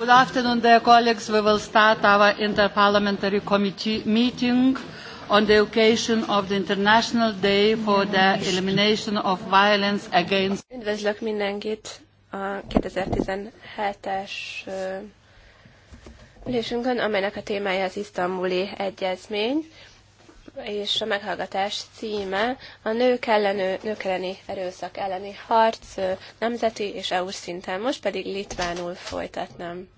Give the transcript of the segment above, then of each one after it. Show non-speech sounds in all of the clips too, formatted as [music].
Good afternoon, dear colleagues. We will start our interparliamentary committee meeting on the occasion of the International Day for the Elimination of Violence Against... Üdvözlök mindenkit a 2017-es ülésünkön, amelynek a témája az isztambuli egyezmény és a meghallgatás címe a nők, ellenő, nők elleni erőszak elleni harc nemzeti és EU szinten. Most pedig litvánul folytatnám.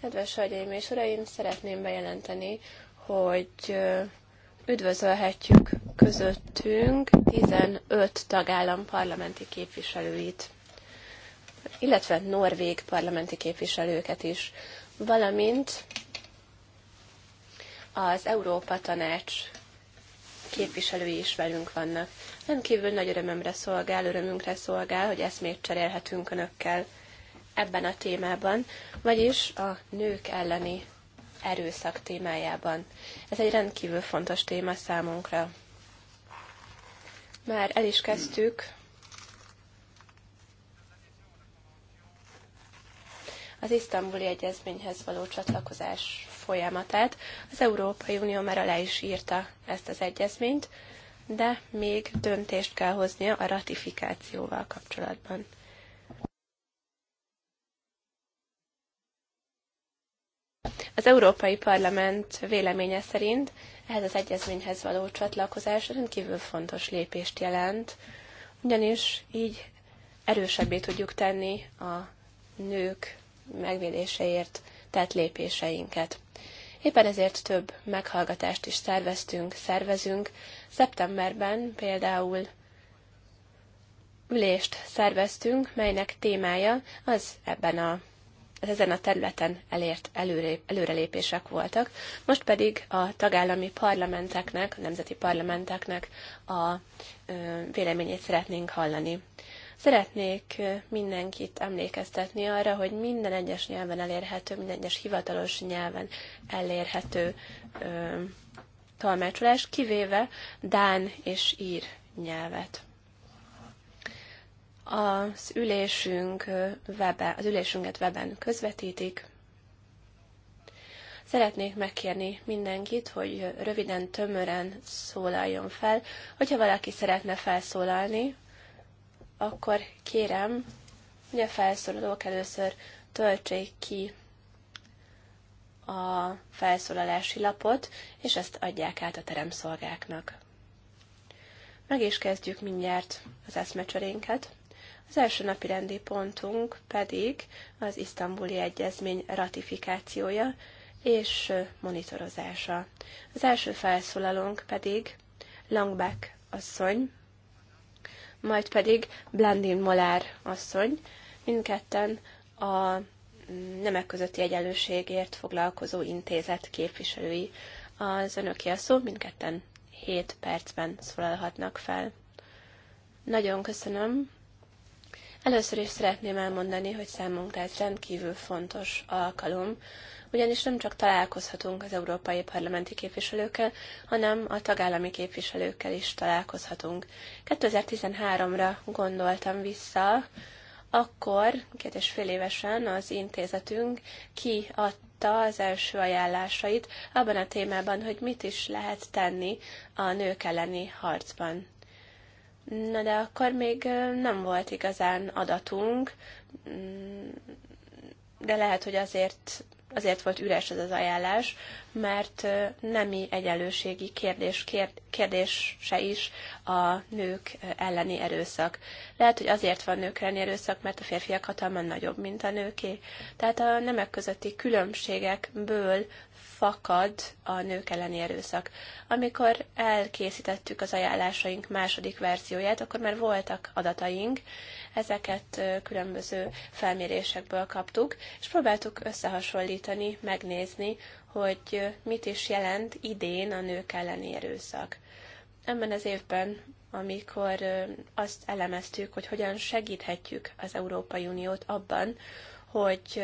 Kedves hölgyeim és uraim, szeretném bejelenteni, hogy üdvözölhetjük közöttünk 15 tagállam parlamenti képviselőit, illetve norvég parlamenti képviselőket is, valamint az Európa Tanács képviselői is velünk vannak. Rendkívül nagy örömömre szolgál, örömünkre szolgál, hogy ezt még cserélhetünk önökkel ebben a témában, vagyis a nők elleni erőszak témájában. Ez egy rendkívül fontos téma számunkra. Már el is kezdtük az isztambuli egyezményhez való csatlakozás folyamatát. Az Európai Unió már alá is írta ezt az egyezményt, de még döntést kell hoznia a ratifikációval kapcsolatban. Az Európai Parlament véleménye szerint ehhez az egyezményhez való csatlakozás rendkívül fontos lépést jelent, ugyanis így erősebbé tudjuk tenni a nők megvédéseért tett lépéseinket. Éppen ezért több meghallgatást is szerveztünk, szervezünk. Szeptemberben például ülést szerveztünk, melynek témája az ebben a az ezen a területen elért előrelépések voltak, most pedig a tagállami parlamenteknek, a nemzeti parlamenteknek a véleményét szeretnénk hallani. Szeretnék mindenkit emlékeztetni arra, hogy minden egyes nyelven elérhető, minden egyes hivatalos nyelven elérhető ö, tolmácsolás, kivéve Dán és Ír nyelvet. Az ülésünk webe, az ülésünket weben közvetítik, Szeretnék megkérni mindenkit, hogy röviden, tömören szólaljon fel. Hogyha valaki szeretne felszólalni, akkor kérem, hogy a felszólalók először töltsék ki a felszólalási lapot, és ezt adják át a teremszolgáknak. Meg is kezdjük mindjárt az eszmecserénket. Az első napi rendi pontunk pedig az isztambuli egyezmény ratifikációja és monitorozása. Az első felszólalónk pedig Langback asszony, majd pedig Blandin Molár asszony, mindketten a nemek közötti egyenlőségért foglalkozó intézet képviselői. Az önöké a szó, mindketten 7 percben szólalhatnak fel. Nagyon köszönöm. Először is szeretném elmondani, hogy számunkra ez rendkívül fontos alkalom, ugyanis nem csak találkozhatunk az európai parlamenti képviselőkkel, hanem a tagállami képviselőkkel is találkozhatunk. 2013-ra gondoltam vissza, akkor, két és fél évesen az intézetünk kiadta az első ajánlásait abban a témában, hogy mit is lehet tenni a nők elleni harcban. Na de akkor még nem volt igazán adatunk, mm, de lehet, hogy azért azért volt üres ez az ajánlás, mert nemi egyenlőségi kérdés, kérdése is a nők elleni erőszak. Lehet, hogy azért van nők elleni erőszak, mert a férfiak hatalma nagyobb, mint a nőké. Tehát a nemek közötti különbségekből fakad a nők elleni erőszak. Amikor elkészítettük az ajánlásaink második verzióját, akkor már voltak adataink, ezeket különböző felmérésekből kaptuk, és próbáltuk összehasonlítani, megnézni, hogy mit is jelent idén a nők elleni erőszak. Ebben az évben amikor azt elemeztük, hogy hogyan segíthetjük az Európai Uniót abban, hogy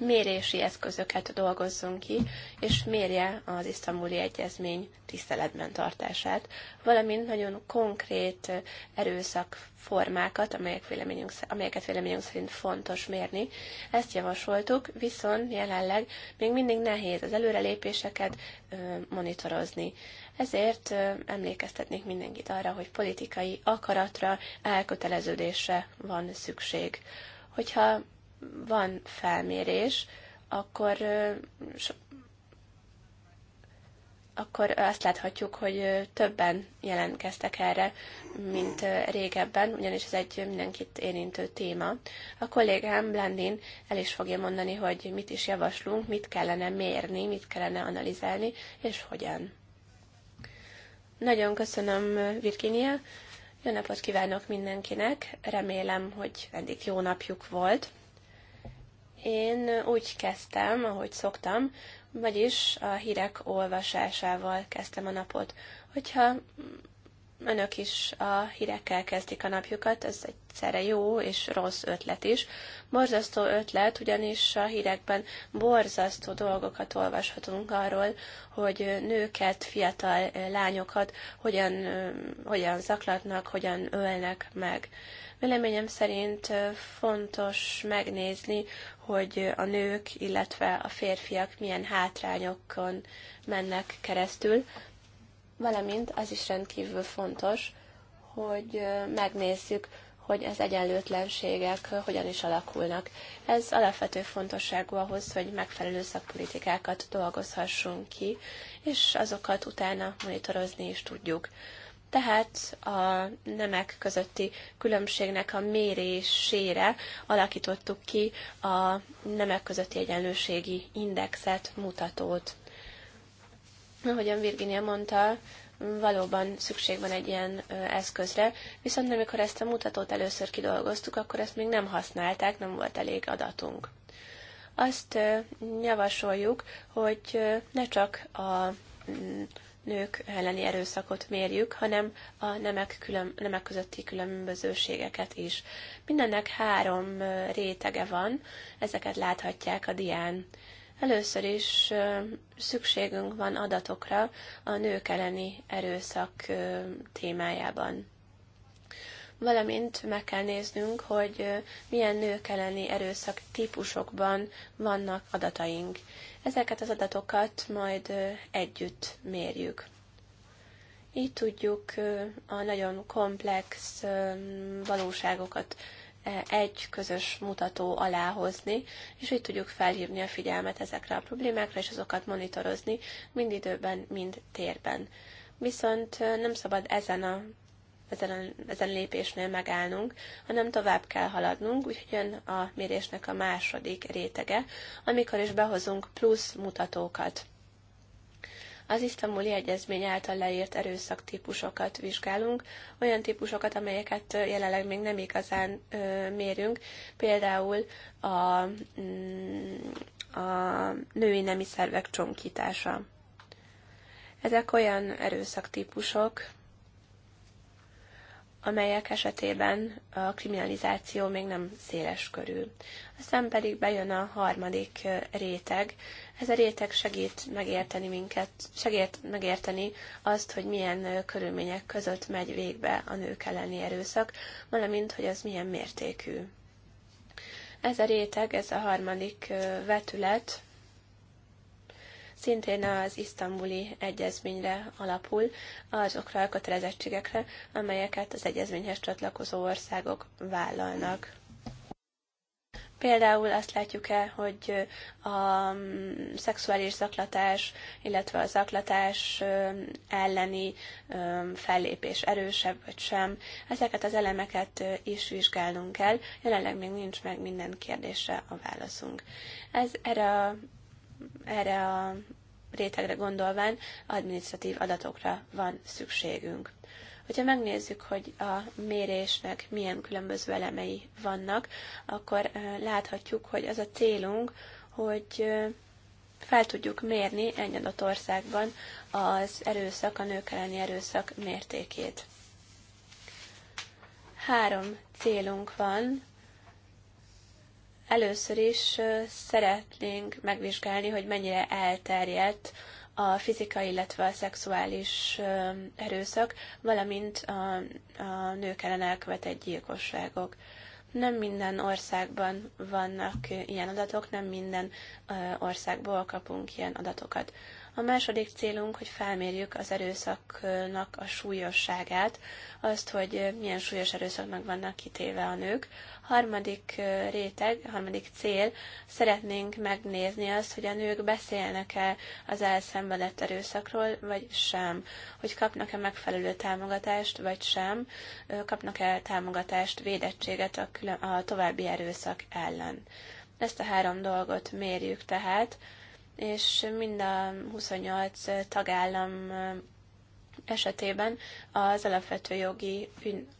mérési eszközöket dolgozzon ki, és mérje az isztambuli egyezmény tiszteletben tartását, valamint nagyon konkrét erőszak formákat, amelyek véleményünk, amelyeket véleményünk szerint fontos mérni. Ezt javasoltuk, viszont jelenleg még mindig nehéz az előrelépéseket monitorozni. Ezért emlékeztetnék mindenkit arra, hogy politikai akaratra, elköteleződésre van szükség. Hogyha van felmérés, akkor akkor azt láthatjuk, hogy többen jelentkeztek erre, mint régebben, ugyanis ez egy mindenkit érintő téma. A kollégám Blandin el is fogja mondani, hogy mit is javaslunk, mit kellene mérni, mit kellene analizálni, és hogyan. Nagyon köszönöm, Virginia. Jó napot kívánok mindenkinek. Remélem, hogy eddig jó napjuk volt. Én úgy kezdtem, ahogy szoktam, vagyis a hírek olvasásával kezdtem a napot. Hogyha önök is a hírekkel kezdik a napjukat, ez egyszerre jó és rossz ötlet is. Borzasztó ötlet, ugyanis a hírekben borzasztó dolgokat olvashatunk arról, hogy nőket, fiatal lányokat hogyan, hogyan zaklatnak, hogyan ölnek meg. Véleményem szerint fontos megnézni, hogy a nők, illetve a férfiak milyen hátrányokon mennek keresztül, valamint az is rendkívül fontos, hogy megnézzük, hogy az egyenlőtlenségek hogyan is alakulnak. Ez alapvető fontosságú ahhoz, hogy megfelelő szakpolitikákat dolgozhassunk ki, és azokat utána monitorozni is tudjuk. Tehát a nemek közötti különbségnek a mérésére alakítottuk ki a nemek közötti egyenlőségi indexet, mutatót. Ahogyan Virginia mondta, valóban szükség van egy ilyen eszközre, viszont amikor ezt a mutatót először kidolgoztuk, akkor ezt még nem használták, nem volt elég adatunk. Azt javasoljuk, hogy ne csak a nők elleni erőszakot mérjük, hanem a nemek, külön, nemek közötti különbözőségeket is. Mindennek három rétege van, ezeket láthatják a dián. Először is szükségünk van adatokra a nők elleni erőszak témájában valamint meg kell néznünk, hogy milyen nők elleni erőszak típusokban vannak adataink. Ezeket az adatokat majd együtt mérjük. Így tudjuk a nagyon komplex valóságokat e, egy közös mutató alá hozni, és így tudjuk felhívni a figyelmet ezekre a problémákra, és azokat monitorozni mind időben, mind térben. Viszont nem szabad ezen a ezen a, ezen a lépésnél megállnunk, hanem tovább kell haladnunk, úgyhogy jön a mérésnek a második rétege, amikor is behozunk plusz mutatókat. Az isztambuli egyezmény által leírt erőszak típusokat vizsgálunk, olyan típusokat, amelyeket jelenleg még nem igazán ö, mérünk, például a, mm, a női nemi szervek csonkítása. Ezek olyan típusok, amelyek esetében a kriminalizáció még nem széles körül. Aztán pedig bejön a harmadik réteg. Ez a réteg segít megérteni minket, segít megérteni azt, hogy milyen körülmények között megy végbe a nők elleni erőszak, valamint, hogy az milyen mértékű. Ez a réteg, ez a harmadik vetület szintén az isztambuli egyezményre alapul, azokra a kötelezettségekre, amelyeket az egyezményhez csatlakozó országok vállalnak. Például azt látjuk e hogy a mm, szexuális zaklatás, illetve a zaklatás elleni fellépés erősebb vagy sem, ezeket az elemeket is vizsgálnunk kell. Jelenleg még nincs meg minden kérdésre a válaszunk. Ez erre a erre a rétegre gondolván administratív adatokra van szükségünk. Hogyha megnézzük, hogy a mérésnek milyen különböző elemei vannak, akkor láthatjuk, hogy az a célunk, hogy fel tudjuk mérni egy adott országban az erőszak, a nők elleni erőszak mértékét. Három célunk van Először is szeretnénk megvizsgálni, hogy mennyire elterjedt a fizikai, illetve a szexuális erőszak, valamint a, a nők ellen elkövetett gyilkosságok. Nem minden országban vannak ilyen adatok, nem minden országból kapunk ilyen adatokat. A második célunk, hogy felmérjük az erőszaknak a súlyosságát, azt, hogy milyen súlyos erőszaknak vannak kitéve a nők. Harmadik réteg, harmadik cél, szeretnénk megnézni azt, hogy a nők beszélnek-e az elszenvedett erőszakról, vagy sem. Hogy kapnak-e megfelelő támogatást, vagy sem. Kapnak-e támogatást, védettséget a, külön, a további erőszak ellen. Ezt a három dolgot mérjük tehát, és mind a 28 tagállam esetében az alapvető jogi,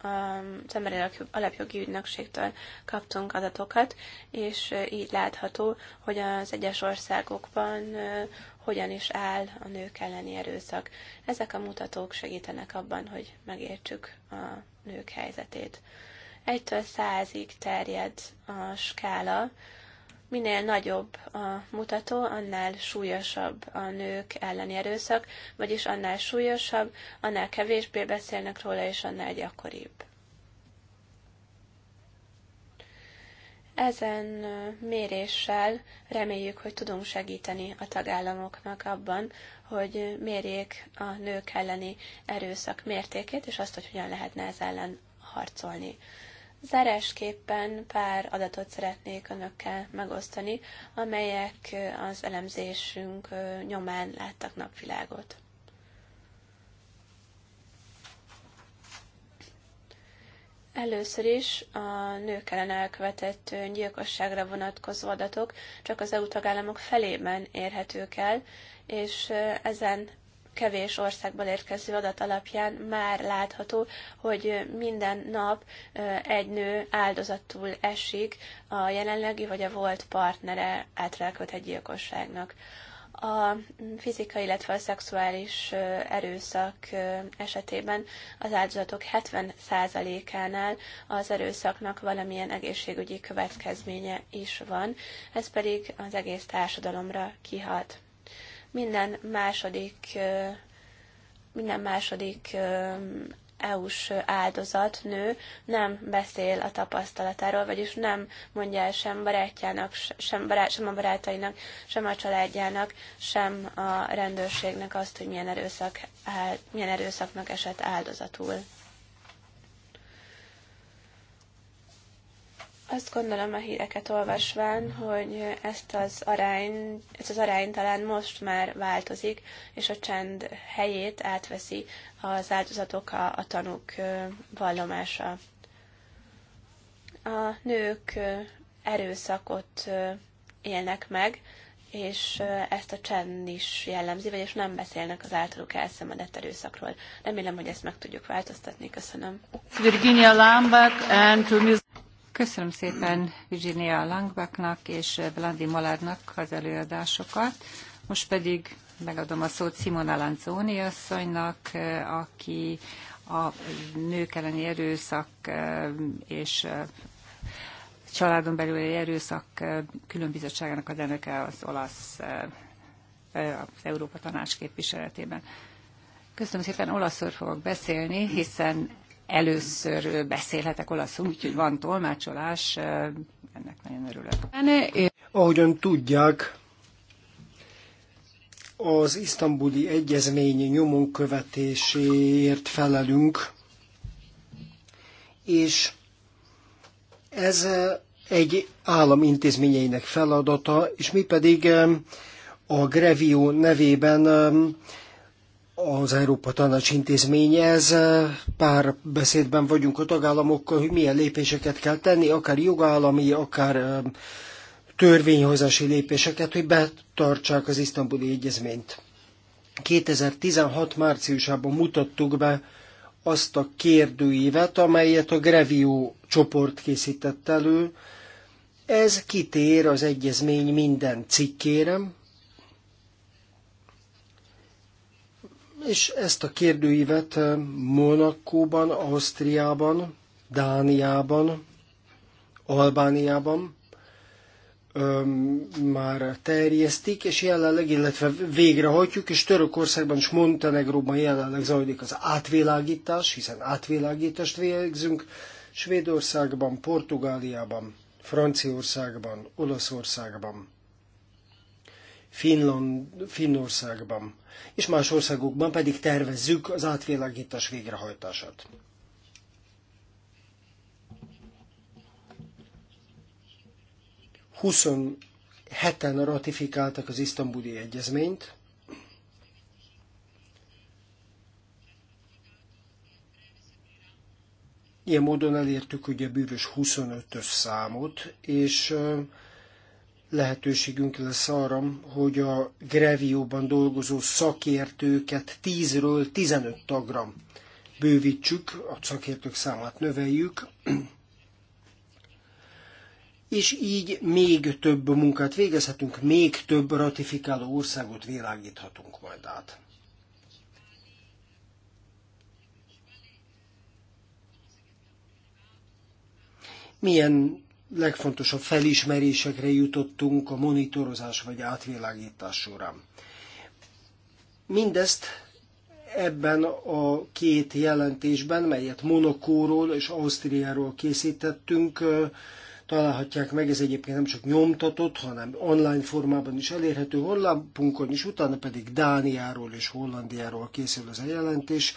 az um, emberi alapjogi ügynökségtől kaptunk adatokat, és uh, így látható, hogy az egyes országokban uh, hogyan is áll a nők elleni erőszak. Ezek a mutatók segítenek abban, hogy megértsük a nők helyzetét. Egytől százig terjed a skála, Minél nagyobb a mutató, annál súlyosabb a nők elleni erőszak, vagyis annál súlyosabb, annál kevésbé beszélnek róla, és annál gyakoribb. Ezen méréssel reméljük, hogy tudunk segíteni a tagállamoknak abban, hogy mérjék a nők elleni erőszak mértékét, és azt, hogy hogyan lehetne ez ellen harcolni. Zárásképpen pár adatot szeretnék önökkel megosztani, amelyek az elemzésünk nyomán láttak napvilágot. Először is a nők ellen elkövetett gyilkosságra vonatkozó adatok csak az EU tagállamok felében érhetők el, és ezen kevés országból érkező adat alapján már látható, hogy minden nap egy nő áldozatul esik a jelenlegi vagy a volt partnere átrelkölt egy gyilkosságnak a fizikai, illetve a szexuális erőszak esetében az áldozatok 70%-ánál az erőszaknak valamilyen egészségügyi következménye is van, ez pedig az egész társadalomra kihat minden második minden második EU-s áldozat, nő nem beszél a tapasztalatáról, vagyis nem mondja el sem barátjának, sem, barát, sem a barátainak, sem a családjának, sem a rendőrségnek azt, hogy milyen, erőszak milyen erőszaknak esett áldozatul. Azt gondolom a híreket olvasván, hogy ezt az arány, ez az arány talán most már változik, és a csend helyét átveszi az áldozatok, a, a tanúk vallomása. A nők erőszakot élnek meg, és ezt a csend is jellemzi, vagyis nem beszélnek az általuk elszemedett erőszakról. Remélem, hogy ezt meg tudjuk változtatni. Köszönöm. Virginia Lambert and to Ms. Köszönöm szépen Virginia Langbaknak és Blandi Malárnak az előadásokat. Most pedig megadom a szót Simona Lanzoni asszonynak, aki a nők elleni erőszak eh, és eh, családon belüli erőszak eh, különbizottságának az elnöke az olasz az Európa Tanács képviseletében. Köszönöm szépen, olaszul fogok beszélni, hiszen először beszélhetek olaszul, úgyhogy van tolmácsolás, ennek nagyon örülök. Ahogyan tudják, az isztambuli egyezmény nyomon követéséért felelünk, és ez egy állam intézményeinek feladata, és mi pedig a Grevio nevében az Európa Tanács intézménye, ez. Eh, pár beszédben vagyunk a tagállamokkal, hogy milyen lépéseket kell tenni, akár jogállami, akár eh, törvényhozási lépéseket, hogy betartsák az isztambuli egyezményt. 2016 márciusában mutattuk be azt a kérdőívet, amelyet a Grevio csoport készített elő. Ez kitér az egyezmény minden cikkére, és ezt a kérdőívet eh, Monakóban, Ausztriában, Dániában, Albániában öm, már terjesztik, és jelenleg, illetve végrehajtjuk, és Törökországban és Montenegróban jelenleg zajlik az átvilágítás, hiszen átvilágítást végzünk, Svédországban, Portugáliában, Franciaországban, Olaszországban. Finland, Finnországban, és más országokban pedig tervezzük az átvilágítás végrehajtását. Huszon heten ratifikáltak az isztambuli egyezményt, Ilyen módon elértük ugye a bűvös 25-ös számot, és lehetőségünk lesz arra, hogy a Grevióban dolgozó szakértőket 10-ről 15 tagra bővítsük, a szakértők számát növeljük, és így még több munkát végezhetünk, még több ratifikáló országot világíthatunk majd át. Milyen legfontosabb felismerésekre jutottunk a monitorozás vagy átvilágítás során. Mindezt ebben a két jelentésben, melyet Monokóról és Ausztriáról készítettünk, találhatják meg, ez egyébként nem csak nyomtatott, hanem online formában is elérhető honlapunkon, is utána pedig Dániáról és Hollandiáról készül ez a jelentés.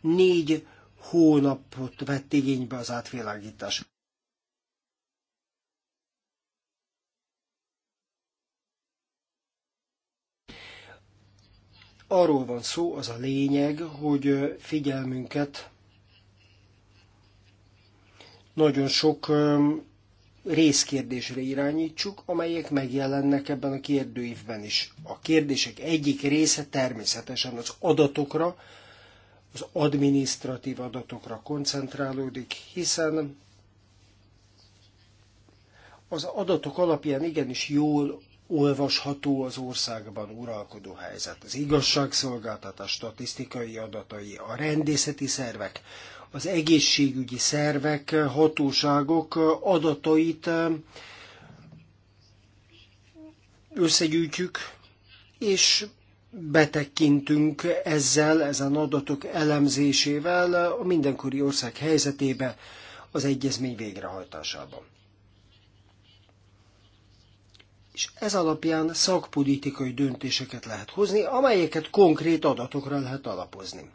Négy hónapot vett igénybe az átvilágítás. arról van szó, az a lényeg, hogy figyelmünket nagyon sok részkérdésre irányítsuk, amelyek megjelennek ebben a kérdőívben is. A kérdések egyik része természetesen az adatokra, az adminisztratív adatokra koncentrálódik, hiszen az adatok alapján igenis jól olvasható az országban uralkodó helyzet. Az igazságszolgáltatás statisztikai adatai, a rendészeti szervek, az egészségügyi szervek, hatóságok adatait um, összegyűjtjük, és betekintünk ezzel, ezen adatok elemzésével a mindenkori ország helyzetébe, az egyezmény végrehajtásában és ez alapján szakpolitikai döntéseket lehet hozni, amelyeket konkrét adatokra lehet alapozni.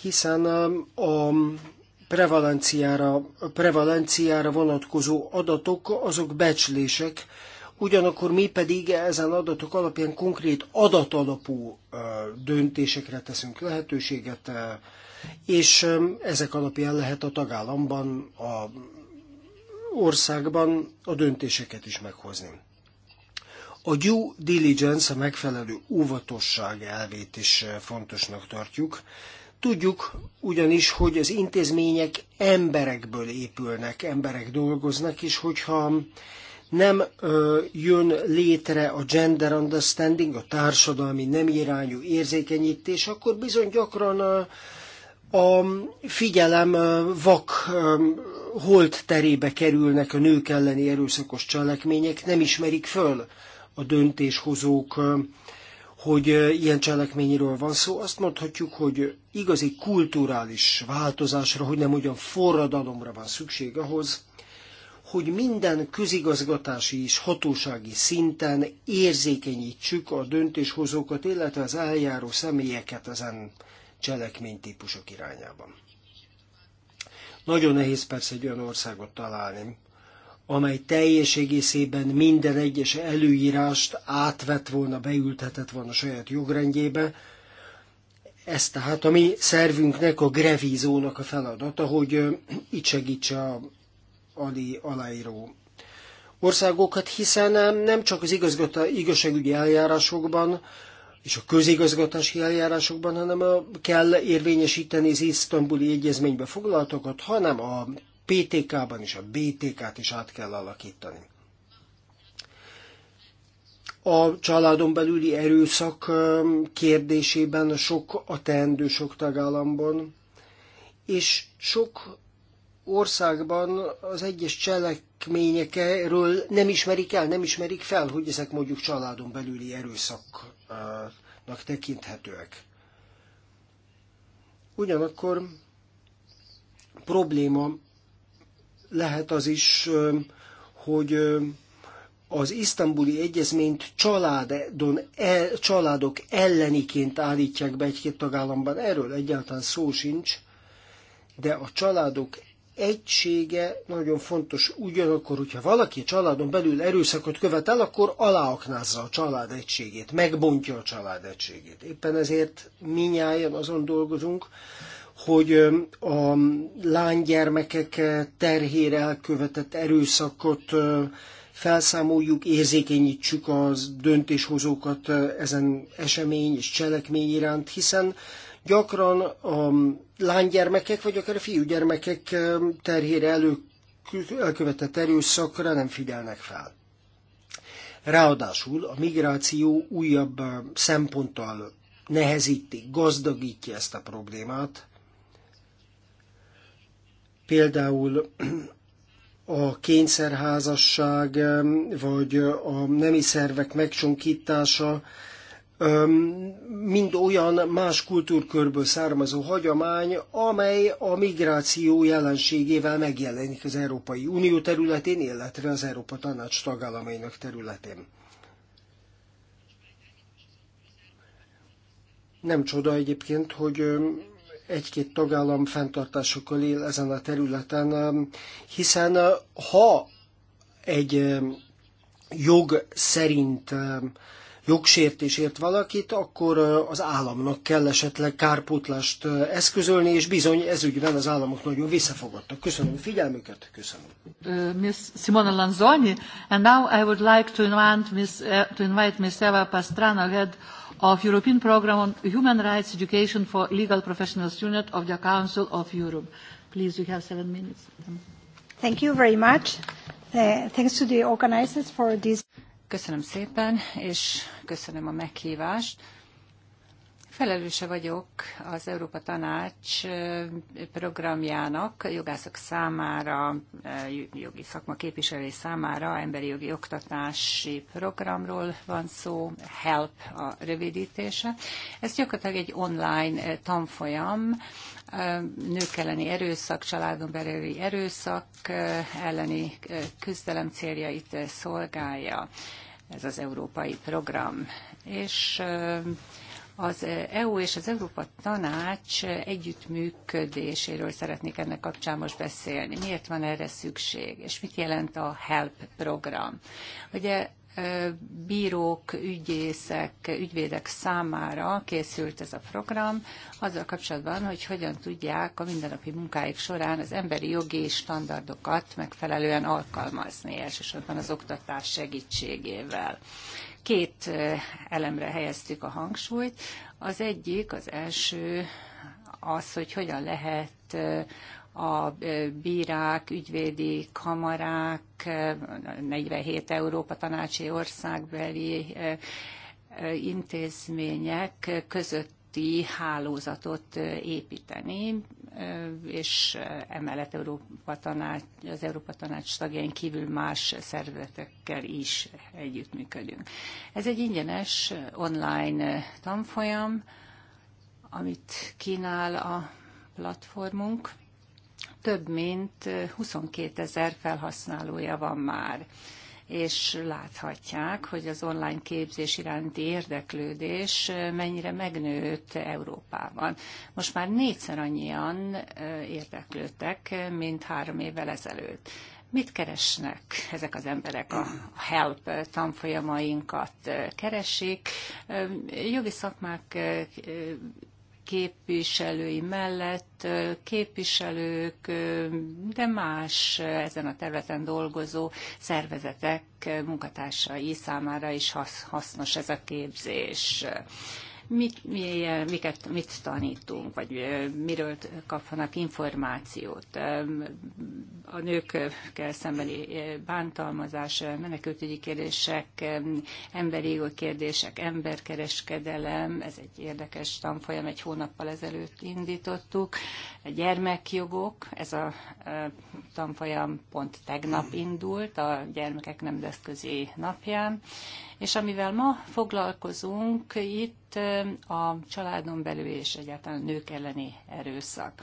Hiszen um, a prevalenciára, prevalenciára vonatkozó adatok azok becslések, ugyanakkor mi pedig ezen adatok alapján konkrét adatalapú uh, döntésekre teszünk lehetőséget, uh, és um, ezek alapján lehet a tagállamban a országban a döntéseket is meghozni. A due diligence, a megfelelő óvatosság elvét is eh, fontosnak tartjuk. Tudjuk ugyanis, hogy az intézmények emberekből épülnek, emberek dolgoznak, és hogyha nem ö, jön létre a gender understanding, a társadalmi nem irányú érzékenyítés, akkor bizony gyakran a, a figyelem vak holt terébe kerülnek a nők elleni erőszakos cselekmények, nem ismerik föl a döntéshozók, hogy ilyen cselekményről van szó. Azt mondhatjuk, hogy igazi kulturális változásra, hogy nem ugyan forradalomra van szükség ahhoz, hogy minden közigazgatási és hatósági szinten érzékenyítsük a döntéshozókat, illetve az eljáró személyeket ezen cselekménytípusok irányában. Nagyon nehéz persze egy olyan országot találni, amely teljes egészében minden egyes előírást átvett volna, beültetett volna a saját jogrendjébe. Ez tehát a mi szervünknek, a grevízónak a feladata, hogy itt segítse a ali aláíró országokat, hiszen nem csak az igazgata, igazságügyi eljárásokban, és a közigazgatási eljárásokban, hanem a, kell érvényesíteni az isztambuli egyezménybe foglaltokat, hanem a PTK-ban és a BTK-t is át kell alakítani. A családon belüli erőszak kérdésében sok a teendő sok tagállamban, és sok országban az egyes cselekményekről nem ismerik el, nem ismerik fel, hogy ezek mondjuk családon belüli erőszaknak tekinthetőek. Ugyanakkor probléma lehet az is, hogy az isztambuli egyezményt családon, el, családok elleniként állítják be egy-két tagállamban. Erről egyáltalán szó sincs, de a családok egysége nagyon fontos. Ugyanakkor, hogyha valaki a családon belül erőszakot követel, akkor aláaknázza a család egységét, megbontja a család egységét. Éppen ezért minnyáján azon dolgozunk, hogy a lánygyermekek terhére elkövetett erőszakot felszámoljuk, érzékenyítsük az döntéshozókat ezen esemény és cselekmény iránt, hiszen gyakran a um, lánygyermekek, vagy akár a fiúgyermekek um, terhére elő, elkövetett erőszakra nem figyelnek fel. Ráadásul a migráció újabb um, szemponttal nehezíti, gazdagítja ezt a problémát. Például a kényszerházasság, vagy a nemi szervek megcsonkítása, mind olyan más kultúrkörből származó hagyomány, amely a migráció jelenségével megjelenik az Európai Unió területén, illetve az Európa Tanács tagállamainak területén. Nem csoda egyébként, hogy egy-két tagállam fenntartásokkal él ezen a területen, hiszen ha egy jog szerint jogsértésért valakit, akkor az államnak kell esetleg kárpótlást eszközölni, és bizony ez ügyben az államok nagyon visszafogottak. Köszönöm a figyelmüket, köszönöm. Uh, Miss Simona Lanzoni, and now I would like to invite Miss, uh, to invite Miss Eva Pastrana, head of European Program on Human Rights Education for Legal Professionals Unit of the Council of Europe. Please, you have seven minutes. Thank you very much. Uh, thanks to the organizers for this. Köszönöm szépen, és köszönöm a meghívást. Felelőse vagyok az Európa Tanács programjának jogászok számára, jogi szakma képviselői számára, emberi jogi oktatási programról van szó, HELP a rövidítése. Ez gyakorlatilag egy online tanfolyam, nők elleni erőszak, családon belüli erőszak elleni küzdelem céljait szolgálja ez az európai program. És az EU és az Európa Tanács együttműködéséről szeretnék ennek kapcsán most beszélni. Miért van erre szükség, és mit jelent a HELP program? Ugye bírók, ügyészek, ügyvédek számára készült ez a program, azzal kapcsolatban, hogy hogyan tudják a mindennapi munkáik során az emberi jogi standardokat megfelelően alkalmazni, elsősorban az oktatás segítségével. Két elemre helyeztük a hangsúlyt. Az egyik, az első az, hogy hogyan lehet a e, bírák, ügyvédi kamarák, 47 e, Európa tanácsi országbeli e, intézmények között hálózatot építeni, és emellett Európa tanács, az Európa Tanács tagjain kívül más szervezetekkel is együttműködünk. Ez egy ingyenes online tanfolyam, amit kínál a platformunk több mint 22 ezer felhasználója van már és láthatják, hogy az online képzés iránti érdeklődés mennyire megnőtt Európában. Most már négyszer annyian érdeklődtek, mint három évvel ezelőtt. Mit keresnek ezek az emberek a HELP tanfolyamainkat? Keresik jogi szakmák képviselői mellett képviselők, de más ezen a területen dolgozó szervezetek munkatársai számára is hasznos ez a képzés mit, mi, miket, mit tanítunk, vagy miről kapnak információt. A nőkkel szembeni bántalmazás, menekültügyi kérdések, emberi jogok kérdések, emberkereskedelem, ez egy érdekes tanfolyam, egy hónappal ezelőtt indítottuk. A gyermekjogok, ez a tanfolyam pont tegnap indult, a gyermekek nemzetközi napján. És amivel ma foglalkozunk itt a családon belül és egyáltalán nők elleni erőszak.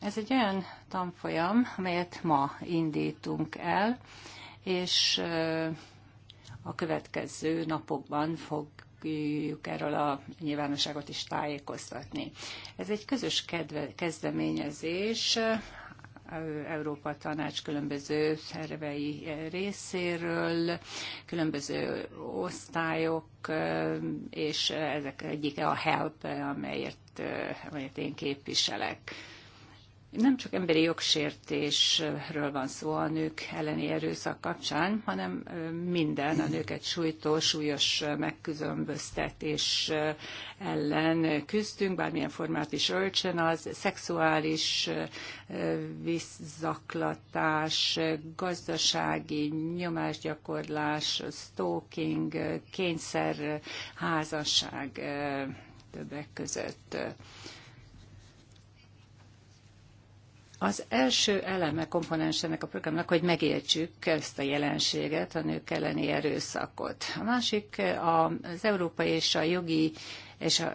Ez egy olyan tanfolyam, amelyet ma indítunk el, és a következő napokban fog fogjuk erről a nyilvánosságot is tájékoztatni. Ez egy közös kedve, kezdeményezés Európa Tanács különböző szervei eh, részéről, különböző osztályok, eh, és eh, ezek egyike a HELP, amelyet, amelyet én képviselek nem csak emberi jogsértésről van szó a nők elleni erőszak kapcsán, hanem minden a nőket sújtó, súlyos megkülönböztetés ellen küzdünk, bármilyen formát is öltsen az, szexuális visszaklatás, gazdasági nyomásgyakorlás, stalking, házasság többek között. Az első eleme komponensenek a programnak, hogy megértsük ezt a jelenséget, a nők elleni erőszakot. A másik az európai és a jogi és, a,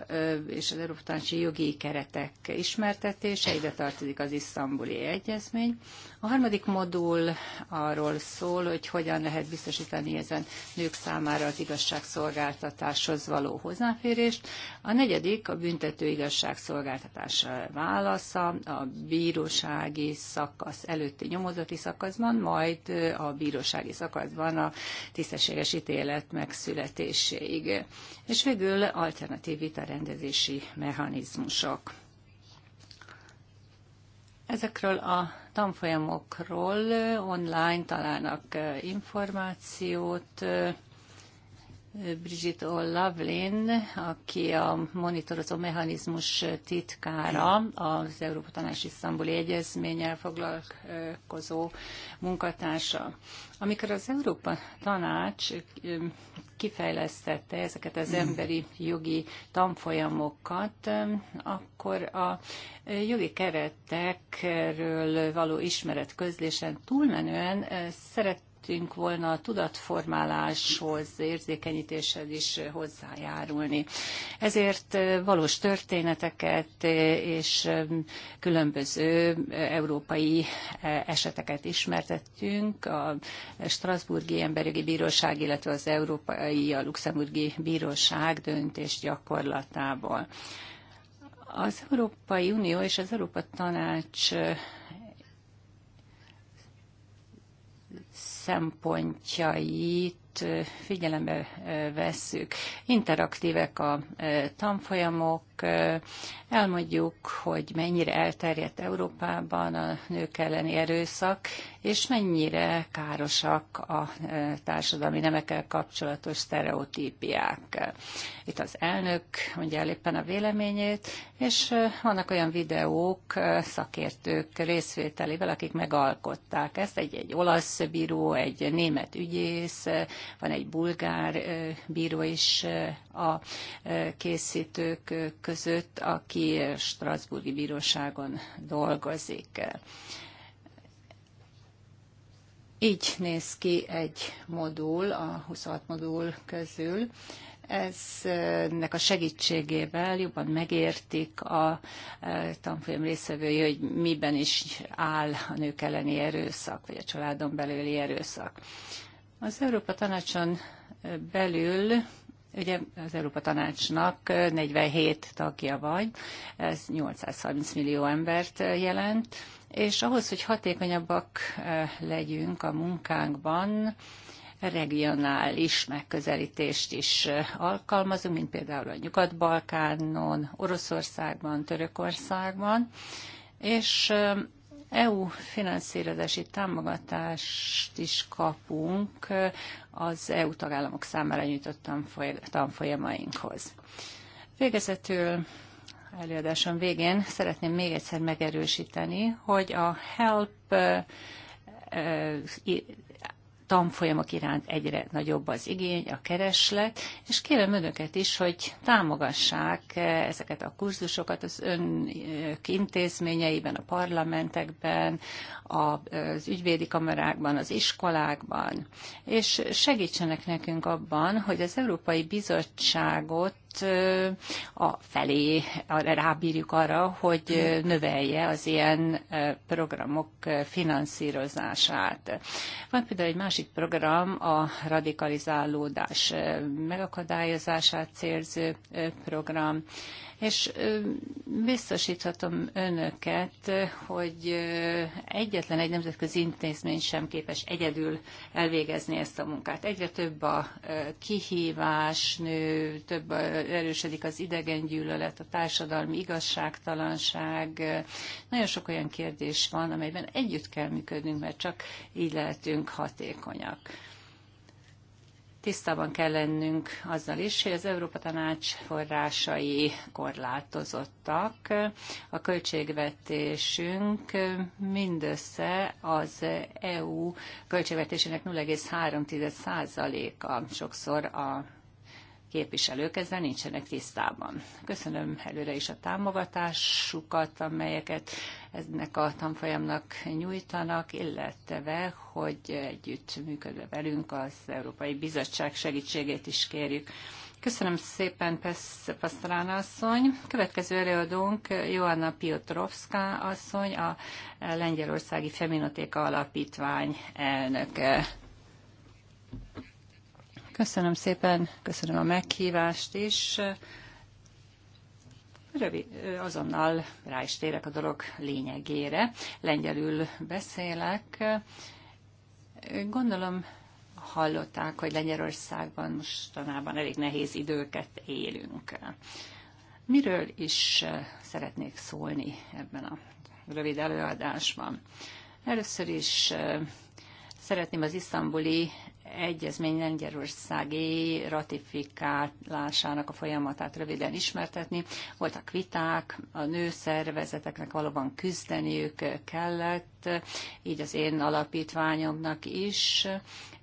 és az európai jogi keretek ismertetése, ide tartozik az isztambuli egyezmény. A harmadik modul arról szól, hogy hogyan lehet biztosítani ezen nők számára az igazságszolgáltatáshoz való hozzáférést. A negyedik a büntető igazságszolgáltatás válasza a bírósági szakasz előtti nyomozati szakaszban, majd a bírósági szakaszban a tisztességes ítélet megszületéséig. És végül alternatív rendezési mechanizmusok. Ezekről a tanfolyamokról online találnak információt, Brigitte O'Lavlin, aki a monitorozó mechanizmus titkára, az Európa Tanács Isztambuli Egyezménnyel foglalkozó munkatársa. Amikor az Európa Tanács kifejlesztette ezeket az emberi jogi tanfolyamokat, akkor a jogi keretekről való ismeret közlésen túlmenően szeret szerettünk volna a tudatformáláshoz, érzékenyítéshez is hozzájárulni. Ezért valós történeteket és különböző európai eseteket ismertettünk. A Strasburgi Emberjogi Bíróság, illetve az Európai, a Luxemburgi Bíróság döntés gyakorlatából. Az Európai Unió és az Európa Tanács szempontjait figyelembe vesszük. Interaktívek a tanfolyamok, elmondjuk, hogy mennyire elterjedt Európában a nők elleni erőszak, és mennyire károsak a társadalmi nemekkel kapcsolatos sztereotípiák. Itt az elnök mondja el éppen a véleményét, és vannak olyan videók szakértők részvételével, akik megalkották ezt. Egy, egy olasz bíró, egy német ügyész, van egy bulgár bíró is a készítők között, aki Strasburgi Bíróságon dolgozik. Így néz ki egy modul, a 26 modul közül. Eznek a segítségével jobban megértik a e, tanfolyam részvevői, hogy miben is áll a nők elleni erőszak, vagy a családon belüli erőszak. Az Európa Tanácson belül Ugye az Európa Tanácsnak 47 tagja vagy, ez 830 millió embert jelent, és ahhoz, hogy hatékonyabbak e, legyünk a munkánkban, regionális megközelítést is e, alkalmazunk, mint például a Nyugat-Balkánon, Oroszországban, Törökországban, és e, EU finanszírozási támogatást is kapunk az EU tagállamok számára nyújtott tanfolyamainkhoz. Végezetül előadásom végén szeretném még egyszer megerősíteni, hogy a HELP eh, tanfolyamok iránt egyre nagyobb az igény, a kereslet, és kérem önöket is, hogy támogassák eh, ezeket a kurzusokat az ön eh, intézményeiben, a parlamentekben, az ügyvédi kamerákban, az iskolákban, és segítsenek nekünk abban, hogy az Európai Bizottságot ott a felé rábírjuk arra, hogy növelje az ilyen programok finanszírozását. Van például egy másik program, a radikalizálódás megakadályozását célző program, és biztosíthatom önöket, hogy egyetlen egy nemzetközi intézmény sem képes egyedül elvégezni ezt a munkát. Egyre több a kihívás nő, több erősödik az idegengyűlölet, a társadalmi igazságtalanság. Nagyon sok olyan kérdés van, amelyben együtt kell működnünk, mert csak így lehetünk hatékonyak tisztában kell lennünk azzal is, hogy az Európa Tanács forrásai korlátozottak. A költségvetésünk mindössze az EU költségvetésének 0,3%-a, sokszor a képviselők ezzel nincsenek tisztában. Köszönöm előre is a támogatásukat, amelyeket ennek a tanfolyamnak nyújtanak, illetve, hogy együtt működve velünk az Európai Bizottság segítségét is kérjük. Köszönöm szépen, Pasztalán asszony. Következő előadónk Joanna Piotrowska asszony, a Lengyelországi Feminotéka Alapítvány elnöke. Köszönöm szépen, köszönöm a meghívást is. Rövid, azonnal rá is térek a dolog lényegére. Lengyelül beszélek. Gondolom hallották, hogy Lengyelországban mostanában elég nehéz időket élünk. Miről is szeretnék szólni ebben a rövid előadásban? Először is szeretném az isztambuli egyezmény Lengyelországi ratifikálásának a folyamatát röviden ismertetni. Voltak viták, a nőszervezeteknek valóban küzdeniük kellett, így az én alapítványomnak is.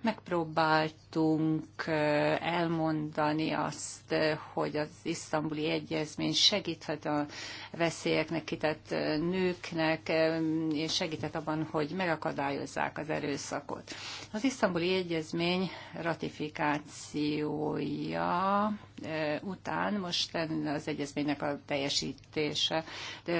Megpróbált tudtunk eh, elmondani azt, eh, hogy az isztambuli egyezmény segíthet a veszélyeknek kitett eh, nőknek, és segített abban, hogy megakadályozzák az erőszakot. Az isztambuli egyezmény ratifikációja után most az egyezménynek a teljesítése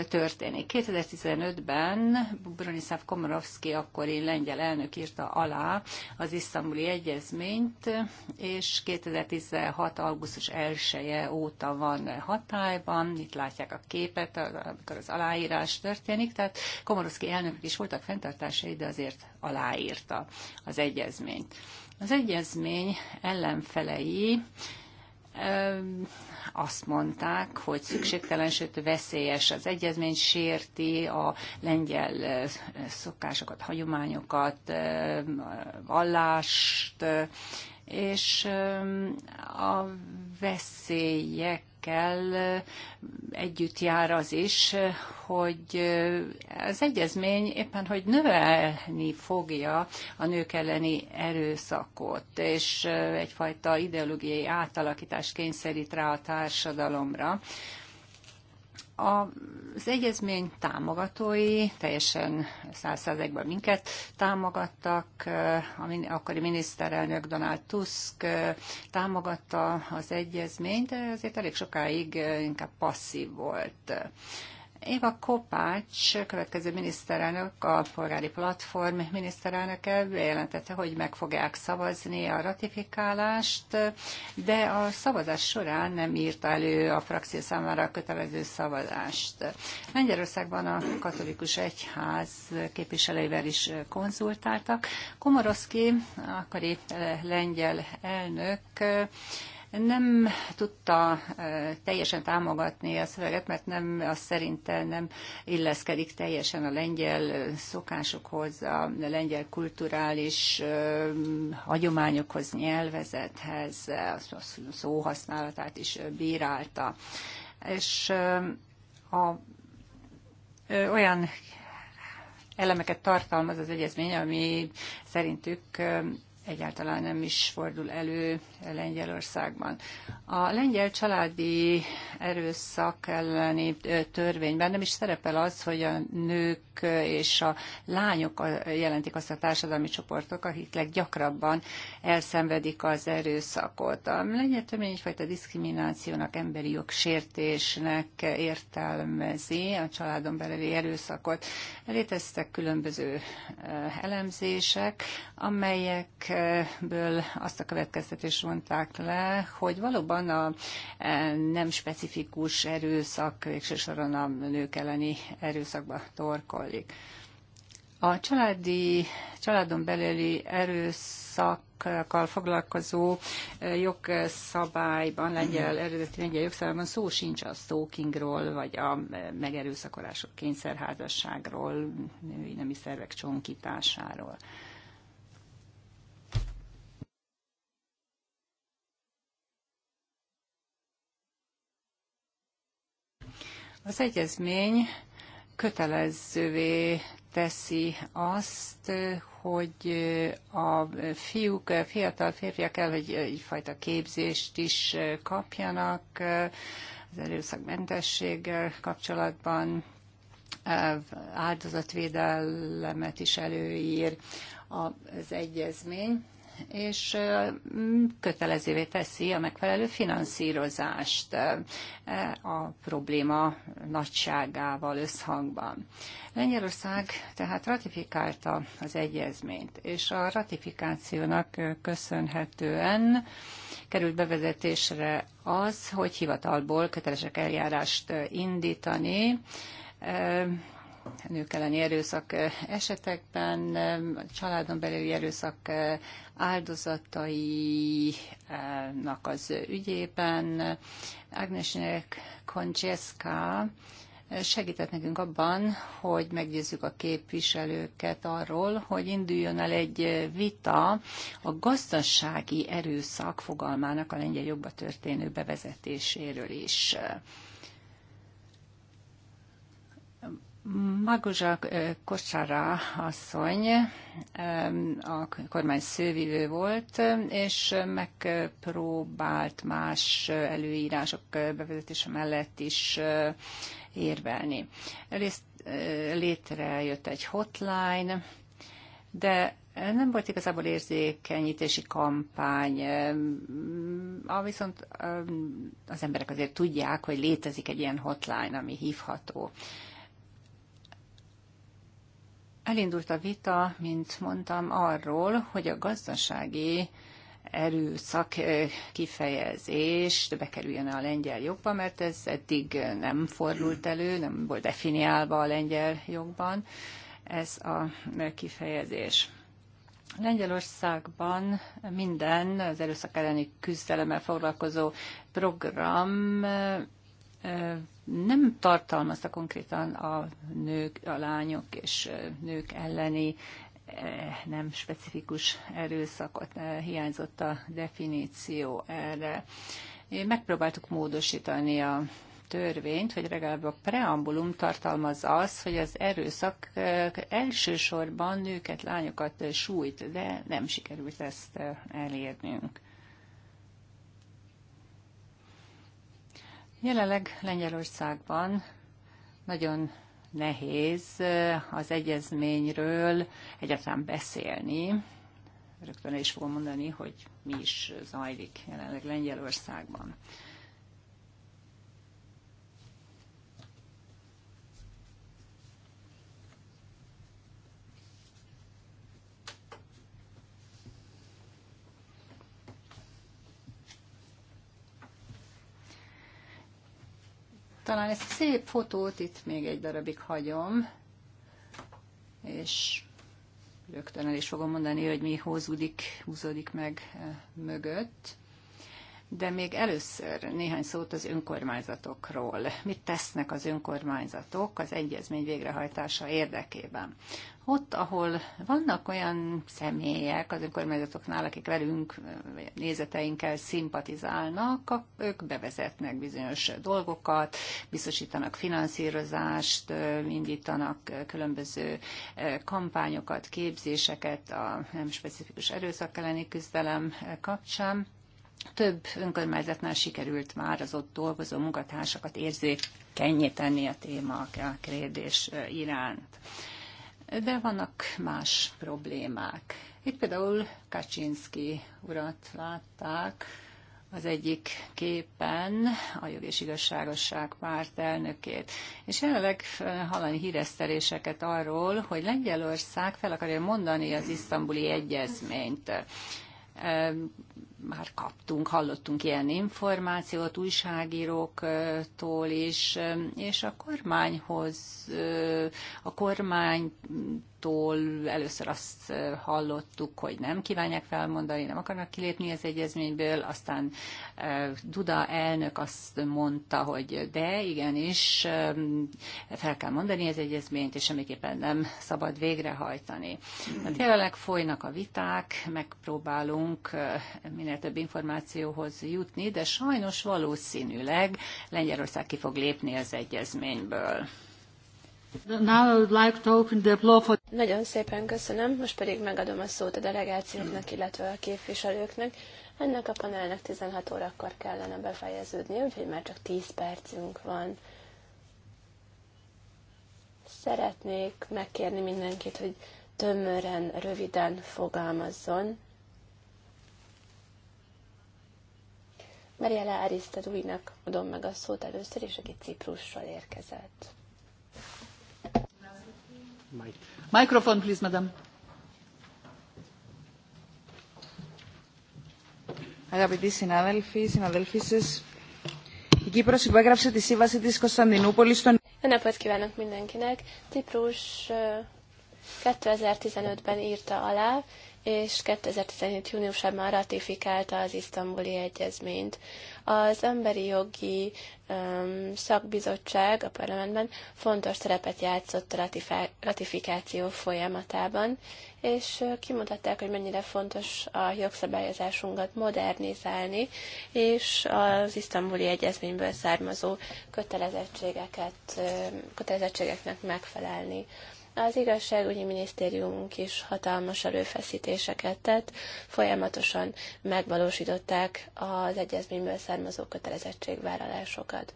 történik. 2015-ben Bronislav Komorowski akkori lengyel elnök írta alá az isztambuli egyezmény, törvényt, és 2016. augusztus 1 -e óta van hatályban. Itt látják a képet, amikor az aláírás történik, tehát Komoroszki elnökök is voltak fenntartásai, de azért aláírta az egyezményt. Az egyezmény ellenfelei azt mondták, hogy szükségtelen, sőt veszélyes az egyezmény, sérti a lengyel szokásokat, hagyományokat, vallást, és a veszélyekkel együtt jár az is, hogy az egyezmény éppen, hogy növelni fogja a nők elleni erőszakot, és egyfajta ideológiai átalakítást kényszerít rá a társadalomra az egyezmény támogatói teljesen százszerzegben minket támogattak, a akkori miniszterelnök Donald Tusk támogatta az egyezményt, de ezért elég sokáig inkább passzív volt. Éva Kopács, következő miniszterelnök, a polgári platform miniszterelnöke bejelentette, hogy meg fogják szavazni a ratifikálást, de a szavazás során nem írta elő a frakció számára a kötelező szavazást. Lengyelországban a katolikus egyház képviselőivel is konzultáltak. Komoroszki, akkori eh, lengyel elnök nem tudta teljesen támogatni a szöveget, mert nem, az szerintem nem illeszkedik teljesen a lengyel szokásokhoz, a lengyel kulturális hagyományokhoz, nyelvezethez, a szóhasználatát is bírálta. És a, olyan elemeket tartalmaz az egyezmény, ami szerintük egyáltalán nem is fordul elő Lengyelországban. A lengyel családi erőszak elleni törvényben nem is szerepel az, hogy a nők és a lányok jelentik azt a társadalmi csoportok, akik leggyakrabban elszenvedik az erőszakot. A lengyel törvény egyfajta diszkriminációnak, emberi jogsértésnek értelmezi a családon belüli erőszakot. Léteztek különböző elemzések, amelyek ezekből azt a következtetést vonták le, hogy valóban a e, nem specifikus erőszak végső soron a nők elleni erőszakba torkollik. A családi, családon belüli erőszakkal foglalkozó e, jogszabályban, lengyel, eredeti lengyel jogszabályban szó sincs a stalkingról, vagy a e, megerőszakolások kényszerházasságról, női nemi szervek csonkításáról. Az egyezmény kötelezővé teszi azt, hogy a fiúk, fiatal férfiak el, hogy egyfajta képzést is kapjanak az erőszakmentességgel kapcsolatban, áldozatvédelemet is előír az egyezmény, és kötelezővé teszi a megfelelő finanszírozást a probléma nagyságával összhangban. Lengyelország tehát ratifikálta az egyezményt, és a ratifikációnak köszönhetően került bevezetésre az, hogy hivatalból kötelesek eljárást indítani, nők elleni erőszak esetekben, a családon belüli erőszak áldozatainak az ügyében. Agnes Koncseszka segített nekünk abban, hogy meggyőzzük a képviselőket arról, hogy induljon el egy vita a gazdasági erőszak fogalmának a lengyel jogba történő bevezetéséről is. Magozsa eh, Kocsára asszony a kormány szővívő volt, és megpróbált más előírások bevezetése mellett is eh, érvelni. Egyrészt eh, létrejött egy hotline, de nem volt igazából érzékenyítési kampány, ah, viszont az emberek azért tudják, hogy létezik egy ilyen hotline, ami hívható. Elindult a vita, mint mondtam, arról, hogy a gazdasági erőszak kifejezés bekerüljön a lengyel jogba, mert ez eddig nem fordult elő, nem volt definiálva a lengyel jogban ez a kifejezés. Lengyelországban minden az erőszak elleni küzdelemmel foglalkozó program nem tartalmazta konkrétan a nők, a lányok és nők elleni nem specifikus erőszakot, hiányzott a definíció erre. Megpróbáltuk módosítani a törvényt, hogy legalább a preambulum tartalmaz az, hogy az erőszak elsősorban nőket, lányokat sújt, de nem sikerült ezt elérnünk. Jelenleg Lengyelországban nagyon nehéz eh, az egyezményről egyáltalán beszélni. Rögtön is fogom mondani, hogy mi is zajlik jelenleg Lengyelországban. Talán ezt a szép fotót itt még egy darabig hagyom, és rögtön el is fogom mondani, hogy mi húzódik, húzódik meg eh, mögött de még először néhány szót az önkormányzatokról. Mit tesznek az önkormányzatok az egyezmény végrehajtása érdekében? Ott, ahol vannak olyan személyek az önkormányzatoknál, akik velünk nézeteinkkel szimpatizálnak, ők bevezetnek bizonyos dolgokat, biztosítanak finanszírozást, indítanak különböző kampányokat, képzéseket a nem specifikus erőszak elleni küzdelem kapcsán több önkormányzatnál sikerült már az ott dolgozó munkatársakat érzékenyíteni a téma, a kérdés iránt. De vannak más problémák. Itt például Kaczynski urat látták, az egyik képen a Jog és Igazságosság párt elnökét. És jelenleg eh, hallani híreszteléseket arról, hogy Lengyelország fel akarja mondani az isztambuli egyezményt. Eh, már kaptunk, hallottunk ilyen információt újságíróktól is, és a kormányhoz, a kormány Kínától először azt hallottuk, hogy nem kívánják felmondani, nem akarnak kilépni az egyezményből, aztán Duda elnök azt mondta, hogy de igenis fel kell mondani az egyezményt, és semmiképpen nem szabad végrehajtani. Hát jelenleg folynak a viták, megpróbálunk minél több információhoz jutni, de sajnos valószínűleg Lengyelország ki fog lépni az egyezményből. Nagyon szépen köszönöm, most pedig megadom a szót a delegációknak, illetve a képviselőknek. Ennek a panelnek 16 órakor kellene befejeződni, úgyhogy már csak 10 percünk van. Szeretnék megkérni mindenkit, hogy tömören, röviden fogalmazzon. Mariela Arisztadújnak adom meg a szót először, és aki Ciprussal érkezett. Microphone, please, madam. Αγαπητοί συνάδελφοι, συναδέλφοι σας, η Κύπρος υπέγραψε τη σύμβαση της Κωνσταντινούπολης στον... Jó napot kívánok mindenkinek! 2015-ben írta alá, és 2017. júniusában ratifikálta az isztambuli egyezményt. Az emberi jogi um, szakbizottság a parlamentben fontos szerepet játszott a ratifikáció folyamatában, és kimutatták, hogy mennyire fontos a jogszabályozásunkat modernizálni, és az isztambuli egyezményből származó kötelezettségeket, kötelezettségeknek megfelelni. Az igazságügyi minisztériumunk is hatalmas erőfeszítéseket tett, folyamatosan megvalósították az egyezményből származó kötelezettségvállalásokat.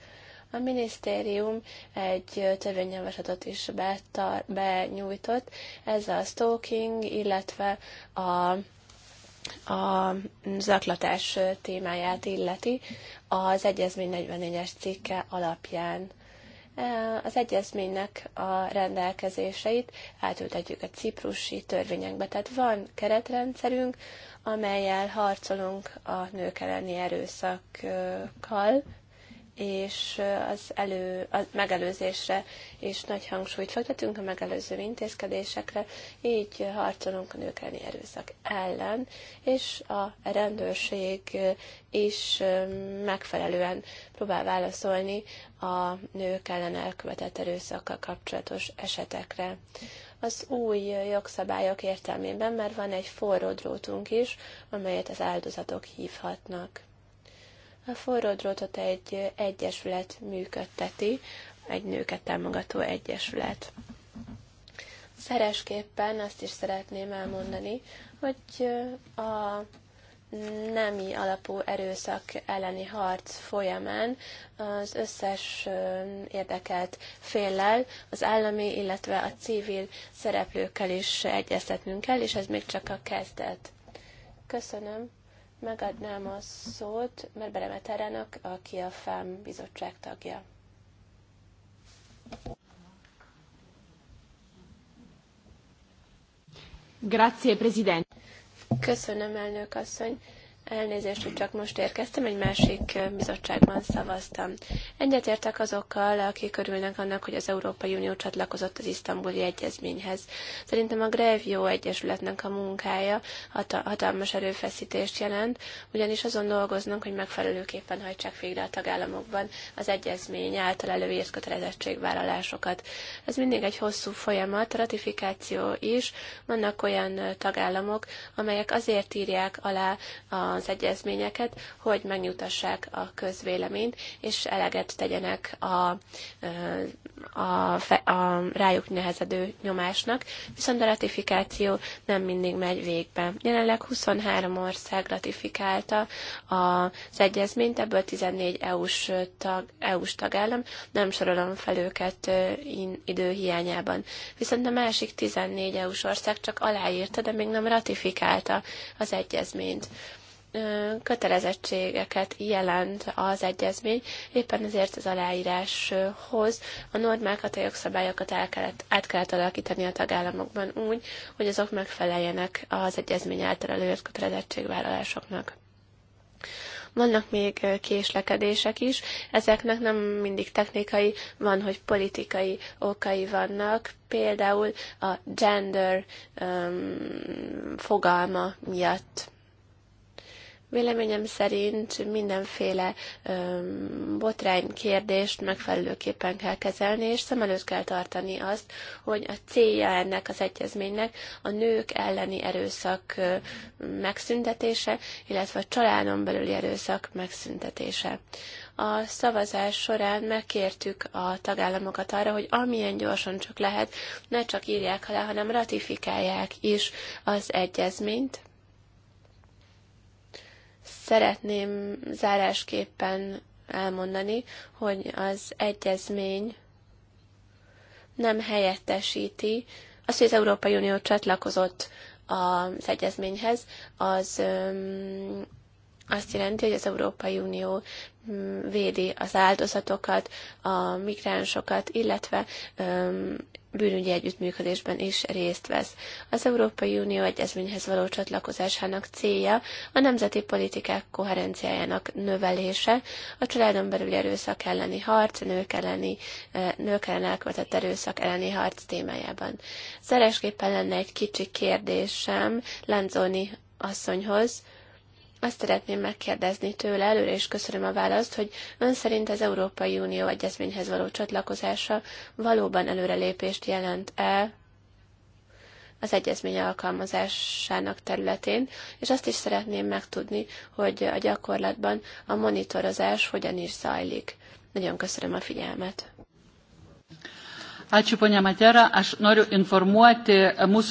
A minisztérium egy törvényjavaslatot is betar, benyújtott, ez a stalking, illetve a a zaklatás témáját illeti az egyezmény 44-es cikke alapján az egyezménynek a rendelkezéseit átültetjük a ciprusi törvényekbe. Tehát van keretrendszerünk, amelyel harcolunk a nők elleni erőszakkal, és az, elő, az megelőzésre is nagy hangsúlyt fektetünk a megelőző intézkedésekre, így harcolunk a nők elleni erőszak ellen, és a rendőrség is megfelelően próbál válaszolni a nők ellen elkövetett erőszakkal kapcsolatos esetekre. Az új jogszabályok értelmében már van egy forró drótunk is, amelyet az áldozatok hívhatnak. A forró drótot egy egyesület működteti, egy nőket támogató egyesület. Szeresképpen azt is szeretném elmondani, hogy a nemi alapú erőszak elleni harc folyamán az összes érdekelt féllel, az állami, illetve a civil szereplőkkel is egyeztetnünk kell, és ez még csak a kezdet. Köszönöm megadnám a szót Merbere Meterának, aki a FAM bizottság tagja. Grazie, Presidente. Köszönöm, elnök asszony. Elnézést, hogy csak most érkeztem, egy másik bizottságban szavaztam. Egyetértek azokkal, akik örülnek annak, hogy az Európai Unió csatlakozott az isztambuli egyezményhez. Szerintem a Grevio Egyesületnek a munkája hatalmas erőfeszítést jelent, ugyanis azon dolgoznak, hogy megfelelőképpen hajtsák végre a tagállamokban az egyezmény által előírt kötelezettségvállalásokat. Ez mindig egy hosszú folyamat, ratifikáció is. Vannak olyan tagállamok, amelyek azért írják alá a az egyezményeket, hogy megnyugtassák a közvéleményt, és eleget tegyenek a, a, a rájuk nehezedő nyomásnak, viszont a ratifikáció nem mindig megy végbe. Jelenleg 23 ország ratifikálta az egyezményt, ebből 14 EU-s, tag, EU-s tagállam, nem sorolom fel őket időhiányában. Viszont a másik 14 EU-s ország csak aláírta, de még nem ratifikálta az egyezményt kötelezettségeket jelent az egyezmény, éppen ezért az aláíráshoz a normákat, a jogszabályokat el kellett, át kellett alakítani a tagállamokban úgy, hogy azok megfeleljenek az egyezmény által előírt kötelezettségvállalásoknak. Vannak még késlekedések is, ezeknek nem mindig technikai, van, hogy politikai okai vannak, például a gender um, fogalma miatt Véleményem szerint mindenféle botrány kérdést megfelelőképpen kell kezelni, és szem előtt kell tartani azt, hogy a célja ennek az egyezménynek a nők elleni erőszak megszüntetése, illetve a családon belüli erőszak megszüntetése a szavazás során megkértük a tagállamokat arra, hogy amilyen gyorsan csak lehet, ne csak írják alá, hanem ratifikálják is az egyezményt. Szeretném zárásképpen elmondani, hogy az egyezmény nem helyettesíti az, hogy az Európai Unió csatlakozott az egyezményhez, az azt jelenti, hogy az Európai Unió mm, védi az áldozatokat, a migránsokat, illetve mm, bűnügyi együttműködésben is részt vesz. Az Európai Unió egyezményhez való csatlakozásának célja a nemzeti politikák koherenciájának növelése, a családon belüli erőszak elleni harc, nők, elleni, e, nők ellen elkövetett erőszak elleni harc témájában. Szeresképpen lenne egy kicsi kérdésem Lanzoni asszonyhoz, azt szeretném megkérdezni tőle előre, és köszönöm a választ, hogy ön szerint az Európai Unió egyezményhez való csatlakozása valóban előrelépést jelent-e az egyezmény alkalmazásának területén, és azt is szeretném megtudni, hogy a gyakorlatban a monitorozás hogyan is zajlik. Nagyon köszönöm a figyelmet. Ačiū, ponia Matera. Aš noriu informuoti mūsų...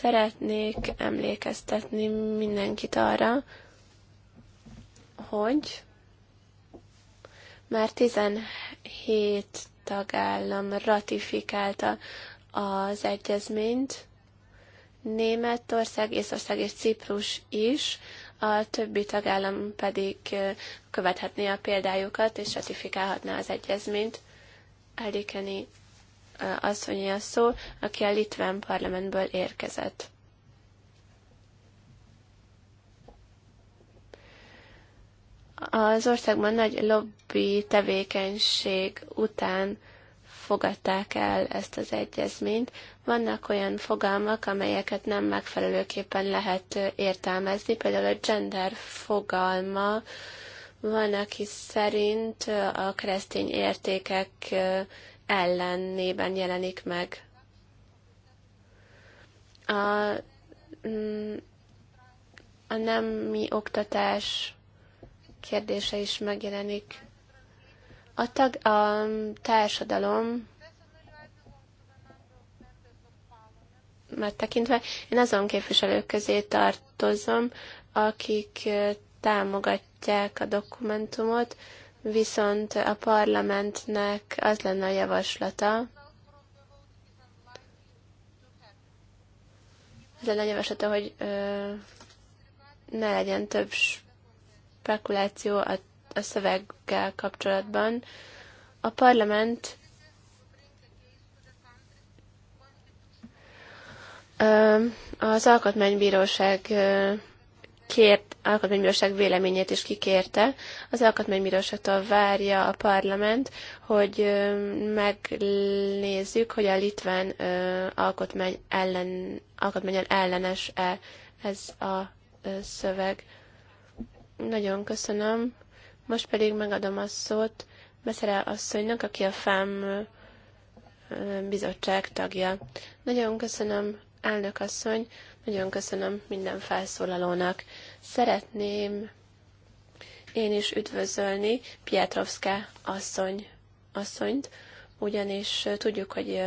Szeretnék emlékeztetni mindenkit arra, hogy már 17 tagállam ratifikálta az egyezményt, Németország, Észország és Ciprus is, a többi tagállam pedig követhetné a példájukat és ratifikálhatná az egyezményt. Elikeni asszonyi a szó, aki a Litván parlamentből érkezett. Az országban nagy lobby tevékenység után fogadták el ezt az egyezményt. Vannak olyan fogalmak, amelyeket nem megfelelőképpen lehet értelmezni, például a gender fogalma, van, aki szerint a keresztény értékek ellenében jelenik meg. A, mm, a nemi oktatás kérdése is megjelenik. A, tag, a társadalom mert tekintve én azon képviselők közé tartozom, akik támogatják a dokumentumot, viszont a parlamentnek az lenne a javaslata, az lenne a javaslata, hogy ö, ne legyen több spekuláció a, a szöveggel kapcsolatban. A parlament az alkotmánybíróság kért, alkotmánybíróság véleményét is kikérte. Az alkotmánybíróságtól várja a parlament, hogy megnézzük, hogy a litván alkotmány ellen, alkotmányon ellenes-e ez a szöveg. Nagyon köszönöm. Most pedig megadom a szót Beszere asszonynak, aki a FAM bizottság tagja. Nagyon köszönöm, elnök asszony, nagyon köszönöm minden felszólalónak. Szeretném én is üdvözölni Pietrovská asszony, asszonyt, ugyanis tudjuk, hogy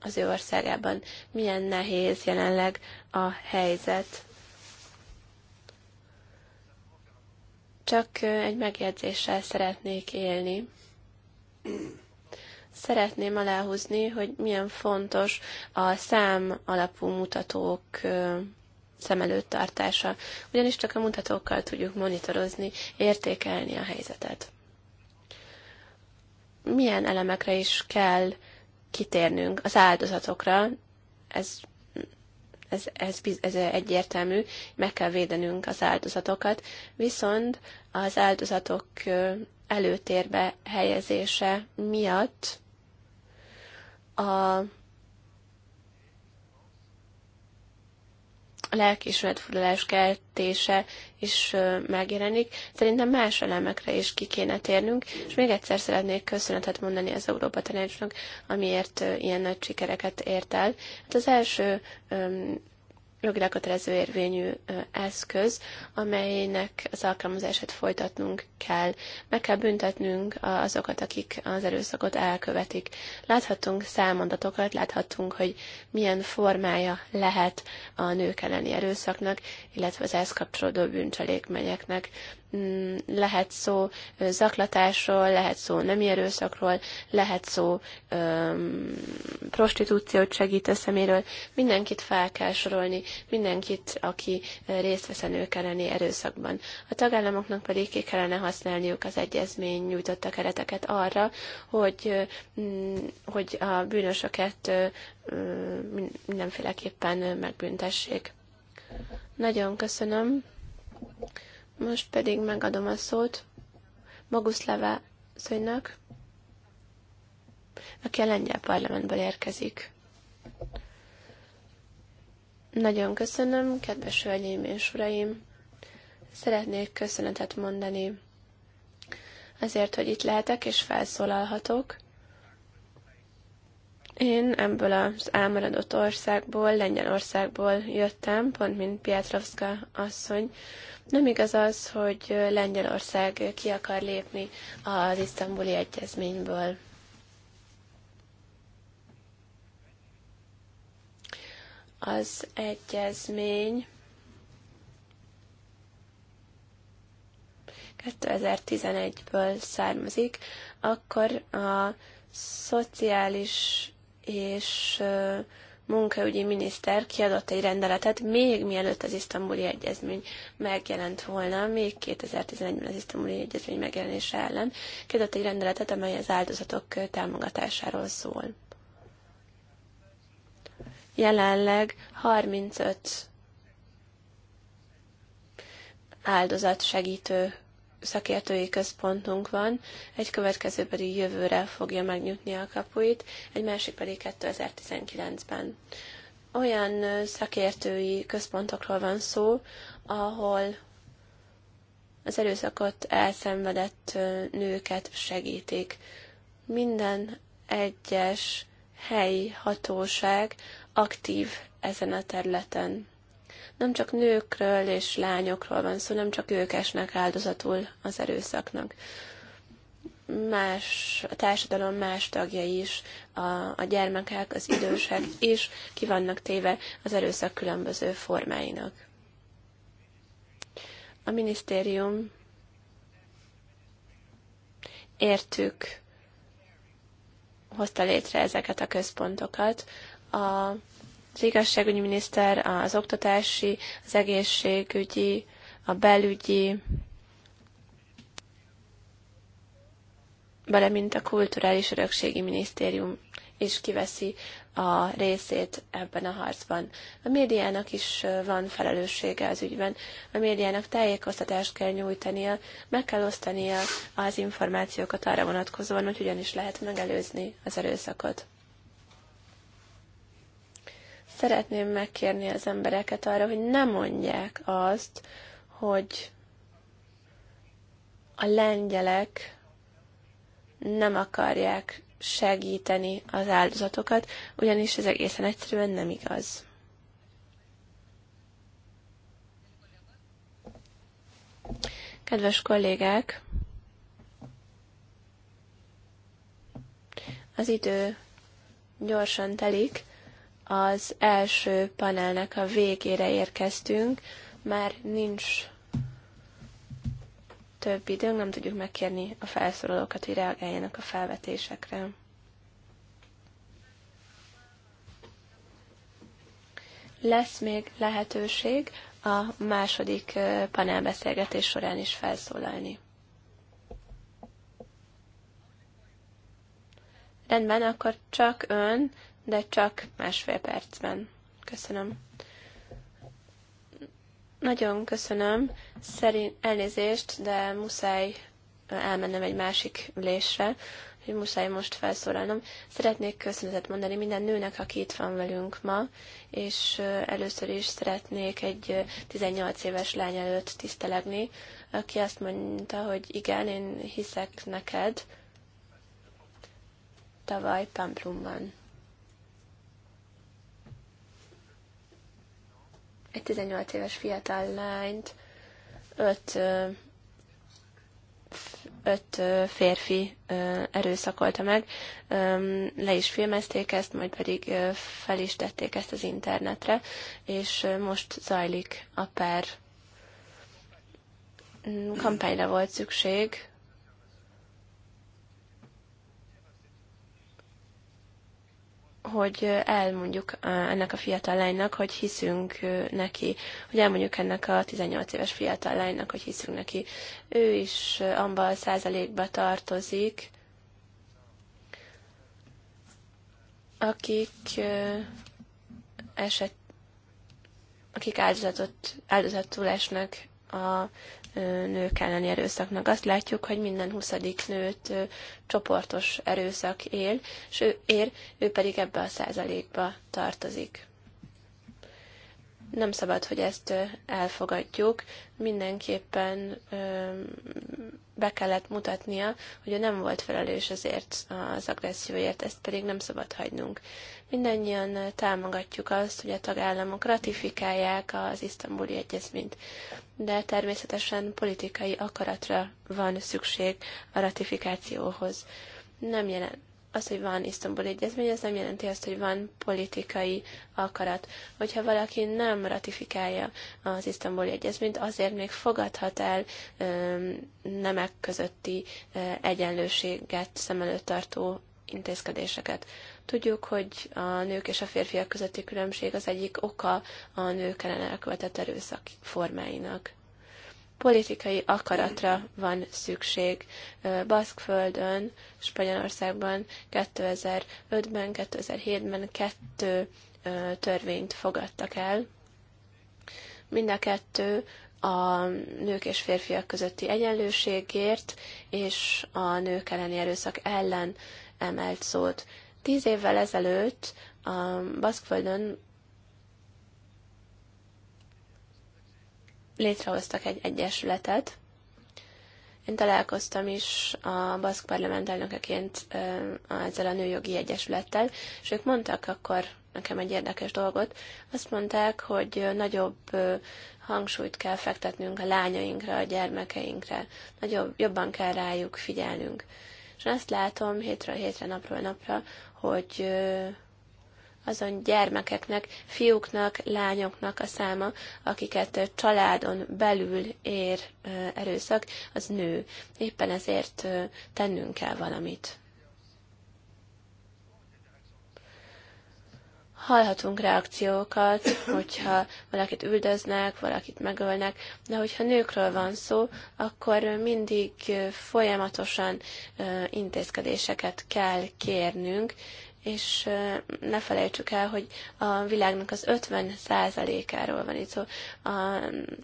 az ő országában milyen nehéz jelenleg a helyzet Csak egy megjegyzéssel szeretnék élni. Szeretném aláhúzni, hogy milyen fontos a szám alapú mutatók szem előtt tartása, ugyanis csak a mutatókkal tudjuk monitorozni, értékelni a helyzetet. Milyen elemekre is kell kitérnünk? Az áldozatokra, ez ez, ez, ez egyértelmű, meg kell védenünk az áldozatokat, viszont az áldozatok előtérbe helyezése miatt a a lelkiismeret keltése is megjelenik. Szerintem más elemekre is ki kéne térnünk, és még egyszer szeretnék köszönetet mondani az Európa Tanácsnak, amiért ilyen nagy sikereket ért el. Hát az első jogra kötelező érvényű eszköz, amelynek az alkalmazását folytatnunk kell. Meg kell büntetnünk azokat, akik az erőszakot elkövetik. Láthatunk számadatokat, láthatunk, hogy milyen formája lehet a nők elleni erőszaknak, illetve az ehhez kapcsolódó bűncselékmenyeknek. Mm, lehet szó zaklatásról, lehet szó nem erőszakról, lehet szó öm, prostitúciót segítő szeméről, mindenkit fel kell sorolni, mindenkit, aki részt vesz a nők elleni erőszakban. A tagállamoknak pedig ki kellene használniuk az egyezmény nyújtotta kereteket arra, hogy, mm, hogy a bűnösöket mindenféleképpen megbüntessék. Nagyon köszönöm. Most pedig megadom a szót Maguszlava Szönynek, aki a lengyel parlamentből érkezik. Nagyon köszönöm, kedves hölgyeim és uraim! Szeretnék köszönetet mondani azért, hogy itt lehetek és felszólalhatok. Én ebből az elmaradott országból, Lengyelországból jöttem, pont mint Pietrovska asszony. Nem igaz az, hogy Lengyelország ki akar lépni az isztambuli egyezményből. Az egyezmény 2011-ből származik, akkor a szociális és munkaügyi miniszter kiadott egy rendeletet, még mielőtt az isztambuli egyezmény megjelent volna, még 2011-ben az isztambuli egyezmény megjelenése ellen, kiadott egy rendeletet, amely az áldozatok támogatásáról szól. Jelenleg 35 áldozat segítő szakértői központunk van, egy következő pedig jövőre fogja megnyitni a kapuit, egy másik pedig 2019-ben. Olyan szakértői központokról van szó, ahol az erőszakot elszenvedett nőket segítik. Minden egyes helyi hatóság aktív ezen a területen. Nem csak nőkről és lányokról van szó, nem csak ők esnek áldozatul az erőszaknak. Más, a társadalom más tagjai is, a, a gyermekek, az idősek is ki vannak téve az erőszak különböző formáinak. A minisztérium értük hozta létre ezeket a központokat. A az igazságügyi miniszter, az oktatási, az egészségügyi, a belügyi, valamint a kulturális örökségi minisztérium is kiveszi a részét ebben a harcban. A médiának is van felelőssége az ügyben. A médiának tájékoztatást kell nyújtania, meg kell osztania az információkat arra vonatkozóan, hogy ugyanis is lehet megelőzni az erőszakot. Szeretném megkérni az embereket arra, hogy ne mondják azt, hogy a lengyelek nem akarják segíteni az áldozatokat, ugyanis ez egészen egyszerűen nem igaz. Kedves kollégák, az idő gyorsan telik, az első panelnek a végére érkeztünk, már nincs több időnk, nem tudjuk megkérni a felszólalókat, hogy reagáljanak a felvetésekre. Lesz még lehetőség a második panelbeszélgetés során is felszólalni. Rendben, akkor csak ön de csak másfél percben. Köszönöm. Nagyon köszönöm. Szerint elnézést, de muszáj elmennem egy másik ülésre, hogy muszáj most felszólalnom. Szeretnék köszönetet mondani minden nőnek, aki itt van velünk ma, és először is szeretnék egy 18 éves lány előtt tisztelegni, aki azt mondta, hogy igen, én hiszek neked tavaly Pamplumban. egy 18 éves fiatal lányt öt, öt férfi erőszakolta meg. Le is filmezték ezt, majd pedig fel is tették ezt az internetre, és most zajlik a per mm, kampányra volt szükség, hogy elmondjuk ennek a fiatal lánynak, hogy hiszünk neki, hogy elmondjuk ennek a 18 éves fiatal lánynak, hogy hiszünk neki. Ő is amba a százalékba tartozik, akik eset, akik áldozatot, áldozatul esnek a nők elleni erőszaknak. Azt látjuk, hogy minden huszadik nőt csoportos erőszak él, és ő ér, ő pedig ebbe a százalékba tartozik nem szabad, hogy ezt elfogadjuk. Mindenképpen be kellett mutatnia, hogy ő nem volt felelős azért az agresszióért, ezt pedig nem szabad hagynunk. Mindennyian támogatjuk azt, hogy a tagállamok ratifikálják az isztambuli egyezményt, de természetesen politikai akaratra van szükség a ratifikációhoz. Nem jelent az, hogy van Isztambul egyezmény, az nem jelenti azt, hogy van politikai akarat. Hogyha valaki nem ratifikálja az Isztambul egyezményt, azért még fogadhat el nemek közötti egyenlőséget szem előtt tartó intézkedéseket. Tudjuk, hogy a nők és a férfiak közötti különbség az egyik oka a nők ellen elkövetett erőszak formáinak. Politikai akaratra van szükség. Baszkföldön, Spanyolországban 2005-ben, 2007-ben kettő törvényt fogadtak el. Mind a kettő a nők és férfiak közötti egyenlőségért és a nők elleni erőszak ellen emelt szót. Tíz évvel ezelőtt a Baszkföldön létrehoztak egy egyesületet. Én találkoztam is a baszk parlament elnökeként ezzel a nőjogi egyesülettel, és ők mondtak akkor nekem egy érdekes dolgot. Azt mondták, hogy nagyobb hangsúlyt kell fektetnünk a lányainkra, a gyermekeinkre, nagyobb, jobban kell rájuk figyelnünk. És azt látom hétről hétre, napról napra, hogy azon gyermekeknek, fiúknak, lányoknak a száma, akiket családon belül ér erőszak, az nő. Éppen ezért tennünk kell valamit. hallhatunk reakciókat, hogyha valakit üldöznek, valakit megölnek, de hogyha nőkről van szó, akkor mindig folyamatosan intézkedéseket kell kérnünk, és ne felejtsük el, hogy a világnak az 50%-áról van itt szó. A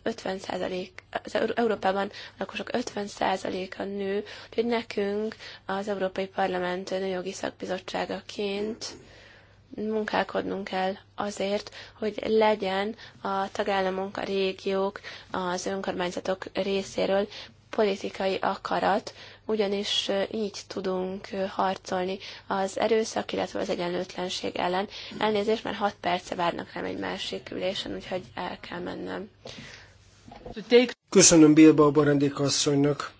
50%, az Európában a lakosok 50%-a nő, úgyhogy nekünk az Európai Parlament Nőjogi Szakbizottságaként munkálkodnunk kell azért, hogy legyen a tagállamok, a régiók, az önkormányzatok részéről politikai akarat, ugyanis így tudunk harcolni az erőszak, illetve az egyenlőtlenség ellen. Elnézést, mert 6 perce várnak rám egy másik ülésen, úgyhogy el kell mennem. Köszönöm Bilbao Barendék asszonynak.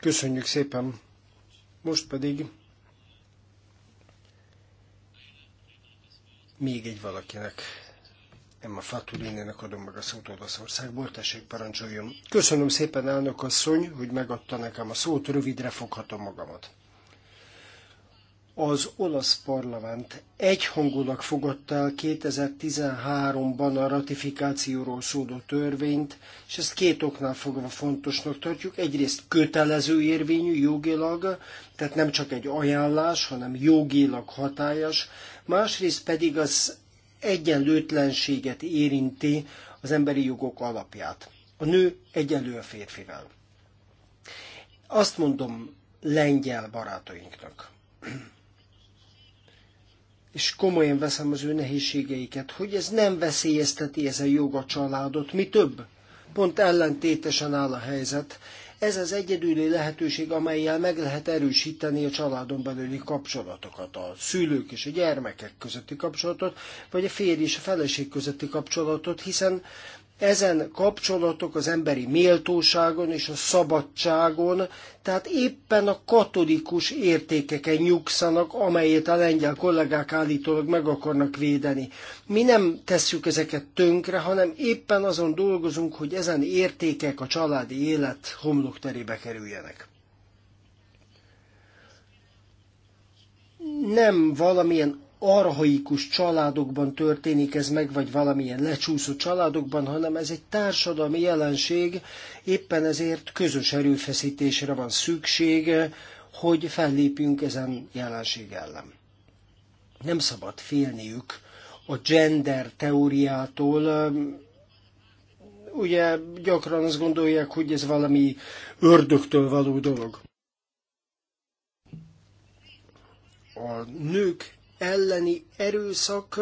Köszönjük szépen. Most pedig még egy valakinek Emma Faturinének adom meg a szót Olaszországból, tessék parancsoljon. Köszönöm szépen, elnök asszony, hogy megadta nekem a szót, rövidre foghatom magamat. Az olasz parlament egyhangulag fogadta el 2013-ban a ratifikációról szóló törvényt, és ezt két oknál fogva fontosnak tartjuk. Egyrészt kötelező érvényű jogilag, tehát nem csak egy ajánlás, hanem jogilag hatályos, másrészt pedig az egyenlőtlenséget érinti az emberi jogok alapját. A nő egyenlő a férfivel. Azt mondom lengyel barátainknak, és komolyan veszem az ő nehézségeiket, hogy ez nem veszélyezteti ez a jog a családot, mi több. Pont ellentétesen áll a helyzet, ez az egyedüli lehetőség, amelyel meg lehet erősíteni a családon belüli kapcsolatokat, a szülők és a gyermekek közötti kapcsolatot, vagy a férj és a feleség közötti kapcsolatot, hiszen ezen kapcsolatok az emberi méltóságon és a szabadságon, tehát éppen a katolikus értékeken nyugszanak, amelyet a lengyel kollégák állítólag meg akarnak védeni. Mi nem tesszük ezeket tönkre, hanem éppen azon dolgozunk, hogy ezen értékek a családi élet homlokterébe kerüljenek. nem valamilyen arhaikus családokban történik ez meg, vagy valamilyen lecsúszó családokban, hanem ez egy társadalmi jelenség, éppen ezért közös erőfeszítésre van szükség, hogy fellépjünk ezen jelenség ellen. Nem szabad félniük a gender teóriától, ugye gyakran azt gondolják, hogy ez valami ördögtől való dolog. A nők elleni erőszak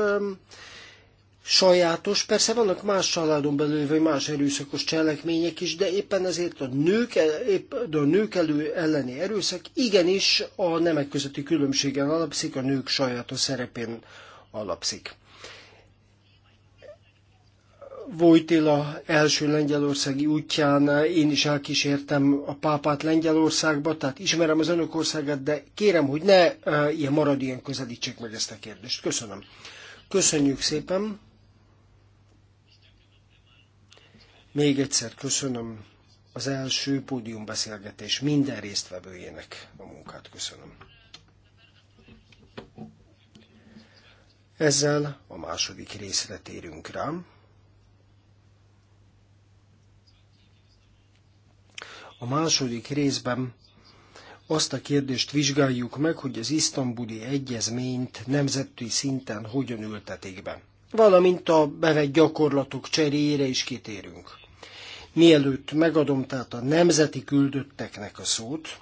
sajátos, persze vannak más családon belül, vagy más erőszakos cselekmények is, de éppen ezért a nők, épp, de a nők elő elleni erőszak igenis a nemek közötti különbségen alapszik, a nők sajátos szerepén alapszik. Vojtila első lengyelországi útján eh, én is elkísértem a pápát Lengyelországba, tehát ismerem az önök országát, de kérem, hogy ne eh, ilyen marad, ilyen közelítsék meg ezt a kérdést. Köszönöm. Köszönjük szépen. Még egyszer köszönöm az első pódiumbeszélgetés minden résztvevőjének a munkát. Köszönöm. Ezzel a második részre térünk rám. A második részben azt a kérdést vizsgáljuk meg, hogy az isztambuli egyezményt nemzeti szinten hogyan ültetik be. Valamint a bevett gyakorlatok cseréjére is kitérünk. Mielőtt megadom tehát a nemzeti küldötteknek a szót,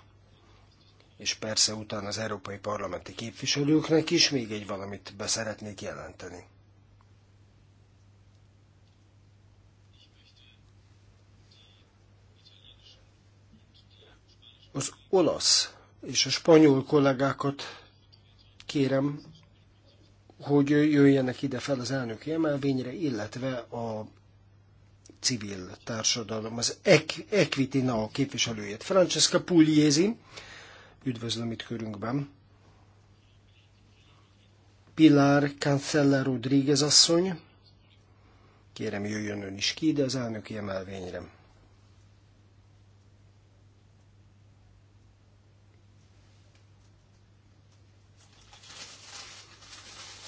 és persze utána az európai parlamenti képviselőknek is még egy valamit beszeretnék jelenteni. olasz és a spanyol kollégákat kérem, hogy jöjjenek ide fel az elnöki emelvényre, illetve a civil társadalom, az Equitina képviselőjét, Francesca Pugliesi, üdvözlöm itt körünkben, Pilar Cancella Rodríguez asszony, kérem jöjjön ön is ki ide az elnöki emelvényre.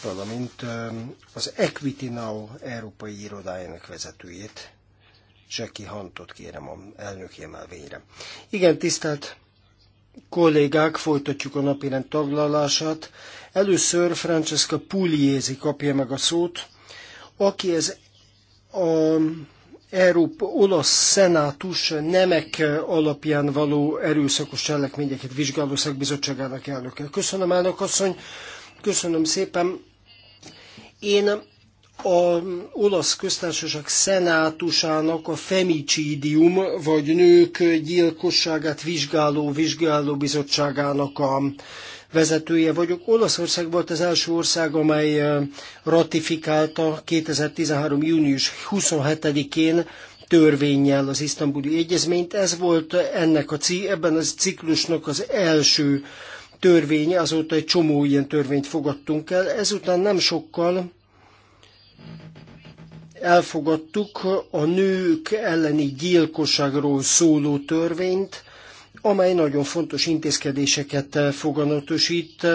valamint az Equity Now európai irodájának vezetőjét, Seki Hantot kérem a elnök emelvényre. Igen, tisztelt kollégák, folytatjuk a napirend taglalását. Először Francesca Pugliesi kapja meg a szót, aki ez a Európa, olasz szenátus nemek alapján való erőszakos cselekményeket vizsgáló szakbizottságának elnöke. Köszönöm, elnök asszony, köszönöm szépen. Én a olasz köztársaság szenátusának a femicidium, vagy nők gyilkosságát vizsgáló vizsgáló bizottságának a vezetője vagyok. Olaszország volt az első ország, amely eh, ratifikálta 2013. június 27-én törvényel az isztambuli egyezményt. Ez volt ennek a, ebben a ciklusnak az első törvény, azóta egy csomó ilyen törvényt fogadtunk el, ezután nem sokkal elfogadtuk a nők elleni gyilkosságról szóló törvényt, amely nagyon fontos intézkedéseket foganatosít,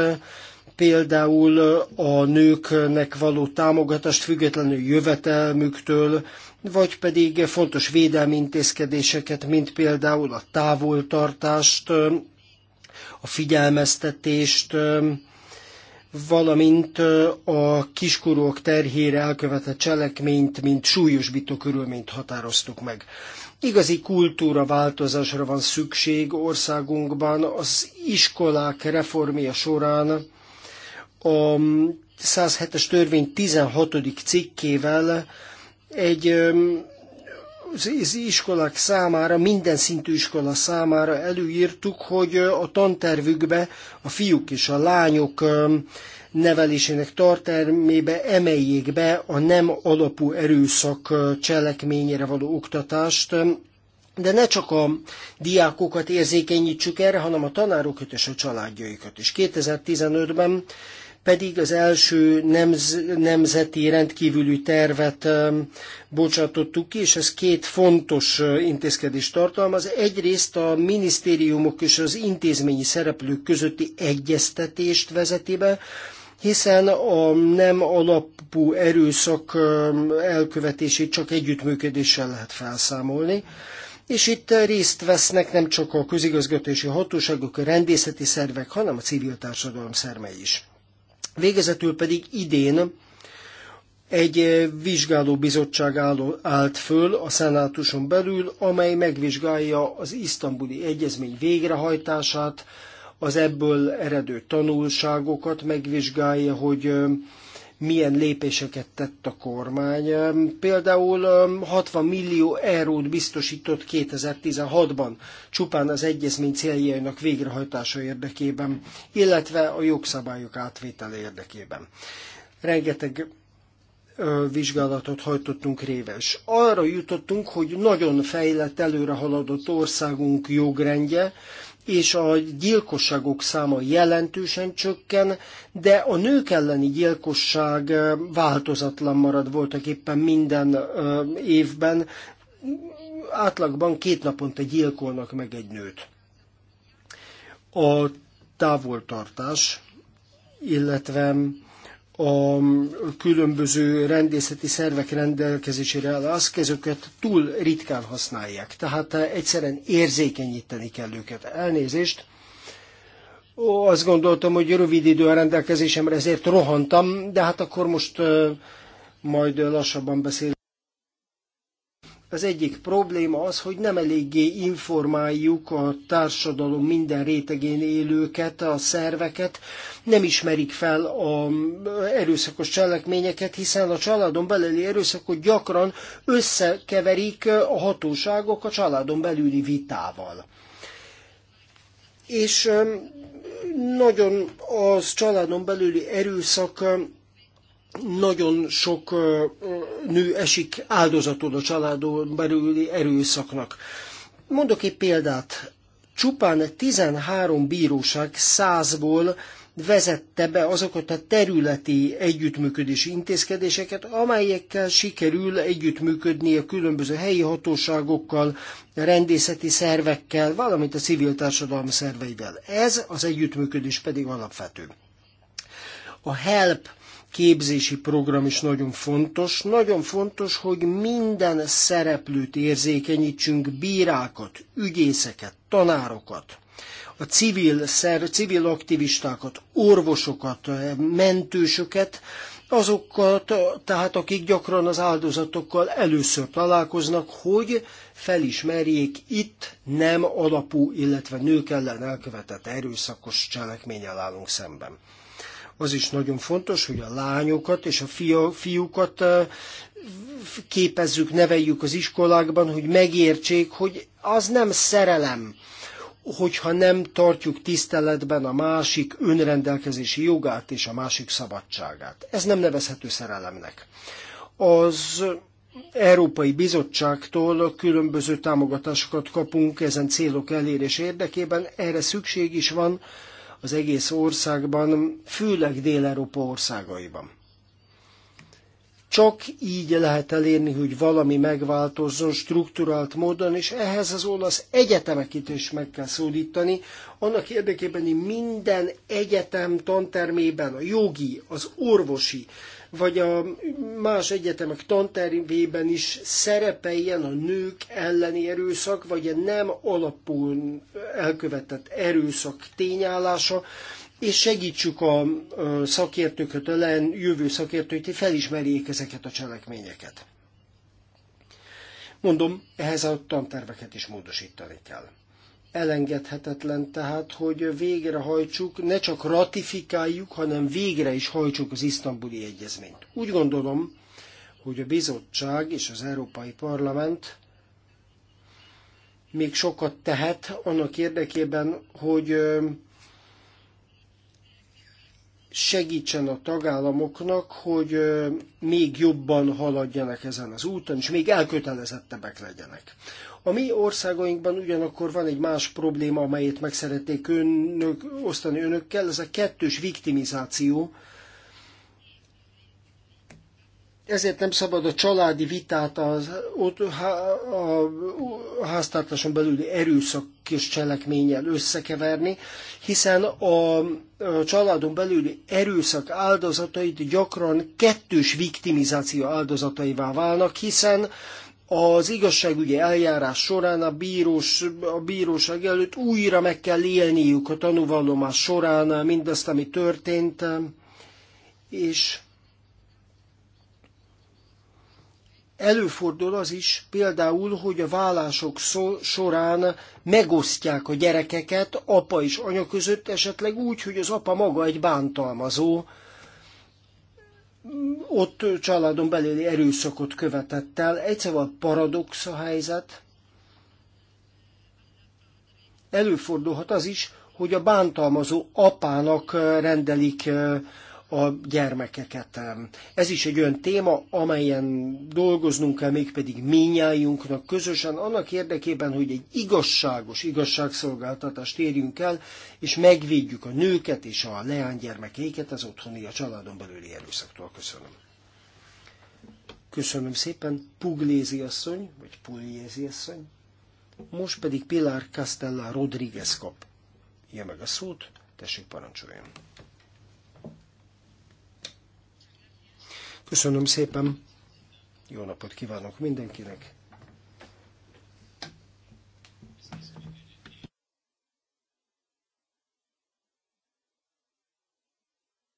például a nőknek való támogatást függetlenül jövetelmüktől, vagy pedig fontos védelmi intézkedéseket, mint például a távoltartást, a figyelmeztetést, valamint a kiskorúak terhére elkövetett cselekményt, mint súlyos körülményt határoztuk meg. Igazi kultúra változásra van szükség országunkban, az iskolák reformja során a 107-es törvény 16. cikkével egy az iskolák számára, minden szintű iskola számára előírtuk, hogy a tantervükbe a fiúk és a lányok nevelésének tartalmébe emeljék be a nem alapú erőszak cselekményére való oktatást, de ne csak a diákokat érzékenyítsük erre, hanem a tanárokat és a családjaikat is. 2015-ben pedig az első nemz, nemzeti rendkívüli tervet bocsátottuk ki, és ez két fontos intézkedést tartalmaz. Egyrészt a minisztériumok és az intézményi szereplők közötti egyeztetést vezeti be, hiszen a nem alapú erőszak elkövetését csak együttműködéssel lehet felszámolni. És itt részt vesznek nem csak a közigazgatási hatóságok, a rendészeti szervek, hanem a civil társadalom szermei is. Végezetül pedig idén egy eh, vizsgálóbizottság állt föl a szenátuson belül, amely megvizsgálja az isztambuli egyezmény végrehajtását, az ebből eredő tanulságokat megvizsgálja, hogy eh, milyen lépéseket tett a kormány. Például 60 millió eurót biztosított 2016-ban csupán az egyezmény céljainak végrehajtása érdekében, illetve a jogszabályok átvétele érdekében. Rengeteg vizsgálatot hajtottunk réves. Arra jutottunk, hogy nagyon fejlett, előre haladott országunk jogrendje, és a gyilkosságok száma jelentősen csökken, de a nők elleni gyilkosság változatlan marad voltak éppen minden évben. Átlagban két naponta gyilkolnak meg egy nőt. A távoltartás, illetve a különböző rendészeti szervek rendelkezésére áll az kezüket túl ritkán használják. Tehát egyszerűen érzékenyíteni kell őket. Elnézést. Ó, azt gondoltam, hogy rövid idő a rendelkezésemre, ezért rohantam, de hát akkor most uh, majd lassabban beszélünk. Az egyik probléma az, hogy nem eléggé informáljuk a társadalom minden rétegén élőket, a szerveket, nem ismerik fel a erőszakos cselekményeket, hiszen a családon belüli erőszakot gyakran összekeverik a hatóságok a családon belüli vitával. És nagyon az családon belüli erőszak nagyon sok nő esik áldozatul a családon belüli erőszaknak. Mondok egy példát. Csupán 13 bíróság százból vezette be azokat a területi együttműködési intézkedéseket, amelyekkel sikerül együttműködni a különböző helyi hatóságokkal, rendészeti szervekkel, valamint a civil társadalmi szerveivel. Ez az együttműködés pedig alapvető. A HELP képzési program is nagyon fontos. Nagyon fontos, hogy minden szereplőt érzékenyítsünk, bírákat, ügyészeket, tanárokat, a civil, szer, civil aktivistákat, orvosokat, mentősöket, azokat, tehát akik gyakran az áldozatokkal először találkoznak, hogy felismerjék itt nem alapú, illetve nők ellen elkövetett erőszakos cselekményel állunk szemben. Az is nagyon fontos, hogy a lányokat és a fiúkat képezzük, neveljük az iskolákban, hogy megértsék, hogy az nem szerelem, hogyha nem tartjuk tiszteletben a másik önrendelkezési jogát és a másik szabadságát. Ez nem nevezhető szerelemnek. Az Európai Bizottságtól különböző támogatásokat kapunk ezen célok elérés érdekében, erre szükség is van, az egész országban, főleg Dél-Európa országaiban. Csak így lehet elérni, hogy valami megváltozzon strukturált módon, és ehhez az olasz egyetemeket is meg kell szólítani, annak érdekében, hogy minden egyetem tantermében a jogi, az orvosi, vagy a más egyetemek tantervében is szerepeljen a nők elleni erőszak, vagy a nem alapul elkövetett erőszak tényállása, és segítsük a szakértőket, a jövő szakértőit, hogy felismerjék ezeket a cselekményeket. Mondom, ehhez a tanterveket is módosítani kell elengedhetetlen tehát, hogy végrehajtsuk, ne csak ratifikáljuk, hanem végre is hajtsuk az isztambuli egyezményt. Úgy gondolom, hogy a bizottság és az Európai Parlament még sokat tehet annak érdekében, hogy segítsen a tagállamoknak, hogy még jobban haladjanak ezen az úton, és még elkötelezettebbek legyenek. A mi országainkban ugyanakkor van egy más probléma, amelyet meg szeretnék önök, osztani önökkel, ez a kettős viktimizáció. Ezért nem szabad a családi vitát az, a háztartáson belüli erőszak és cselekménnyel összekeverni, hiszen a, a családon belüli erőszak áldozatait gyakran kettős viktimizáció áldozataivá válnak, hiszen az igazságügyi eljárás során a, bírós, a bíróság előtt újra meg kell élniük a tanúvallomás során mindazt, ami történt, és Előfordul az is például, hogy a vállások során megosztják a gyerekeket apa és anya között, esetleg úgy, hogy az apa maga egy bántalmazó, ott családon belüli erőszakot követett el. Egyszerűen szóval paradox a helyzet. Előfordulhat az is, hogy a bántalmazó apának rendelik a gyermekeket. Ez is egy olyan téma, amelyen dolgoznunk kell, mégpedig minnyájunknak közösen, annak érdekében, hogy egy igazságos igazságszolgáltatást érjünk el, és megvédjük a nőket és a leánygyermekeiket az otthoni, a családon belüli erőszaktól. Köszönöm. Köszönöm szépen, Puglézi asszony, vagy Pugliézi asszony. Most pedig Pilar Castella Rodríguez kap. Ilyen meg a szót, tessék parancsoljon. Köszönöm szépen. Jó napot kívánok mindenkinek.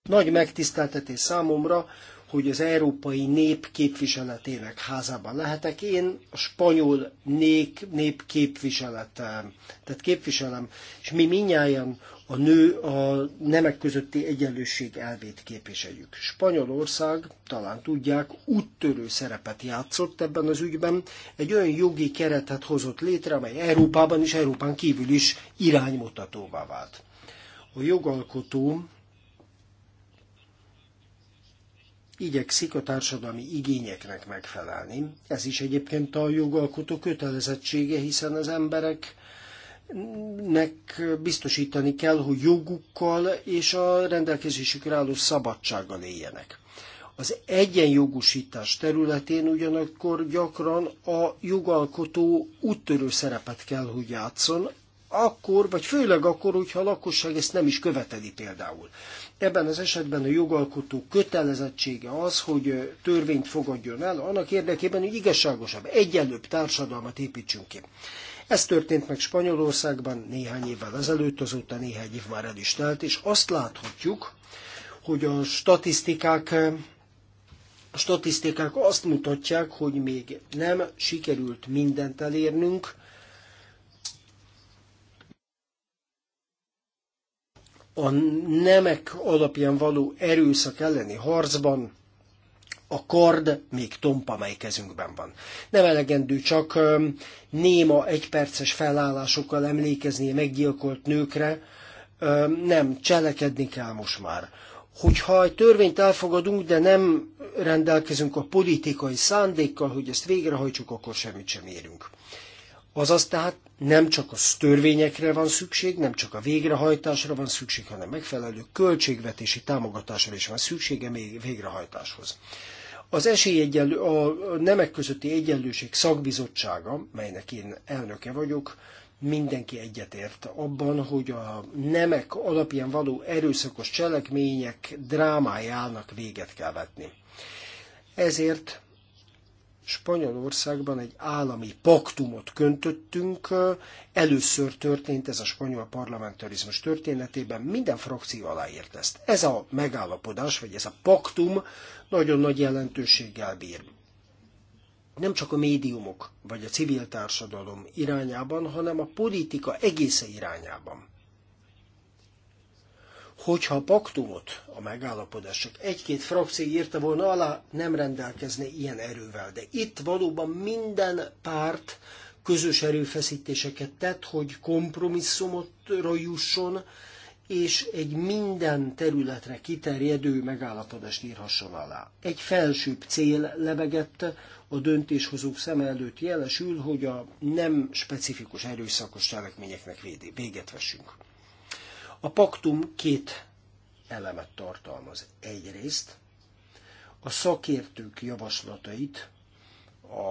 Nagy megtiszteltetés számomra, hogy az Európai Nép képviseletének házában lehetek. Én a spanyol nép, nép képviselet, tehát képviselem, és mi minnyáján a nő a nemek közötti egyenlőség elvét képviseljük. Spanyolország, talán tudják, úttörő szerepet játszott ebben az ügyben, egy olyan jogi keretet hozott létre, amely Európában és Európán kívül is iránymutatóvá vált. A jogalkotó igyekszik a társadalmi igényeknek megfelelni. Ez is egyébként a jogalkotó kötelezettsége, hiszen az emberek nek biztosítani kell, hogy jogukkal és a rendelkezésükre álló szabadsággal éljenek. Az egyenjogosítás területén ugyanakkor gyakran a jogalkotó úttörő szerepet kell, hogy játszon, akkor, vagy főleg akkor, hogyha a lakosság ezt nem is követeli például. Ebben az esetben a jogalkotó kötelezettsége az, hogy törvényt fogadjon el, annak érdekében, hogy igazságosabb, egyenlőbb társadalmat építsünk ki. Ez történt meg Spanyolországban néhány évvel ezelőtt, azóta néhány év már el is telt, és azt láthatjuk, hogy a statisztikák a statisztikák azt mutatják, hogy még nem sikerült mindent elérnünk. A nemek alapján való erőszak elleni harcban a kard még tompa, mely kezünkben van. Nem elegendő csak néma egyperces felállásokkal emlékezni a meggyilkolt nőkre, nem, cselekedni kell most már. Hogyha egy törvényt elfogadunk, de nem rendelkezünk a politikai szándékkal, hogy ezt végrehajtsuk, akkor semmit sem érünk. Azaz tehát nem csak a törvényekre van szükség, nem csak a végrehajtásra van szükség, hanem megfelelő költségvetési támogatásra is van szüksége még végrehajtáshoz. Az esélyegyenlő, a nemek közötti egyenlőség szakbizottsága, melynek én elnöke vagyok, mindenki egyetért abban, hogy a nemek alapján való erőszakos cselekmények drámájának véget kell vetni. Ezért Spanyolországban egy állami paktumot köntöttünk. Először történt ez a spanyol parlamentarizmus történetében, minden frakció aláért ezt. Ez a megállapodás, vagy ez a paktum nagyon nagy jelentőséggel bír. Nem csak a médiumok vagy a civil társadalom irányában, hanem a politika egésze irányában. Hogyha a paktumot, a megállapodások egy-két frakció írta volna alá, nem rendelkezne ilyen erővel. De itt valóban minden párt közös erőfeszítéseket tett, hogy kompromisszumot jusson, és egy minden területre kiterjedő megállapodást írhasson alá. Egy felsőbb cél lebegett a döntéshozók szem előtt jelesül, hogy a nem specifikus erőszakos cselekményeknek véget vessünk. A paktum két elemet tartalmaz. Egyrészt a szakértők javaslatait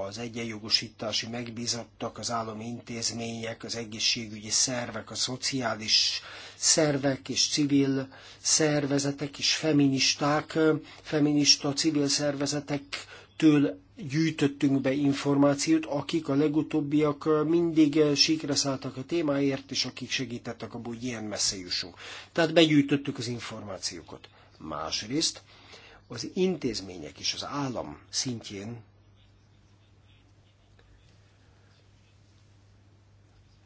az egyenjogosítási megbízottak, az állami intézmények, az egészségügyi szervek, a szociális szervek és civil szervezetek és feministák, feminista civil szervezetektől gyűjtöttünk be információt, akik a legutóbbiak mindig sikre szálltak a témáért, és akik segítettek abban, hogy ilyen messze jussunk. Tehát begyűjtöttük az információkat. Másrészt az intézmények és az állam szintjén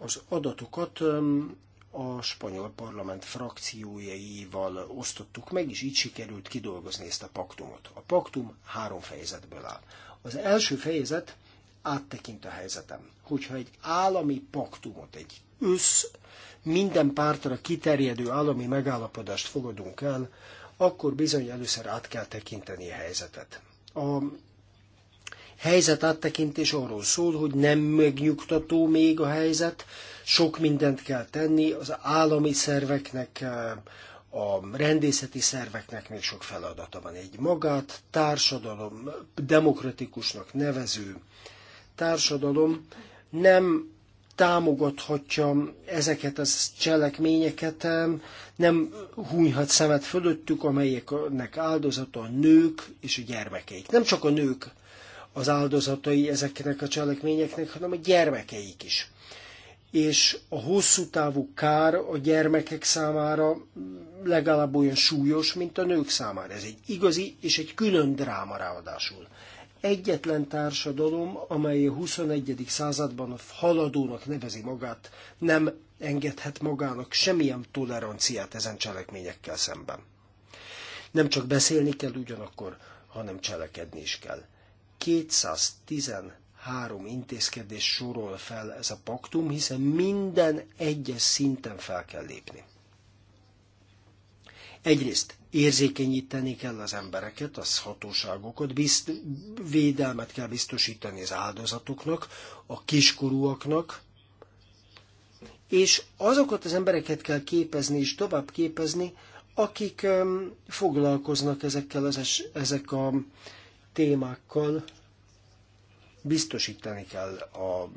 Az adatokat a spanyol parlament frakciójaival osztottuk meg, és így sikerült kidolgozni ezt a paktumot. A paktum három fejezetből áll. Az első fejezet áttekint a helyzetem. Hogyha egy állami paktumot, egy össz, minden pártra kiterjedő állami megállapodást fogadunk el, akkor bizony először át kell tekinteni a helyzetet. A Helyzet áttekintés arról szól, hogy nem megnyugtató még a helyzet, sok mindent kell tenni, az állami szerveknek, eh, a rendészeti szerveknek még sok feladata van. Egy magát társadalom, demokratikusnak nevező társadalom nem támogathatja ezeket a cselekményeket, eh, nem hunyhat szemet fölöttük, amelyeknek áldozata a nők és a gyermekeik. Nem csak a nők az áldozatai ezeknek a cselekményeknek, hanem a gyermekeik is. És a hosszú távú kár a gyermekek számára legalább olyan súlyos, mint a nők számára. Ez egy igazi és egy külön dráma ráadásul. Egyetlen társadalom, amely a 21. században a haladónak nevezi magát, nem engedhet magának semmilyen toleranciát ezen cselekményekkel szemben. Nem csak beszélni kell ugyanakkor, hanem cselekedni is kell. 213 intézkedés sorol fel ez a paktum, hiszen minden egyes szinten fel kell lépni. Egyrészt érzékenyíteni kell az embereket, az hatóságokat, bizt, védelmet kell biztosítani az áldozatoknak, a kiskorúaknak, és azokat az embereket kell képezni és tovább képezni, akik um, foglalkoznak ezekkel az es, ezek a témákkal biztosítani kell a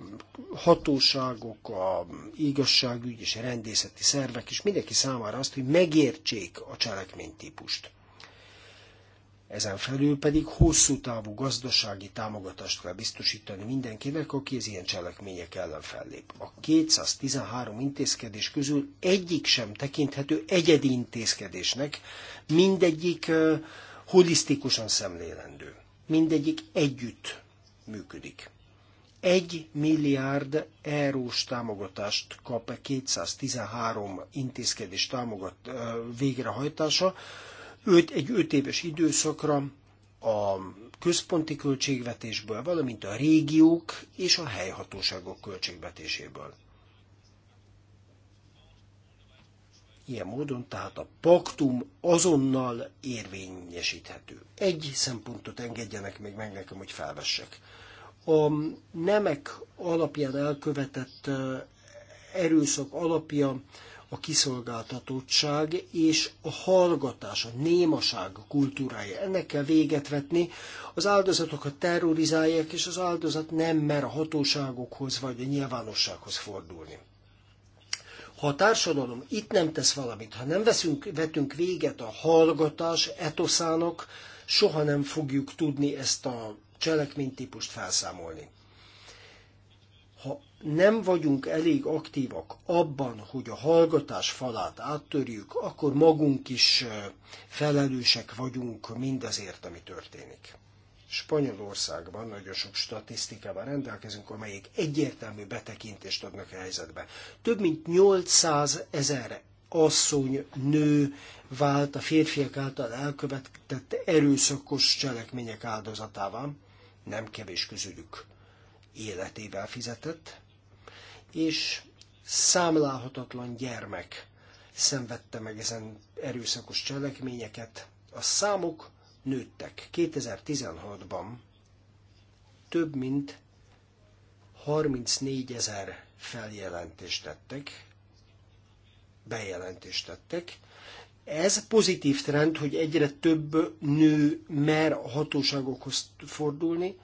hatóságok, a igazságügy és a rendészeti szervek és mindenki számára azt, hogy megértsék a cselekménytípust. Ezen felül pedig hosszú távú gazdasági támogatást kell biztosítani mindenkinek, aki az ilyen cselekmények ellen fellép. A 213 intézkedés közül egyik sem tekinthető egyedi intézkedésnek, mindegyik eh, holisztikusan szemlélendő mindegyik együtt működik. Egy milliárd eurós támogatást kap 213 e intézkedés támogat végrehajtása, őt egy öt éves időszakra a központi költségvetésből, valamint a régiók és a helyhatóságok költségvetéséből. Ilyen módon tehát a paktum azonnal érvényesíthető. Egy szempontot engedjenek még meg nekem, hogy felvessek. A nemek alapján elkövetett eh, erőszak alapja a kiszolgáltatottság és a hallgatás, a némaság kultúrája. Ennek kell véget vetni, az áldozatokat terrorizálják, és az áldozat nem mer a hatóságokhoz vagy a nyilvánossághoz fordulni. Ha a társadalom itt nem tesz valamit, ha nem veszünk, vetünk véget a hallgatás etoszának, soha nem fogjuk tudni ezt a cselekménytípust felszámolni. Ha nem vagyunk elég aktívak abban, hogy a hallgatás falát áttörjük, akkor magunk is felelősek vagyunk mindazért, ami történik. Spanyolországban nagyon sok statisztikával rendelkezünk, amelyek egyértelmű betekintést adnak a helyzetbe. Több mint 800 ezer asszony, nő vált a férfiak által elkövetett erőszakos cselekmények áldozatává, nem kevés közülük életével fizetett, és számlálhatatlan gyermek szenvedte meg ezen erőszakos cselekményeket. A számok nőttek. 2016-ban több mint 34 ezer feljelentést tettek, bejelentést tettek. Ez pozitív trend, hogy egyre több nő mer a hatóságokhoz fordulni.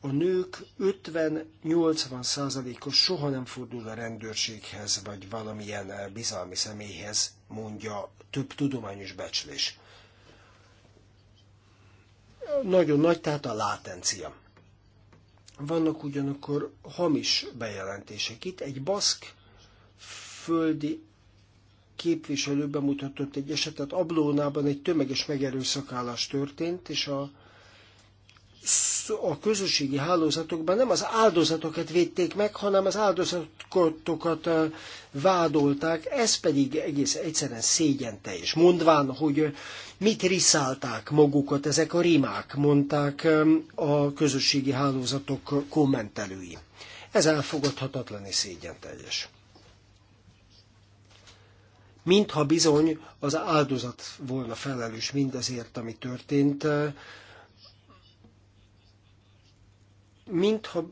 A nők 50-80%-os soha nem fordul a rendőrséghez, vagy valamilyen bizalmi személyhez, mondja több tudományos becslés nagyon nagy, tehát a látencia. Vannak ugyanakkor hamis bejelentések. Itt egy baszk földi képviselő bemutatott egy esetet, Ablónában egy tömeges megerőszakálás történt, és a a közösségi hálózatokban nem az áldozatokat védték meg, hanem az áldozatokat vádolták, ez pedig egész egyszerűen szégyente is. mondván, hogy mit riszálták magukat ezek a rimák, mondták a közösségi hálózatok kommentelői. Ez elfogadhatatlan és szégyenteljes. Mintha bizony az áldozat volna felelős mindazért, ami történt, mintha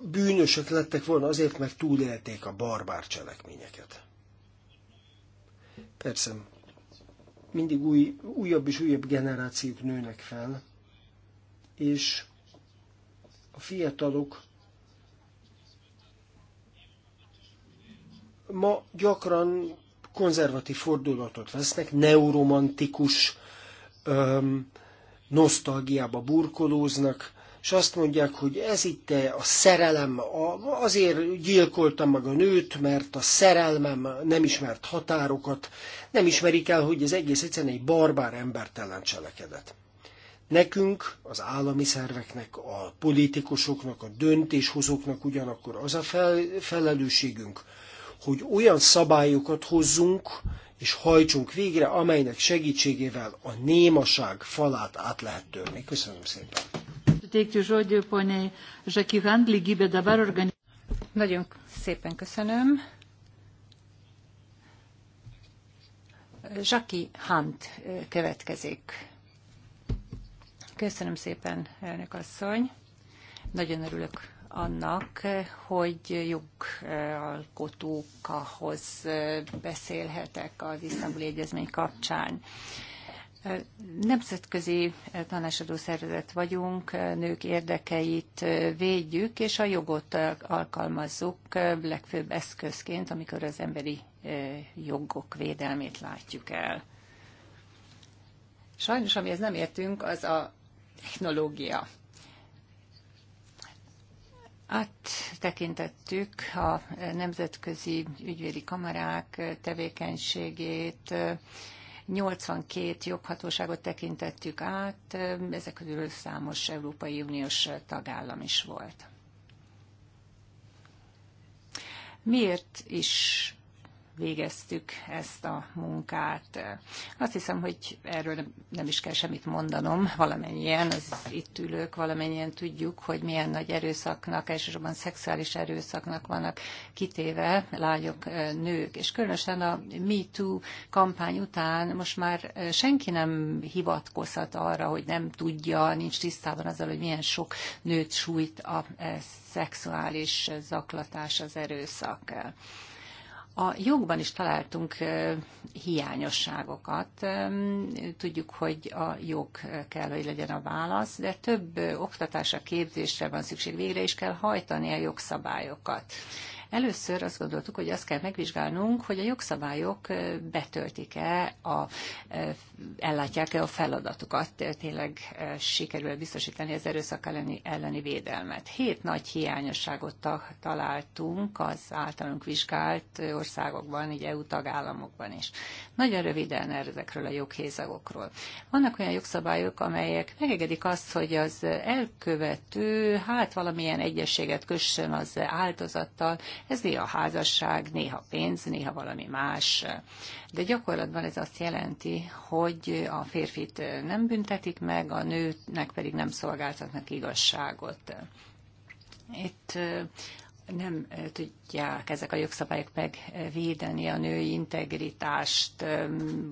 bűnösök lettek volna azért, mert túlélték a barbár cselekményeket. Persze, mindig új, újabb és újabb generációk nőnek fel, és a fiatalok ma gyakran konzervatív fordulatot vesznek, neuromantikus öm, nosztalgiába burkolóznak, és azt mondják, hogy ez itt a szerelem, azért gyilkoltam meg a nőt, mert a szerelmem nem ismert határokat, nem ismerik el, hogy ez egész egyszerűen egy barbár embertelen cselekedet. Nekünk, az állami szerveknek, a politikusoknak, a döntéshozóknak ugyanakkor az a fel, felelősségünk, hogy olyan szabályokat hozzunk és hajtsunk végre, amelynek segítségével a némaság falát át lehet törni. Köszönöm szépen! suteikti žodį poniai Žaki Handli, gybė dabar organizuoti. szépen köszönöm. Zsaki Hunt következik. Köszönöm szépen, elnök asszony. Nagyon örülök annak, hogy jogalkotókahoz beszélhetek az isztambuli egyezmény kapcsán. Nemzetközi tanácsadó szervezet vagyunk, nők érdekeit védjük, és a jogot alkalmazzuk legfőbb eszközként, amikor az emberi eh, jogok védelmét látjuk el. Sajnos, amihez nem értünk, az a technológia. Áttekintettük a nemzetközi ügyvédi kamarák tevékenységét, 82 joghatóságot tekintettük át, ezek közül számos Európai Uniós tagállam is volt. Miért is végeztük ezt a munkát. Azt hiszem, hogy erről nem is kell semmit mondanom, valamennyien, az itt ülők, valamennyien tudjuk, hogy milyen nagy erőszaknak, elsősorban szexuális erőszaknak vannak kitéve lányok, nők, és különösen a MeToo kampány után most már senki nem hivatkozhat arra, hogy nem tudja, nincs tisztában azzal, hogy milyen sok nőt sújt a szexuális zaklatás, az erőszak. A jogban is találtunk hiányosságokat. Tudjuk, hogy a jog kell, hogy legyen a válasz, de több oktatásra, képzésre van szükség. Végre is kell hajtani a jogszabályokat. Először azt gondoltuk, hogy azt kell megvizsgálnunk, hogy a jogszabályok betöltik-e, a, ellátják-e a feladatukat, tényleg sikerül biztosítani az erőszak elleni, elleni védelmet. Hét nagy hiányosságot találtunk az általunk vizsgált országokban, így EU tagállamokban is. Nagyon röviden ezekről a joghézagokról. Vannak olyan jogszabályok, amelyek megegedik azt, hogy az elkövető hát valamilyen egyességet kössön az áldozattal, ez néha házasság, néha pénz, néha valami más. De gyakorlatban ez azt jelenti, hogy a férfit nem büntetik meg, a nőnek pedig nem szolgáltatnak igazságot. Itt nem tudják ezek a jogszabályok megvédeni a női integritást,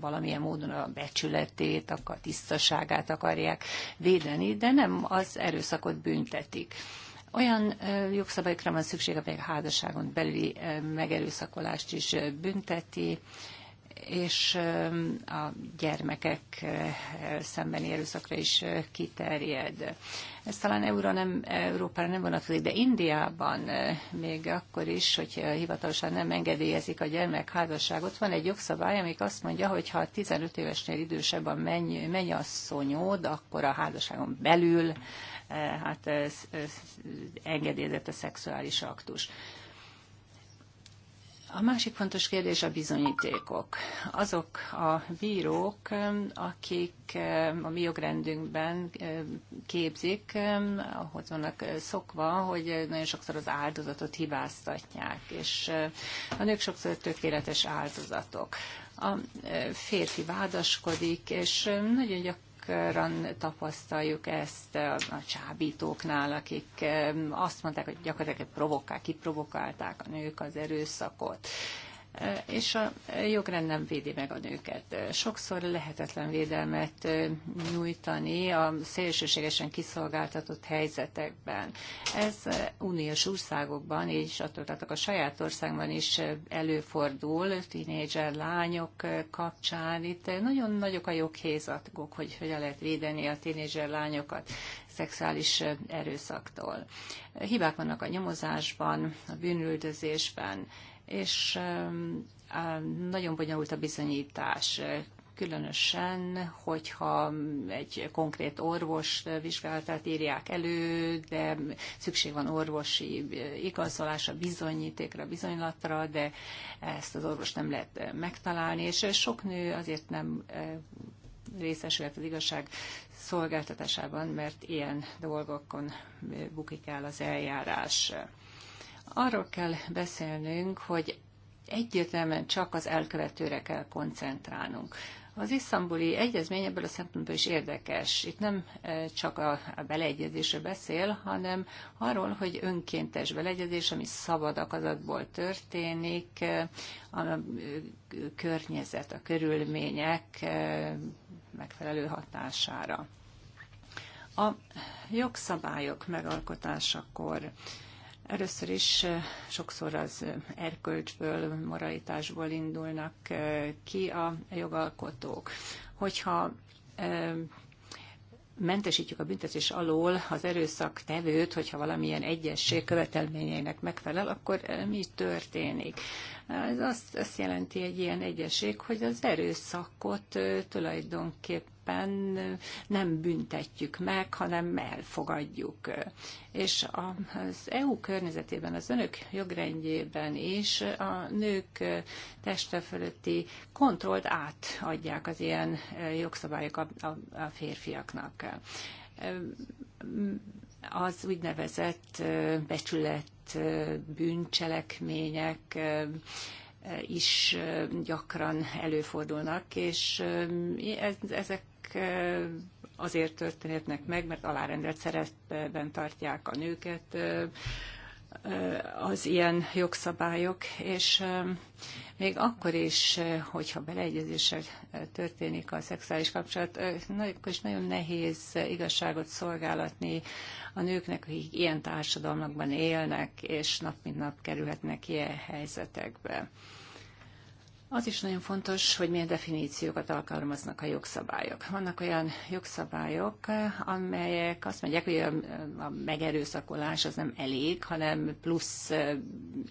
valamilyen módon a becsületét, a tisztaságát akarják védeni, de nem az erőszakot büntetik. Olyan jogszabályokra van szükség, amelyek a házasságon belüli megerőszakolást is bünteti, és a gyermekek szembeni erőszakra is kiterjed. Ez talán Euró nem, Európára nem vonatkozik, de Indiában még akkor is, hogy hivatalosan nem engedélyezik a házasságot, van egy jogszabály, amik azt mondja, hogy ha 15 évesnél idősebb a menny, mennyasszonyod, akkor a házasságon belül Eh, hát eh, eh, engedélyezett a szexuális aktus. A másik fontos kérdés a bizonyítékok. Azok a bírók, akik a mi jogrendünkben képzik, ahhoz vannak szokva, hogy nagyon sokszor az áldozatot hibáztatják, és a nők sokszor tökéletes áldozatok a férfi vádaskodik, és nagyon gyak, gyakran tapasztaljuk ezt a csábítóknál, akik azt mondták, hogy gyakorlatilag provokál, kiprovokálták a nők az erőszakot és a jogrend nem védi meg a nőket. Sokszor lehetetlen védelmet nyújtani a szélsőségesen kiszolgáltatott helyzetekben. Ez uniós országokban, és attól a saját országban is előfordul, tínédzser lányok kapcsán. Itt nagyon nagyok a joghézatok, hogy hogyan lehet védeni a tínédzser lányokat szexuális erőszaktól. Hibák vannak a nyomozásban, a bűnüldözésben, és um, nagyon bonyolult a bizonyítás, különösen, hogyha egy konkrét orvos vizsgálatát írják elő, de szükség van orvosi igazolásra, bizonyítékra, bizonylatra, de ezt az orvos nem lehet megtalálni, és sok nő azért nem e, részesülhet az igazság szolgáltatásában, mert ilyen dolgokon bukik el az eljárás. Arról kell beszélnünk, hogy egyértelműen csak az elkövetőre kell koncentrálnunk. Az iszambuli egyezmény ebből a szempontból is érdekes. Itt nem e, csak a beleegyezésről beszél, hanem arról, hogy önkéntes beleegyezés, ami szabad akadatból történik, e, a e, környezet, a körülmények megfelelő hatására. A jogszabályok megalkotásakor Először is sokszor az erkölcsből, moralitásból indulnak ki a jogalkotók. Hogyha mentesítjük a büntetés alól az erőszak tevőt, hogyha valamilyen egyesség követelményeinek megfelel, akkor mi történik? Ez azt, azt jelenti egy ilyen egyesség, hogy az erőszakot tulajdonképpen tulajdonképpen nem büntetjük meg, hanem elfogadjuk. És az EU környezetében, az önök jogrendjében is a nők teste fölötti kontrollt átadják az ilyen jogszabályok a, a, a férfiaknak az úgynevezett becsület bűncselekmények is gyakran előfordulnak, és ezek Eh, azért történhetnek meg, mert alárendelt szerepben tartják a nőket eh, eh, az ilyen jogszabályok, és még akkor is, hogyha beleegyezéssel történik a szexuális kapcsolat, akkor is nagyon nehéz igazságot szolgálatni a nőknek, akik ilyen társadalmakban élnek, és nap mint nap kerülhetnek ilyen helyzetekbe. Az is nagyon fontos, hogy milyen definíciókat alkalmaznak a jogszabályok. Vannak olyan jogszabályok, amelyek azt mondják, hogy a megerőszakolás az nem elég, hanem plusz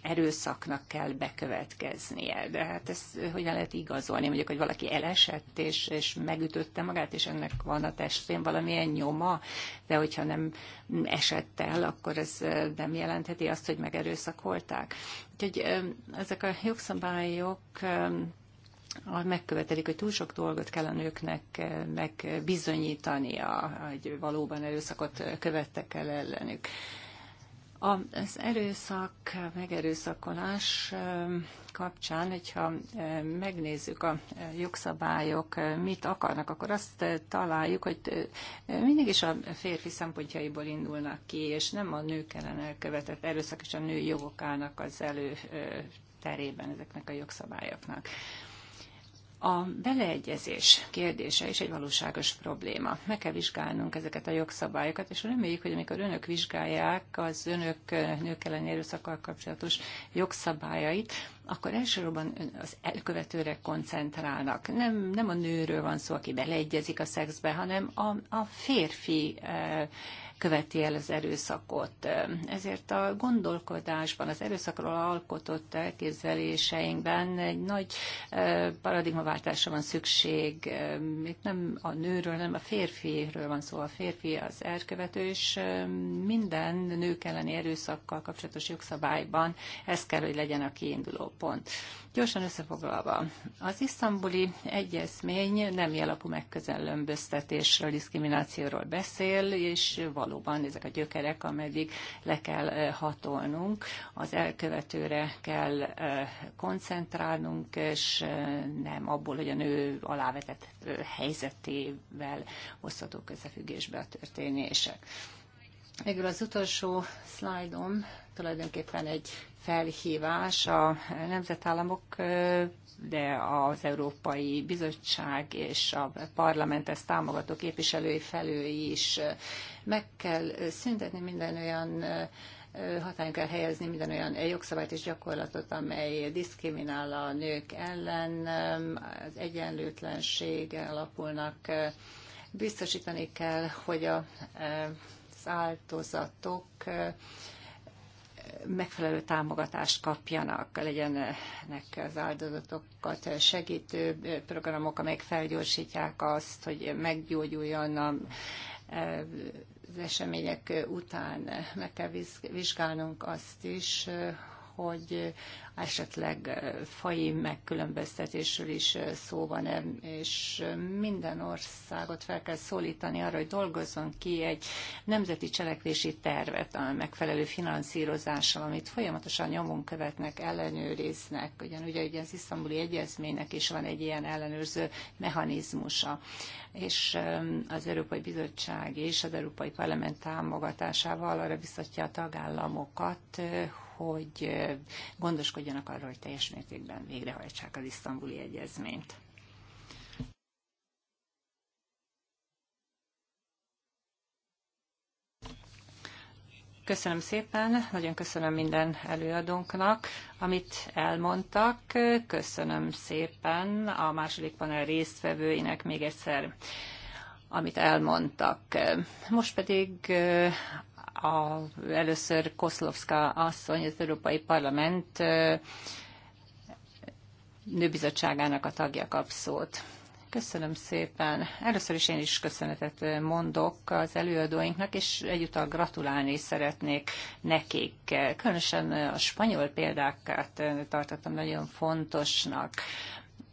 erőszaknak kell bekövetkeznie. De hát ezt hogyan lehet igazolni? Mondjuk, hogy valaki elesett és, és megütötte magát, és ennek van a testén valamilyen nyoma, de hogyha nem esett el, akkor ez nem jelentheti azt, hogy megerőszakolták. Úgyhogy ezek a jogszabályok megkövetelik, hogy túl sok dolgot kell a nőknek eh, megbizonyítania, hogy valóban erőszakot eh, követtek el ellenük. Az erőszak, megerőszakolás um, kapcsán, hogyha um, megnézzük a um, jogszabályok, mit akarnak, akkor azt uh, találjuk, hogy uh, uh, mindig is a férfi szempontjaiból indulnak ki, és nem a nők ellen elkövetett erőszak és a nő jogok állnak az elő terében ezeknek a jogszabályoknak. A beleegyezés kérdése is egy valóságos probléma. Meg kell vizsgálnunk ezeket a jogszabályokat, és reméljük, hogy amikor önök vizsgálják az önök nők elleni erőszakkal kapcsolatos jogszabályait, akkor elsősorban az elkövetőre koncentrálnak. Nem, nem a nőről van szó, aki beleegyezik a szexbe, hanem a, a férfi eh, követi el az erőszakot. Ezért a gondolkodásban, az erőszakról alkotott elképzeléseinkben egy nagy paradigmaváltásra van szükség. Itt nem a nőről, nem a férfiről van szó. A férfi az elkövető, és minden nők elleni erőszakkal kapcsolatos jogszabályban ez kell, hogy legyen a kiinduló pont. Gyorsan összefoglalva, az isztambuli egyezmény nem jelapú megközelömböztetésről, diszkriminációról beszél, és valóban ezek a gyökerek, ameddig le kell eh, hatolnunk, az elkövetőre kell eh, koncentrálnunk, és eh, nem abból, hogy a nő alávetett helyzetével hozhatók összefüggésbe a történések. Végül az utolsó szlájdom tulajdonképpen egy felhívás a nemzetállamok de az Európai Bizottság és a parlament ezt támogató képviselői felői is meg kell szüntetni minden olyan hatályon kell helyezni minden olyan jogszabályt és gyakorlatot, amely diszkriminál a nők ellen, az egyenlőtlenség alapulnak. Biztosítani kell, hogy az áltozatok megfelelő támogatást kapjanak, legyenek az áldozatokat segítő programok, amelyek felgyorsítják azt, hogy meggyógyuljon a az események után meg kell vizsgálnunk azt is, hogy esetleg fai megkülönböztetésről is szó van, -e, és minden országot fel kell szólítani arra, hogy dolgozzon ki egy nemzeti cselekvési tervet a megfelelő finanszírozással, amit folyamatosan nyomon követnek, ellenőriznek. Ugyan ugye, ugye az iszambuli egyezménynek is van egy ilyen ellenőrző mechanizmusa, és az Európai Bizottság és az Európai Parlament támogatásával arra biztatja a tagállamokat, hogy gondoskodjanak arról, hogy teljes mértékben végrehajtsák az isztambuli egyezményt. Köszönöm szépen, nagyon köszönöm minden előadónknak, amit elmondtak. Köszönöm szépen a második panel résztvevőinek még egyszer amit elmondtak. Most pedig a, először Koszlovska asszony, az Európai Parlament nőbizottságának a tagja kap szót. Köszönöm szépen. Először is én is köszönetet mondok az előadóinknak, és egyúttal gratulálni szeretnék nekik. Különösen a spanyol példákat tartottam nagyon fontosnak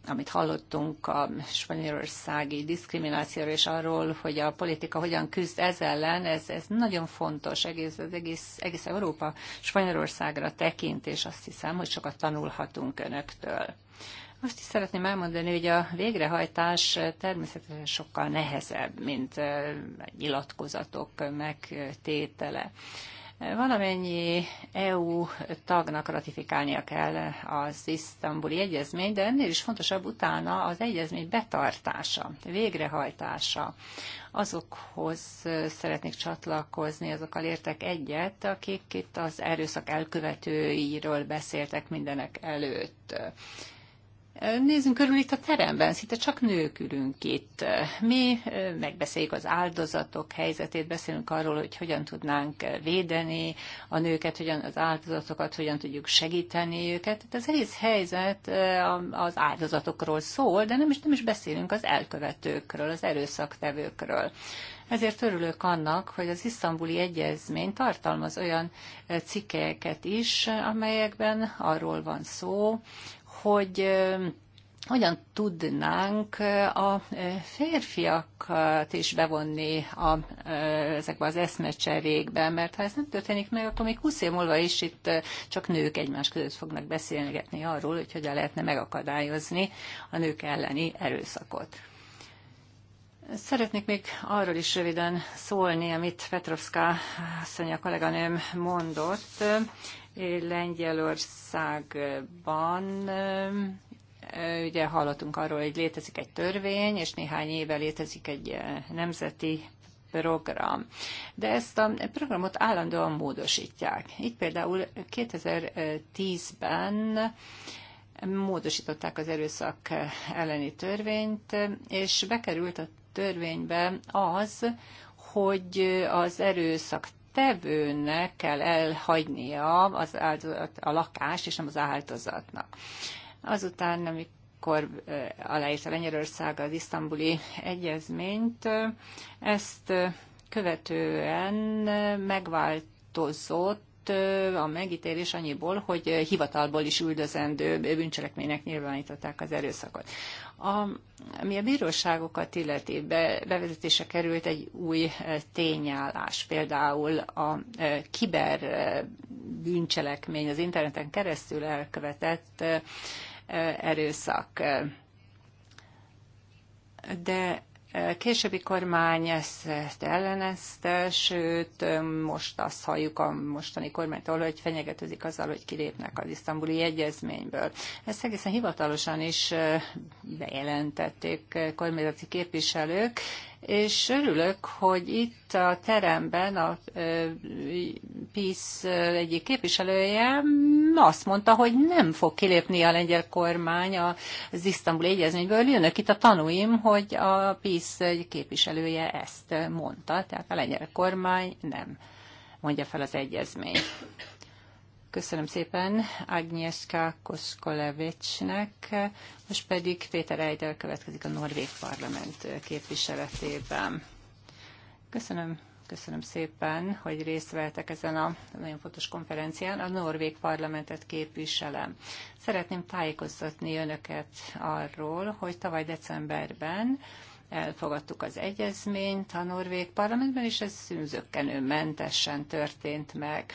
amit hallottunk a spanyolországi diszkriminációra és arról, hogy a politika hogyan küzd ez ellen, ez, ez nagyon fontos, egész, az egész, egész Európa Spanyolországra tekint, és azt hiszem, hogy sokat tanulhatunk önöktől. Azt is szeretném elmondani, hogy a végrehajtás természetesen sokkal nehezebb, mint eh, nyilatkozatok megtétele. Valamennyi EU tagnak ratifikálnia kell az isztambuli egyezmény, de ennél is fontosabb utána az egyezmény betartása, végrehajtása. Azokhoz szeretnék csatlakozni, azokkal értek egyet, akik itt az erőszak elkövetőiről beszéltek mindenek előtt. Nézzünk körül itt a teremben, szinte csak nők ülünk itt. Mi megbeszéljük az áldozatok helyzetét, beszélünk arról, hogy hogyan tudnánk védeni a nőket, hogyan az áldozatokat, hogyan tudjuk segíteni őket. Tehát az egész helyzet az áldozatokról szól, de nem is, nem is beszélünk az elkövetőkről, az erőszaktevőkről. Ezért örülök annak, hogy az isztambuli egyezmény tartalmaz olyan cikkeket is, amelyekben arról van szó, hogy hogyan tudnánk a férfiakat is bevonni a, ezekbe az eszmecserékbe, mert ha ez nem történik meg, akkor még 20 év múlva is itt csak nők egymás között fognak beszélgetni arról, hogy hogyan lehetne megakadályozni a nők elleni erőszakot. Szeretnék még arról is röviden szólni, amit Petrovska asszony a kolléganőm mondott. Lengyelországban ugye hallottunk arról, hogy létezik egy törvény, és néhány éve létezik egy nemzeti program. De ezt a programot állandóan módosítják. Így például 2010-ben módosították az erőszak elleni törvényt, és bekerült a törvénybe az, hogy az erőszak tevőnek kell elhagynia az áldozat, a lakást, és nem az áldozatnak. Azután, amikor eh, aláírta Lengyelország az isztambuli egyezményt, eh, ezt eh, követően megváltozott a megítélés annyiból, hogy hivatalból is üldözendő bűncselekménynek nyilvánították az erőszakot. A, ami a bíróságokat illeti, be, bevezetése került egy új eh, tényállás, például a eh, kiber eh, bűncselekmény, az interneten keresztül elkövetett erőszak. De későbbi kormány ezt ellenezte, sőt, most azt halljuk a mostani kormánytól, hogy fenyegetőzik azzal, hogy kilépnek az isztambuli egyezményből. Ezt egészen hivatalosan is eh, bejelentették eh, kormányzati képviselők, és örülök, hogy itt a teremben a PISZ egyik képviselője azt mondta, hogy nem fog kilépni a lengyel kormány az isztambul egyezményből. Jönnek itt a tanúim, hogy a PISZ egy képviselője ezt mondta, tehát a lengyel kormány nem mondja fel az egyezményt. Köszönöm szépen Agnieszka Koskolevicsnek, most pedig Péter Eider következik a Norvég Parlament képviseletében. Köszönöm Köszönöm szépen, hogy részt vettek ezen a nagyon fontos konferencián. A Norvég parlamentet képviselem. Szeretném tájékoztatni önöket arról, hogy tavaly decemberben elfogadtuk az egyezményt a norvég parlamentben, és ez szűzökkenőmentesen történt meg.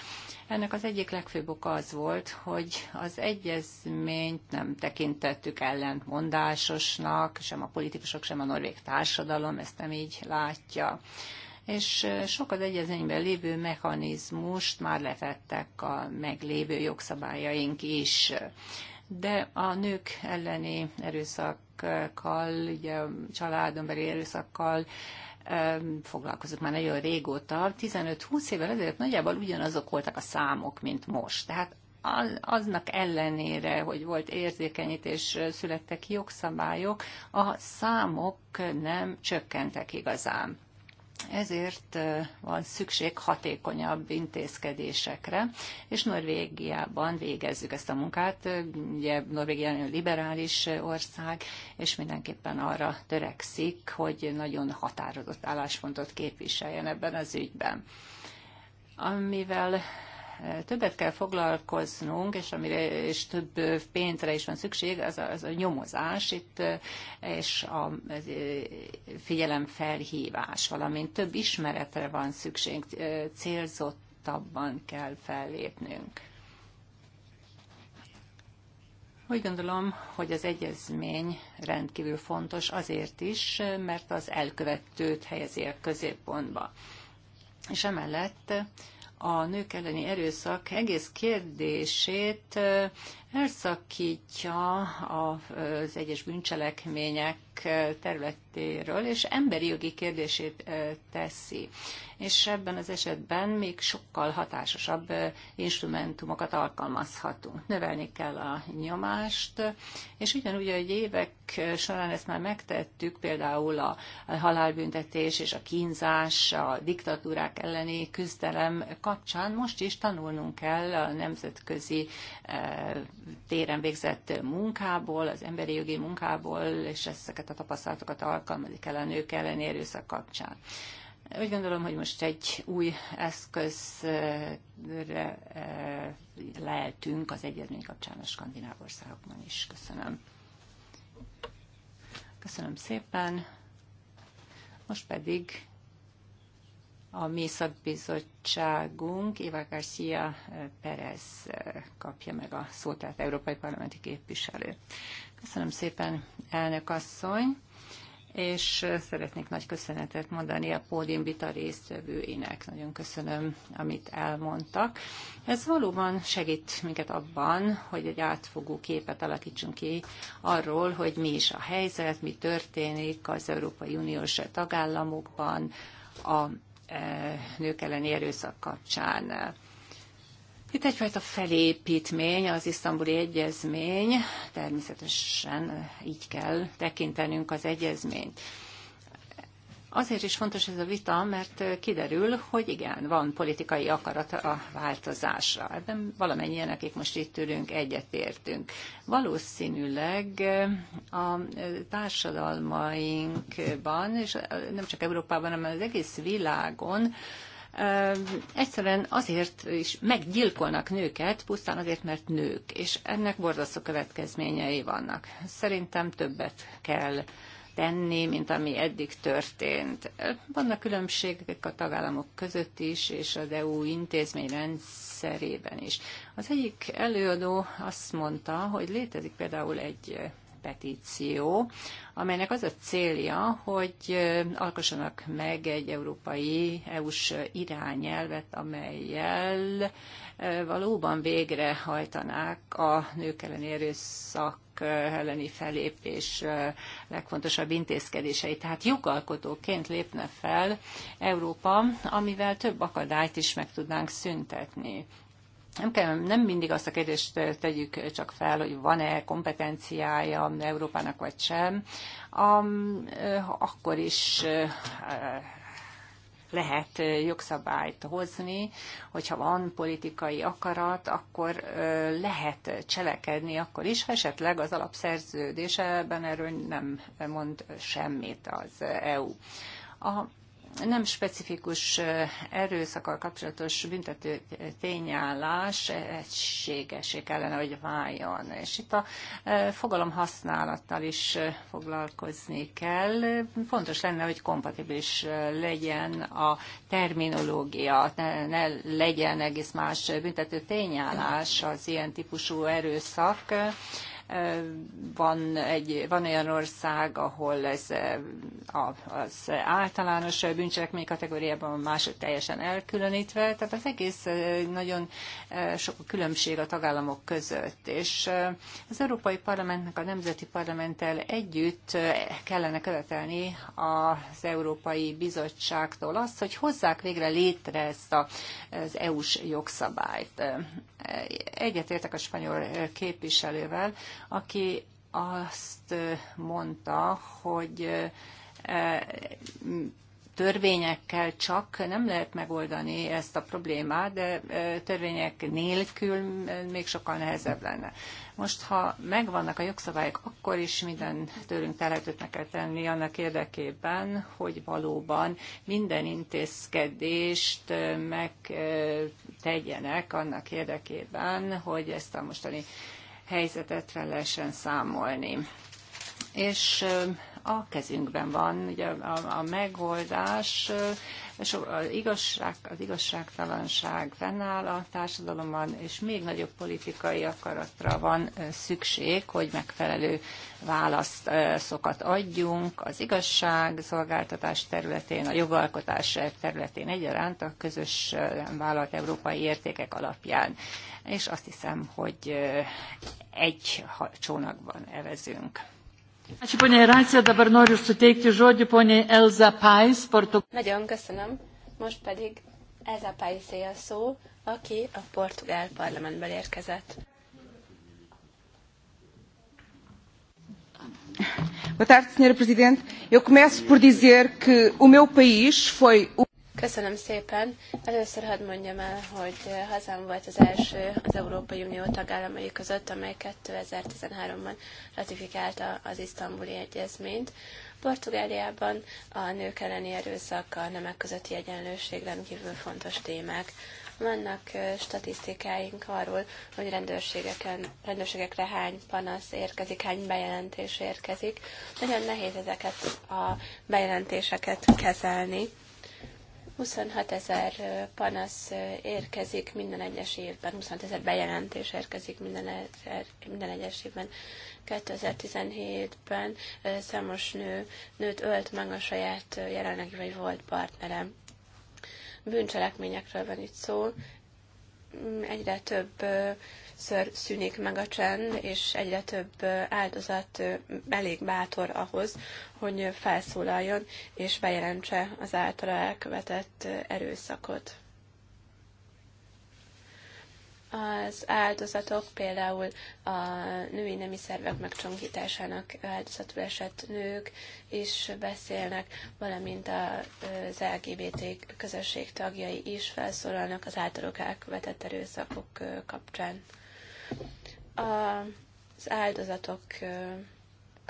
Ennek az egyik legfőbb oka az volt, hogy az egyezményt nem tekintettük ellentmondásosnak, sem a politikusok, sem a norvég társadalom ezt nem így látja és sok az egyezményben lévő mechanizmust már lefettek a meglévő jogszabályaink is de a nők elleni erőszakkal, ugye családon belüli erőszakkal foglalkozunk már nagyon régóta. 15-20 évvel ezelőtt nagyjából ugyanazok voltak a számok, mint most. Tehát aznak ellenére, hogy volt érzékenyítés, születtek jogszabályok, a számok nem csökkentek igazán. Ezért van szükség hatékonyabb intézkedésekre, és Norvégiában végezzük ezt a munkát. Ugye Norvégia nagyon liberális ország, és mindenképpen arra törekszik, hogy nagyon határozott álláspontot képviseljen ebben az ügyben. Amivel többet kell foglalkoznunk, és, amire, és több pénzre is van szükség, az a, az a nyomozás itt, és a figyelemfelhívás, valamint több ismeretre van szükség, célzottabban kell fellépnünk. Úgy gondolom, hogy az egyezmény rendkívül fontos azért is, mert az elkövetőt helyezi a középpontba. És emellett a nők elleni erőszak egész kérdését elszakítja az egyes bűncselekmények területéről, és emberi jogi kérdését teszi. És ebben az esetben még sokkal hatásosabb instrumentumokat alkalmazhatunk. Növelni kell a nyomást, és ugyanúgy, hogy évek során ezt már megtettük, például a halálbüntetés és a kínzás, a diktatúrák elleni küzdelem kapcsán, most is tanulnunk kell a nemzetközi téren végzett munkából, az emberi jogi munkából, és ezeket a tapasztalatokat alkalmazik el a nők elleni erőszak kapcsán. Úgy gondolom, hogy most egy új eszközre eh, lehetünk az egyezmény kapcsán a skandináv országokban is. Köszönöm. Köszönöm szépen. Most pedig a mi szakbizottságunk Iva Garcia eh, Perez eh, kapja meg a szót, tehát Európai Parlamenti Képviselő. Köszönöm szépen, elnök asszony, és eh, szeretnék nagy köszönetet mondani a vita résztvevőinek. Nagyon köszönöm, amit elmondtak. Ez valóban segít minket abban, hogy egy átfogó képet alakítsunk ki arról, hogy mi is a helyzet, mi történik az Európai Uniós tagállamokban, a Eh, nők elleni erőszak kapcsán. Itt egyfajta felépítmény, az isztambuli egyezmény, természetesen így kell tekintenünk az egyezményt. Azért is fontos ez a vita, mert kiderül, hogy igen, van politikai akarat a változásra. Ebben valamennyien, akik most itt ülünk, egyetértünk. Valószínűleg a társadalmainkban, és nem csak Európában, hanem az egész világon, egyszerűen azért is meggyilkolnak nőket, pusztán azért, mert nők, és ennek borzasztó következményei vannak. Szerintem többet kell tenni, mint ami eddig történt. Vannak különbségek a tagállamok között is, és az EU intézményrendszerében is. Az egyik előadó azt mondta, hogy létezik például egy petíció, amelynek az a célja, hogy alkossanak meg egy európai EU-s irányelvet, amelyel valóban végrehajtanák a nők elleni erőszak elleni felépés legfontosabb intézkedései. Tehát jogalkotóként lépne fel Európa, amivel több akadályt is meg tudnánk szüntetni. Nem, kell, nem mindig azt a kérdést tegyük csak fel, hogy van-e kompetenciája Európának vagy sem, um, akkor is lehet jogszabályt hozni, hogyha van politikai akarat, akkor lehet cselekedni akkor is, ha esetleg az ebben erről nem mond semmit az EU. A nem specifikus erőszakkal kapcsolatos büntető tényállás egységesé kellene, hogy váljon. És itt a fogalom használattal is foglalkozni kell. Fontos lenne, hogy kompatibilis legyen a terminológia, ne, ne legyen egész más büntető tényállás az ilyen típusú erőszak van, egy, van olyan ország, ahol ez e, az általános bűncselekmény kategóriában mások teljesen elkülönítve, tehát az egész e, nagyon e, sok a különbség a tagállamok között, és az Európai Parlamentnek a Nemzeti Parlamenttel együtt kellene követelni az Európai Bizottságtól azt, hogy hozzák végre létre ezt az EU-s jogszabályt. Egyetértek a spanyol képviselővel, aki azt mondta, hogy törvényekkel csak nem lehet megoldani ezt a problémát, de törvények nélkül még sokkal nehezebb lenne. Most, ha megvannak a jogszabályok, akkor is minden tőlünk telhetőt meg kell tenni annak érdekében, hogy valóban minden intézkedést megtegyenek annak érdekében, hogy ezt a mostani helyzetet fel lehessen számolni. És a kezünkben van. Ugye a, a megoldás, az, igazság, az igazságtalanság fennáll a társadalomban, és még nagyobb politikai akaratra van szükség, hogy megfelelő válaszokat adjunk az igazság szolgáltatás területén, a jogalkotás területén egyaránt a közös vállalt európai értékek alapján. És azt hiszem, hogy egy csónakban evezünk. Ačiū, ponia Racija, dabar noriu suteikti žodį ponia Elza Pais, portugál. Nagyon köszönöm. Most pedig Elza Paisé a szó, aki a portugál parlamentből érkezett. Boa tarde, Sra. Presidente. Eu começo por dizer que o meu país foi o Köszönöm szépen. Először hadd mondjam el, hogy hazám volt az első az Európai Unió tagállamai között, amely 2013-ban ratifikálta az isztambuli egyezményt. Portugáliában a nők elleni erőszak, a nemek közötti egyenlőség rendkívül fontos témák. Vannak statisztikáink arról, hogy rendőrségeken, rendőrségekre hány panasz érkezik, hány bejelentés érkezik. Nagyon nehéz ezeket a bejelentéseket kezelni 26 ezer panasz érkezik minden egyes évben, 26 ezer bejelentés érkezik minden, ezer, minden egyes évben. 2017-ben számos nő, nőt ölt meg a saját jelenlegi vagy volt partnerem. Bűncselekményekről van itt szó. Mm, egyre több többször szűnik meg a csend, és egyre több áldozat elég bátor ahhoz, hogy felszólaljon és bejelentse az általa elkövetett erőszakot. Az áldozatok például a női nemi szervek megcsonkításának áldozatul esett nők is beszélnek, valamint az LGBT közösség tagjai is felszólalnak az általuk elkövetett erőszakok kapcsán az áldozatok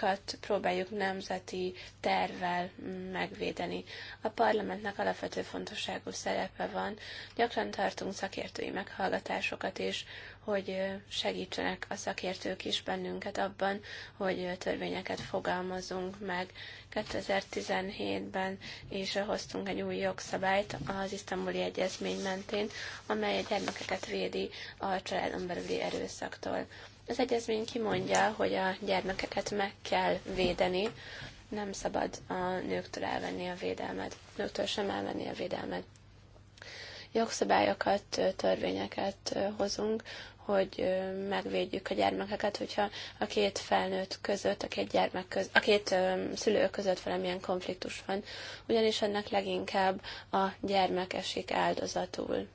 jogokat próbáljuk nemzeti tervvel megvédeni. A parlamentnek alapvető fontosságú szerepe van, gyakran tartunk szakértői meghallgatásokat is, hogy segítsenek a szakértők is bennünket abban, hogy törvényeket fogalmazunk meg. 2017-ben is hoztunk egy új jogszabályt az isztambuli egyezmény mentén, amely a gyermekeket védi a családon belüli erőszaktól. Az egyezmény kimondja, hogy a gyermekeket meg kell védeni, nem szabad a nőktől elvenni a védelmet, nőktől sem elvenni a védelmet. Jogszabályokat, törvényeket hozunk, hogy megvédjük a gyermekeket, hogyha a két felnőtt között, a két, gyermek köz, a két szülő között valamilyen konfliktus van, ugyanis ennek leginkább a gyermek esik áldozatul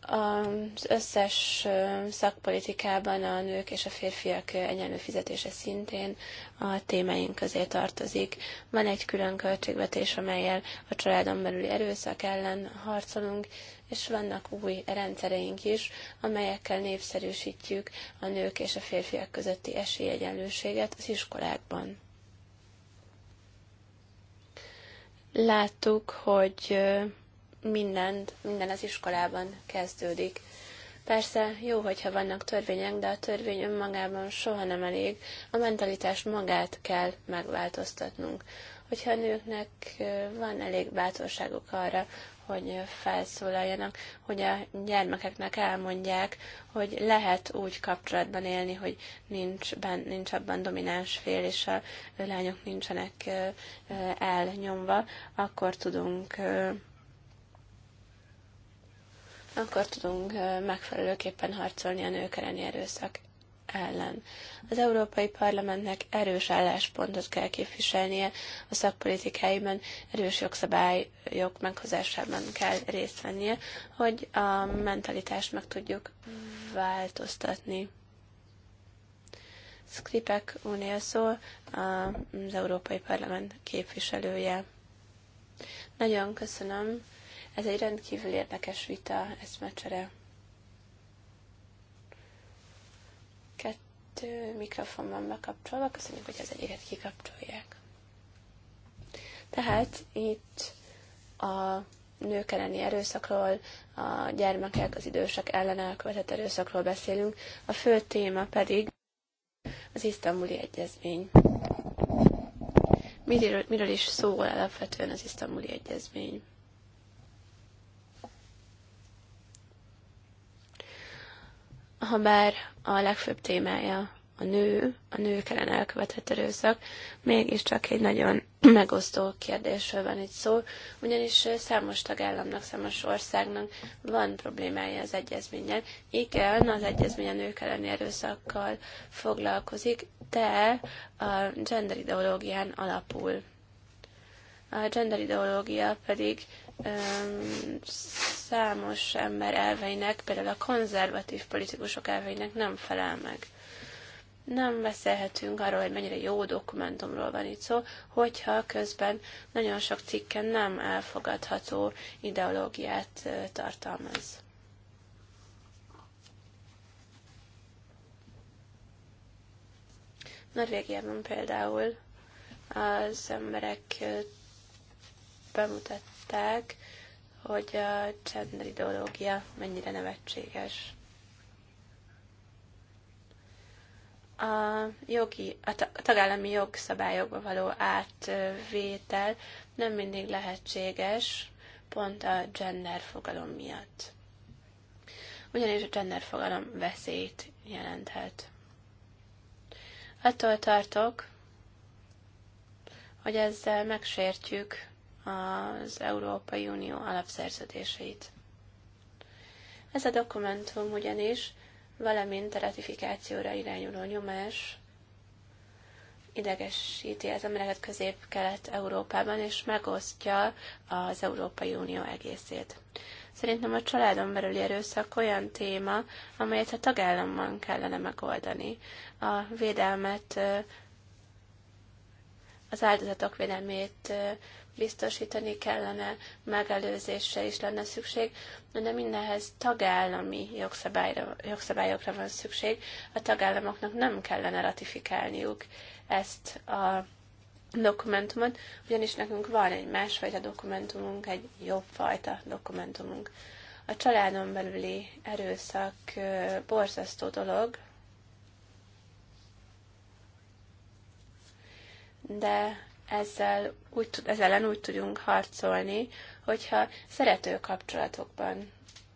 az összes szakpolitikában a nők és a férfiak egyenlő fizetése szintén a témáink közé tartozik. Van egy külön költségvetés, amelyel a családon belüli erőszak ellen harcolunk, és vannak új rendszereink is, amelyekkel népszerűsítjük a nők és a férfiak közötti esélyegyenlőséget az iskolákban. Láttuk, hogy mindent, minden az iskolában kezdődik. Persze jó, hogyha vannak törvények, de a törvény önmagában soha nem elég, a mentalitás magát kell megváltoztatnunk. Hogyha a nőknek van elég bátorságuk arra, hogy felszólaljanak, hogy a gyermekeknek elmondják, hogy lehet úgy kapcsolatban élni, hogy nincs, ben, nincs abban domináns fél, és a lányok nincsenek elnyomva, akkor tudunk akkor tudunk megfelelőképpen harcolni a nők elleni erőszak ellen. Az Európai Parlamentnek erős álláspontot kell képviselnie, a szakpolitikáiban erős jogszabályok meghozásában kell részt vennie, hogy a mentalitást meg tudjuk változtatni. Skripek Unél szól, az Európai Parlament képviselője. Nagyon köszönöm ez egy rendkívül érdekes vita, eszmecsere. Kettő mikrofon van bekapcsolva, köszönjük, hogy az egyiket kikapcsolják. Tehát itt a nők elleni erőszakról, a gyermekek, az idősek ellen elkövetett erőszakról beszélünk, a fő téma pedig az isztambuli egyezmény. Miről, miről is szól alapvetően az isztambuli egyezmény? ha bár a legfőbb témája a nő, a nők ellen elkövetett erőszak, mégiscsak egy nagyon [clears throat] megosztó kérdésről van itt szó, ugyanis számos tagállamnak, számos országnak van problémája az egyezménnyel. Igen, az egyezmény a nők elleni erőszakkal foglalkozik, de a gender ideológián alapul. A gender ideológia pedig számos ember elveinek, például a konzervatív politikusok elveinek nem felel meg. Nem beszélhetünk arról, hogy mennyire jó dokumentumról van itt szó, hogyha közben nagyon sok cikken nem elfogadható ideológiát tartalmaz. Norvégiában például az emberek bemutat, mutatták, hogy a gender ideológia mennyire nevetséges. a jogi, a tagállami jogszabályokba való átvétel nem mindig lehetséges, pont a gender fogalom miatt. Ugyanis a gender fogalom veszélyt jelenthet. Attól tartok, hogy ezzel megsértjük az Európai Unió alapszerződéseit. Ez a dokumentum ugyanis, valamint a ratifikációra irányuló nyomás idegesíti az embereket közép-kelet-európában, és megosztja az Európai Unió egészét. Szerintem a családon belüli erőszak olyan téma, amelyet a tagállamban kellene megoldani. A védelmet, az áldozatok védelmét biztosítani kellene, megelőzésre is lenne szükség, de mindenhez tagállami jogszabályra, jogszabályokra van szükség. A tagállamoknak nem kellene ratifikálniuk ezt a dokumentumot, ugyanis nekünk van egy másfajta dokumentumunk, egy jobb fajta dokumentumunk. A családon belüli erőszak borzasztó dolog, de ezzel, úgy, ezzel ellen úgy tudjunk harcolni, hogyha szerető kapcsolatokban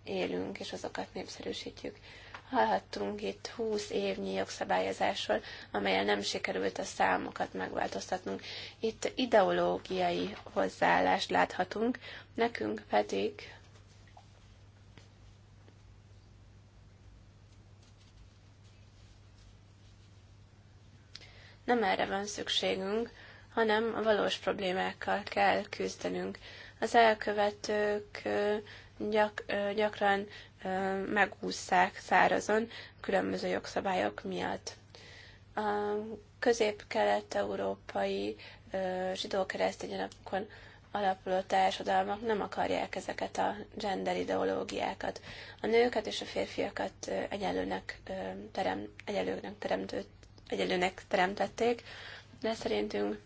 élünk, és azokat népszerűsítjük. Hallhattunk itt 20 évnyi jogszabályozásról, amelyen nem sikerült a számokat megváltoztatnunk. Itt ideológiai hozzáállást láthatunk, nekünk pedig nem erre van szükségünk, hanem a valós problémákkal kell küzdenünk. Az elkövetők gyak, gyakran megúszszák szárazon különböző jogszabályok miatt. A közép-kelet-európai zsidó-keresztény napokon alapuló társadalmak nem akarják ezeket a gender ideológiákat. A nőket és a férfiakat egyenlőnek, terem, egyenlőnek, teremtő, egyenlőnek teremtették, de szerintünk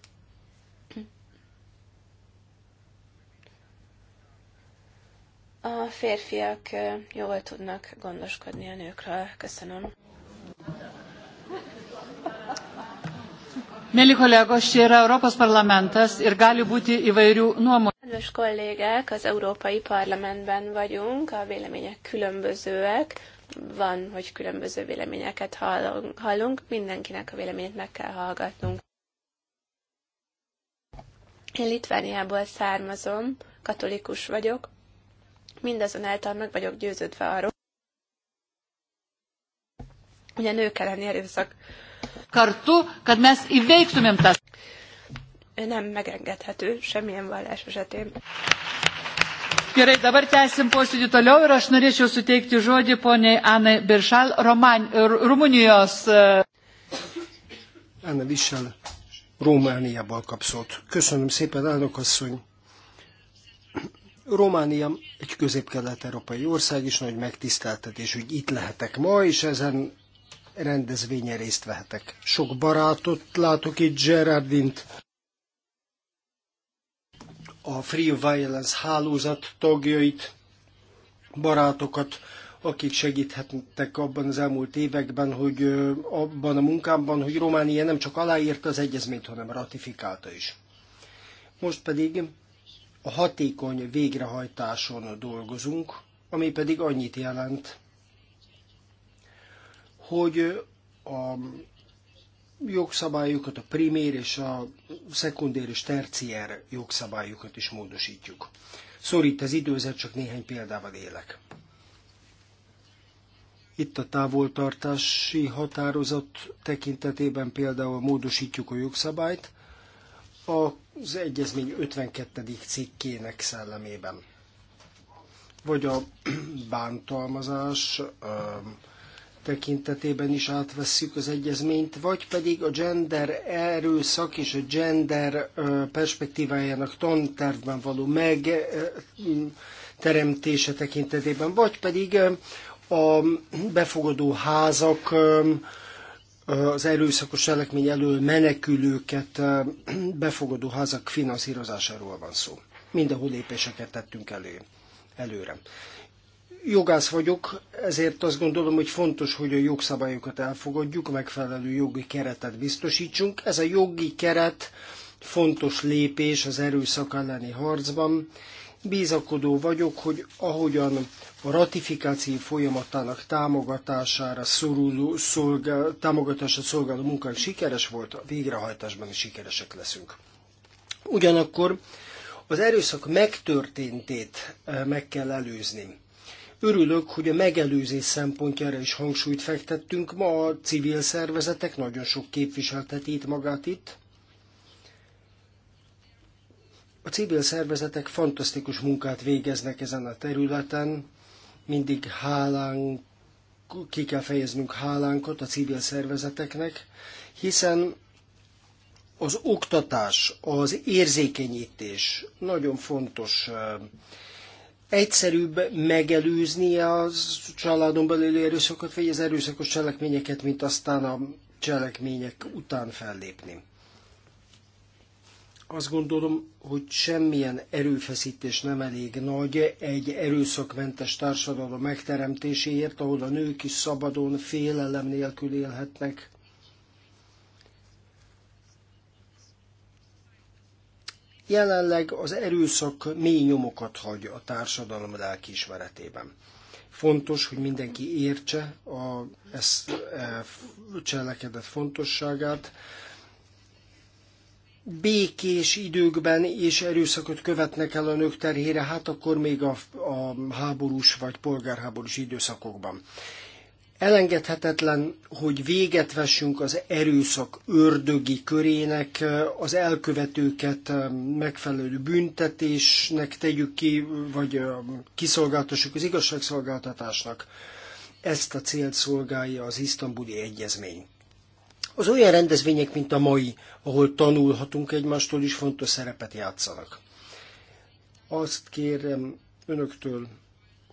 a férfiak jól tudnak gondoskodni a nőkről. Köszönöm. Mėly kolegos, čia yra Europos parlamentas ir gali būti įvairių nuomonių. Kedves kollégák, az Európai Parlamentben vagyunk, a vélemények különbözőek, van, hogy különböző véleményeket hallunk, mindenkinek a véleményét meg kell hallgatnunk. Én Litvániából származom, katolikus vagyok, Mindazonáltal meg vagyok győződve arról, hogy a nők elleni erőszak kartu, kad mes įveiktumėm tas. Nem megengedhető semmilyen vallás esetén. Gerai, dabar tęsim posėdį toliau ir aš norėčiau suteikti žodį poniai Anai Biršal, Roman, Rumunijos. E, Anna Vissel, Romániából kapszott. Köszönöm szépen, elnök asszony. Románia egy közép-kelet-európai ország is, nagy megtiszteltetés, hogy itt lehetek ma, és ezen rendezvényen részt vehetek. Sok barátot látok itt, Gerardint, a Free Violence hálózat tagjait, barátokat, akik segíthettek abban az elmúlt években, hogy abban a munkámban, hogy Románia nem csak aláírta az egyezményt, hanem ratifikálta is. Most pedig a hatékony végrehajtáson dolgozunk, ami pedig annyit jelent, hogy a jogszabályokat, a primér és a szekundér és terciér jogszabályokat is módosítjuk. Szorít az időzet, csak néhány példával élek. Itt a távoltartási határozat tekintetében például módosítjuk a jogszabályt, a az egyezmény 52. cikkének szellemében. Vagy a [clears throat] bántalmazás tekintetében is átvesszük az egyezményt, vagy pedig a gender erőszak és a gender perspektívájának tantervben való megteremtése tekintetében, vagy pedig a befogadó házak az erőszakos cselekmény elől menekülőket befogadó házak finanszírozásáról van szó. Mindenhol lépéseket tettünk elő, előre. Jogász vagyok, ezért azt gondolom, hogy fontos, hogy a jogszabályokat elfogadjuk, megfelelő jogi keretet biztosítsunk. Ez a jogi keret fontos lépés az erőszak elleni harcban. Bízakodó vagyok, hogy ahogyan a ratifikáció folyamatának támogatására szoruló, szolgál, támogatásra szolgáló munkánk sikeres volt, a végrehajtásban is sikeresek leszünk. Ugyanakkor az erőszak megtörténtét e, meg kell előzni. Örülök, hogy a megelőzés szempontjára is hangsúlyt fektettünk. Ma a civil szervezetek nagyon sok képviselteti itt magát itt. A civil szervezetek fantasztikus munkát végeznek ezen a területen, mindig hálánk, ki kell fejeznünk hálánkat a civil szervezeteknek, hiszen az oktatás, az érzékenyítés nagyon fontos. Eh, egyszerűbb megelőzni a családon belüli erőszakot, vagy az erőszakos cselekményeket, mint aztán a cselekmények után fellépni. Azt gondolom, hogy semmilyen erőfeszítés nem elég nagy egy erőszakmentes társadalom megteremtéséért, ahol a nők is szabadon, félelem nélkül élhetnek. Jelenleg az erőszak mély nyomokat hagy a társadalom lelkiismeretében fontos, hogy mindenki értse a, ezt e, cselekedet fontosságát békés időkben és erőszakot követnek el a nők terhére, hát akkor még a, a háborús vagy polgárháborús időszakokban. Elengedhetetlen, hogy véget vessünk az erőszak ördögi körének, az elkövetőket um, megfelelő büntetésnek tegyük ki, vagy um, kiszolgáltassuk az igazságszolgáltatásnak. Ezt a célt szolgálja az isztambuli egyezmény. Az olyan rendezvények, mint a mai, ahol tanulhatunk egymástól is, fontos szerepet játszanak. Azt kérem önöktől,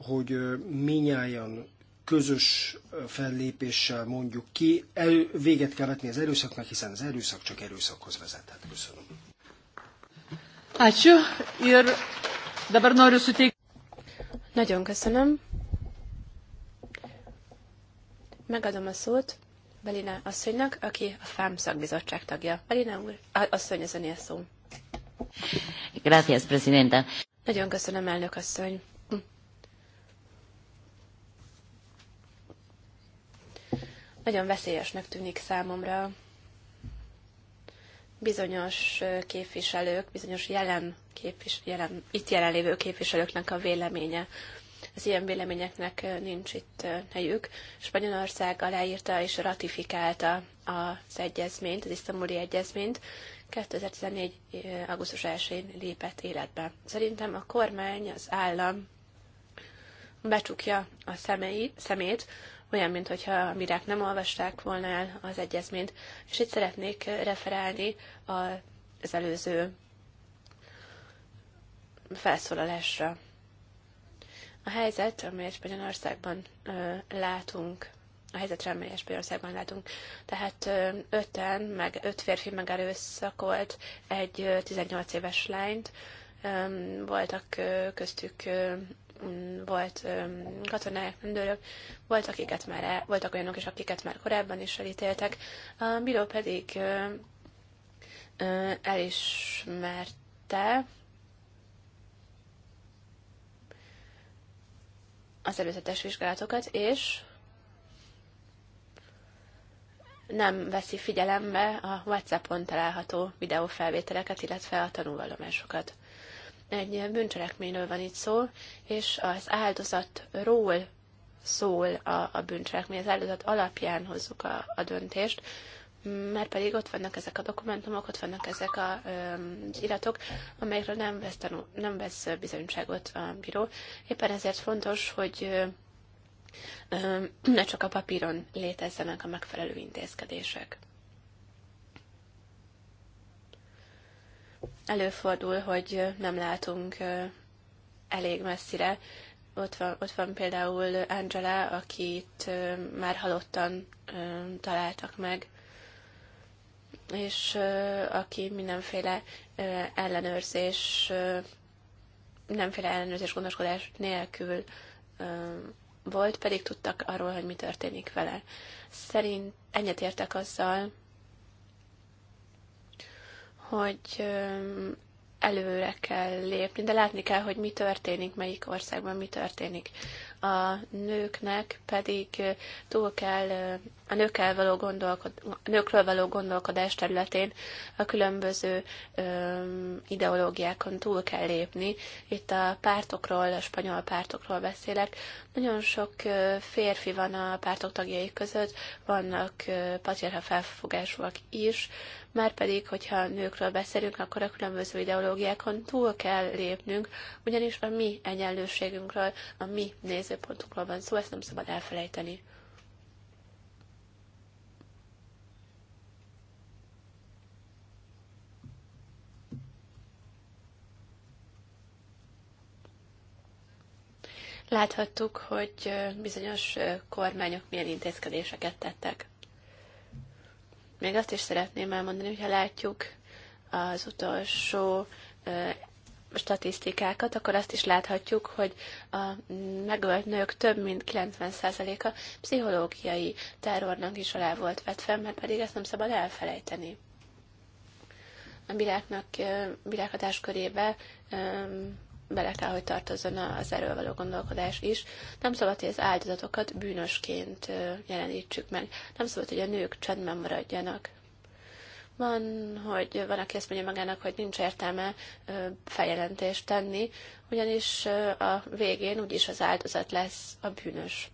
hogy minnyáján közös fellépéssel mondjuk ki, el, véget kell vetni az erőszaknak, hiszen az erőszak csak erőszakhoz vezethet. Köszönöm. Nagyon köszönöm. Megadom a szót Belina asszonynak, aki a FAM szakbizottság tagja. Belina úr, asszony, ez önél szó. Gracias, presidenta. Nagyon köszönöm, elnök asszony. Nagyon veszélyesnek tűnik számomra bizonyos képviselők, bizonyos jelen, képvis, jelen itt jelenlévő képviselőknek a véleménye az ilyen véleményeknek nincs itt helyük. Spanyolország aláírta és ratifikálta az egyezményt, az isztambuli egyezményt, 2014. augusztus 1-én lépett életbe. Szerintem a kormány, az állam becsukja a szemei, szemét, olyan, mintha a mirák nem olvasták volna el az egyezményt, és itt szeretnék referálni az előző felszólalásra. A helyzet, amelyet Spanyolországban látunk, a helyzetre, amelyet Spanyolországban látunk, tehát öten, meg öt férfi megerőszakolt egy 18 éves lányt, voltak köztük volt katonák, rendőrök, volt, akiket már, voltak olyanok is, akiket már korábban is elítéltek. A bíró pedig elismerte, az előzetes vizsgálatokat, és nem veszi figyelembe a WhatsAppon található videófelvételeket, illetve a tanulvallomásokat. Egy bűncselekményről van itt szó, és az áldozatról szól a, a bűncselekmény. Az áldozat alapján hozzuk a, a döntést, mert pedig ott vannak ezek a dokumentumok, ott vannak ezek a, az iratok, amelyekről nem vesz, tanul, nem vesz bizonyságot a bíró. Éppen ezért fontos, hogy ne csak a papíron létezzenek a megfelelő intézkedések. Előfordul, hogy nem látunk elég messzire. Ott van, ott van például Angela, akit már halottan találtak meg és aki mindenféle ellenőrzés, mindenféle ellenőrzés gondoskodás nélkül volt, pedig tudtak arról, hogy mi történik vele. Szerint értek azzal, hogy előre kell lépni, de látni kell, hogy mi történik, melyik országban mi történik. A nőknek pedig túl kell a, nőkkel való gondolkod, a nőkről való gondolkodás területén a különböző ö, ideológiákon túl kell lépni. Itt a pártokról, a spanyol pártokról beszélek. Nagyon sok ö, férfi van a pártok tagjai között, vannak patriarha felfogásúak is, már pedig, hogyha nőkről beszélünk, akkor a különböző ideológiákon túl kell lépnünk, ugyanis a mi egyenlőségünkről, a mi nézőpontunkról van szó, szóval ezt nem szabad elfelejteni. Láthattuk, hogy bizonyos kormányok milyen intézkedéseket tettek. Még azt is szeretném elmondani, hogyha látjuk az utolsó statisztikákat, akkor azt is láthatjuk, hogy a megölt nők több mint 90%-a pszichológiai terrornak is alá volt vetve, mert pedig ezt nem szabad elfelejteni. A világnak, világhatás körébe bele kell, hogy tartozzon az erről való gondolkodás is. Nem szabad, hogy az áldozatokat bűnösként jelenítsük meg. Nem szabad, hogy a nők csendben maradjanak. Van, hogy van, aki azt mondja magának, hogy nincs értelme feljelentést tenni, ugyanis a végén úgyis az áldozat lesz a bűnös.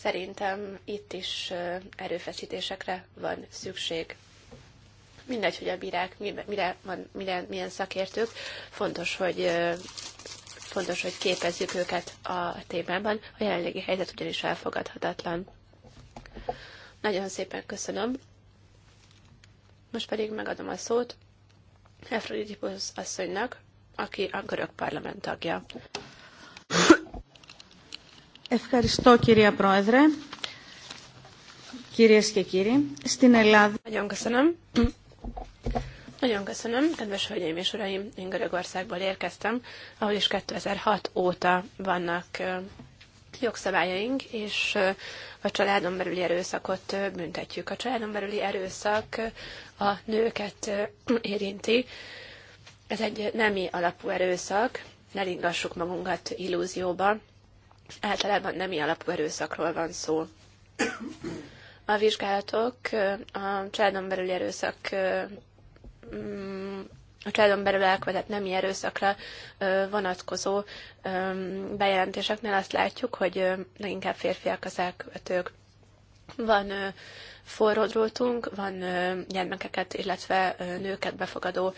Szerintem itt is erőfeszítésekre van szükség mindegy, hogy a bírák mire, mire, milyen szakértők, fontos, hogy fontos, hogy képezzük őket a témában, a jelenlegi helyzet ugyanis elfogadhatatlan. Nagyon szépen köszönöm. Most pedig megadom a szót Efroditipus asszonynak, aki a görög parlament tagja. Ευχαριστώ κυρία Πρόεδρε, κυρίες και κύριοι. Στην Ελλάδα... Nagyon köszönöm. Nagyon köszönöm, kedves hölgyeim és uraim, én Görögországból érkeztem, ahol is 2006 óta vannak jogszabályaink, és a családon belüli erőszakot büntetjük. A családon belüli erőszak a nőket érinti. Ez egy nemi alapú erőszak, ne ringassuk magunkat illúzióba. Általában nemi alapú erőszakról van szó. A vizsgálatok a családon belüli erőszak mm, a családon belül elkövetett nemi erőszakra vonatkozó bejelentéseknél azt látjuk, hogy leginkább férfiak az elkövetők. Van forró drótunk, van gyermekeket, illetve nőket befogadó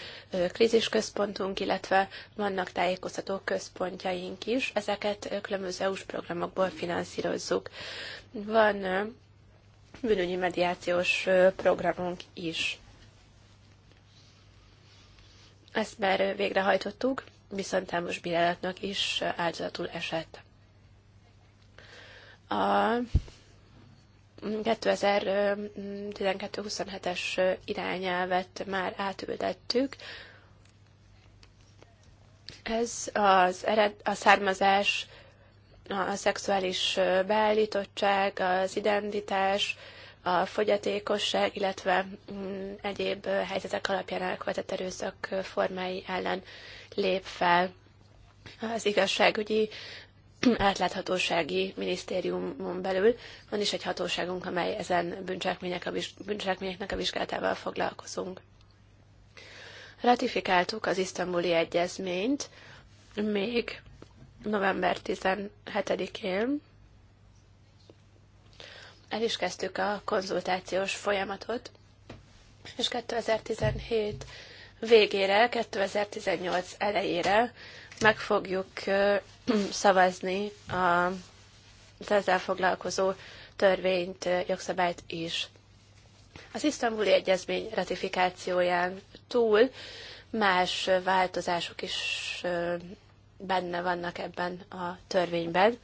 krízisközpontunk, illetve vannak tájékoztató központjaink is. Ezeket különböző EU-s programokból finanszírozzuk. Van bűnügyi mediációs programunk is. Ezt már végrehajtottuk, viszont Támos bírálatnak is áldozatul esett. A 2012-27-es irányelvet már átültettük. Ez az ered, a származás a szexuális beállítottság, az identitás, a fogyatékosság, illetve mm, egyéb helyzetek alapján elkövetett erőszak formái ellen lép fel az igazságügyi [clears throat] átláthatósági minisztériumon belül van is egy hatóságunk, amely ezen bűncselekmények a, bűncselekményeknek a vizsgálatával foglalkozunk. Ratifikáltuk az isztambuli egyezményt, még november 17-én el is kezdtük a konzultációs folyamatot, és 2017 végére, 2018 elejére meg fogjuk [clears throat] szavazni a, az ezzel foglalkozó törvényt, jogszabályt is. Az isztambuli egyezmény ratifikációján túl más változások is benne vannak ebben a törvényben.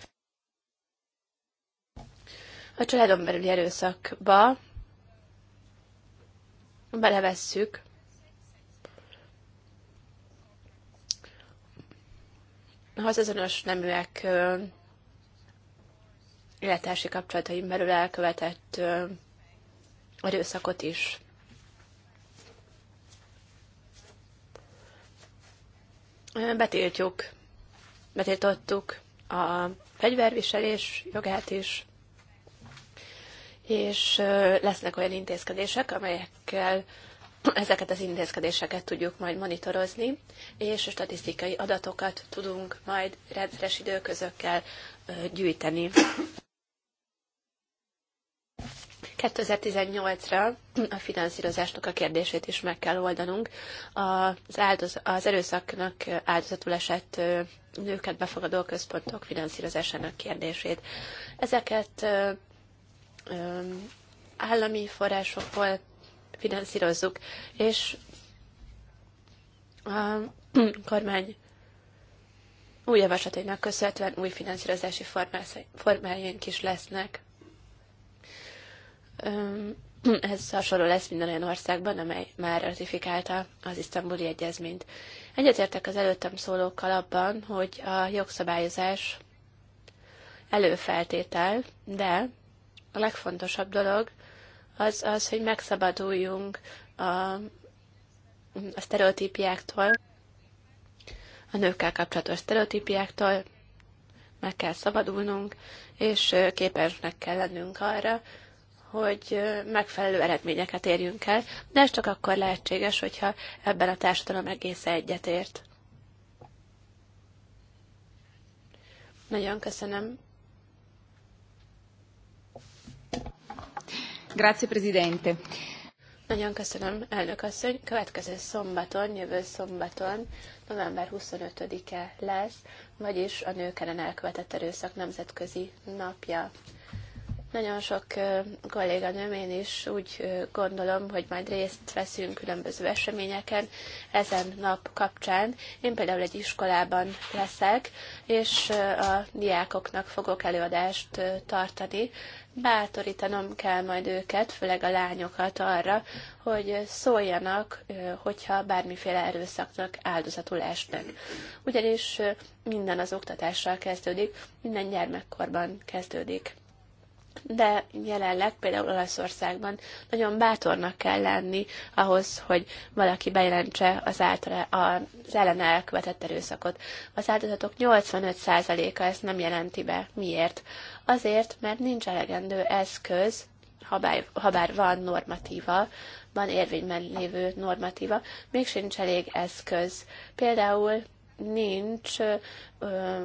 A családon belüli erőszakba belevesszük az hazazonos neműek élettársi kapcsolataim belül elkövetett erőszakot is. Betiltjuk betiltottuk a fegyverviselés jogát is, és lesznek olyan intézkedések, amelyekkel ezeket az intézkedéseket tudjuk majd monitorozni, és statisztikai adatokat tudunk majd rendszeres időközökkel gyűjteni. 2018-ra a finanszírozásnak a kérdését is meg kell oldanunk. Az, áldoz, az erőszaknak áldozatul esett nőket befogadó központok finanszírozásának kérdését. Ezeket állami forrásokból finanszírozzuk, és a kormány új javaslatainak köszönhetően új finanszírozási formáink is lesznek. [clears throat] ez hasonló lesz minden olyan országban, amely már ratifikálta az isztambuli egyezményt. Egyetértek az előttem szólókkal abban, hogy a jogszabályozás előfeltétel, de a legfontosabb dolog az az, hogy megszabaduljunk a, a sztereotípiáktól, a nőkkel kapcsolatos sztereotípiáktól, meg kell szabadulnunk, és képesnek kell lennünk arra, hogy megfelelő eredményeket érjünk el, de ez csak akkor lehetséges, hogyha ebben a társadalom egészen egyetért. Nagyon köszönöm. Grazie, Presidente. Nagyon köszönöm, elnök asszony. Következő szombaton, jövő szombaton, november 25-e lesz, vagyis a nők ellen elkövetett erőszak nemzetközi napja. Nagyon sok kolléganőm, én is úgy gondolom, hogy majd részt veszünk különböző eseményeken ezen nap kapcsán. Én például egy iskolában leszek, és a diákoknak fogok előadást tartani. Bátorítanom kell majd őket, főleg a lányokat arra, hogy szóljanak, hogyha bármiféle erőszaknak áldozatul esnek. Ugyanis minden az oktatással kezdődik, minden gyermekkorban kezdődik de jelenleg például Olaszországban nagyon bátornak kell lenni ahhoz, hogy valaki bejelentse az, általa, az ellen elkövetett erőszakot. Az áldozatok 85%-a ezt nem jelenti be. Miért? Azért, mert nincs elegendő eszköz, ha bár, ha bár van normatíva, van érvényben lévő normatíva, még sincs elég eszköz. Például nincs ö,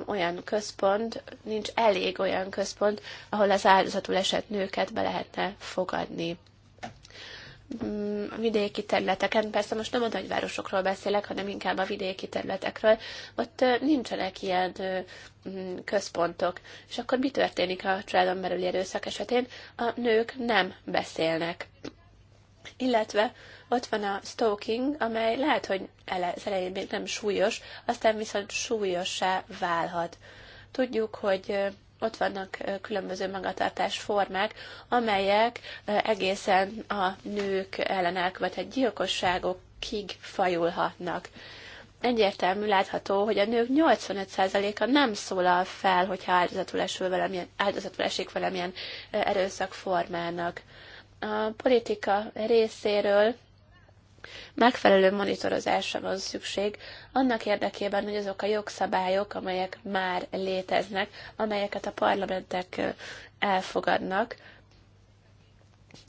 olyan központ, nincs elég olyan központ, ahol az áldozatul esett nőket be lehetne fogadni. Mm, a vidéki területeken, persze most nem a nagyvárosokról beszélek, hanem inkább a vidéki területekről, ott nincsenek ilyen mm, központok. És akkor mi történik a családon belüli erőszak esetén? A nők nem beszélnek illetve ott van a stalking, amely lehet, hogy ele, az elején még nem súlyos, aztán viszont súlyossá válhat. Tudjuk, hogy ott vannak különböző magatartás formák, amelyek egészen a nők ellen elkövetett gyilkosságokig fajulhatnak. Egyértelmű látható, hogy a nők 85%-a nem szólal fel, hogyha áldozatul, esül valamilyen, áldozatul esik valamilyen formának a politika részéről megfelelő monitorozásra van szükség, annak érdekében, hogy azok a jogszabályok, amelyek már léteznek, amelyeket a parlamentek elfogadnak,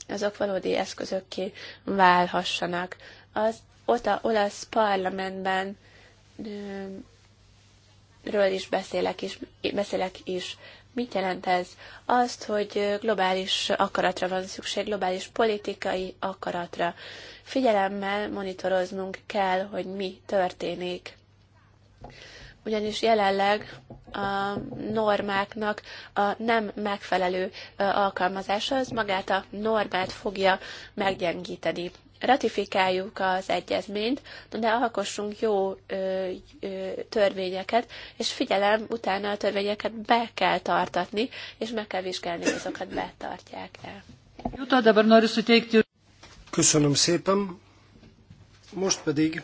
azok valódi eszközökké válhassanak. Az ott a olasz parlamentben ről is beszélek is, beszélek is Mit jelent ez? Azt, hogy globális akaratra van szükség, globális politikai akaratra. Figyelemmel monitoroznunk kell, hogy mi történik. Ugyanis jelenleg a normáknak a nem megfelelő alkalmazása az magát a normát fogja meggyengíteni ratifikáljuk az egyezményt, de alkossunk jó ö, ö, törvényeket, és figyelem, utána a törvényeket be kell tartatni, és meg kell vizsgálni, hogy azokat betartják el. Köszönöm szépen. Most pedig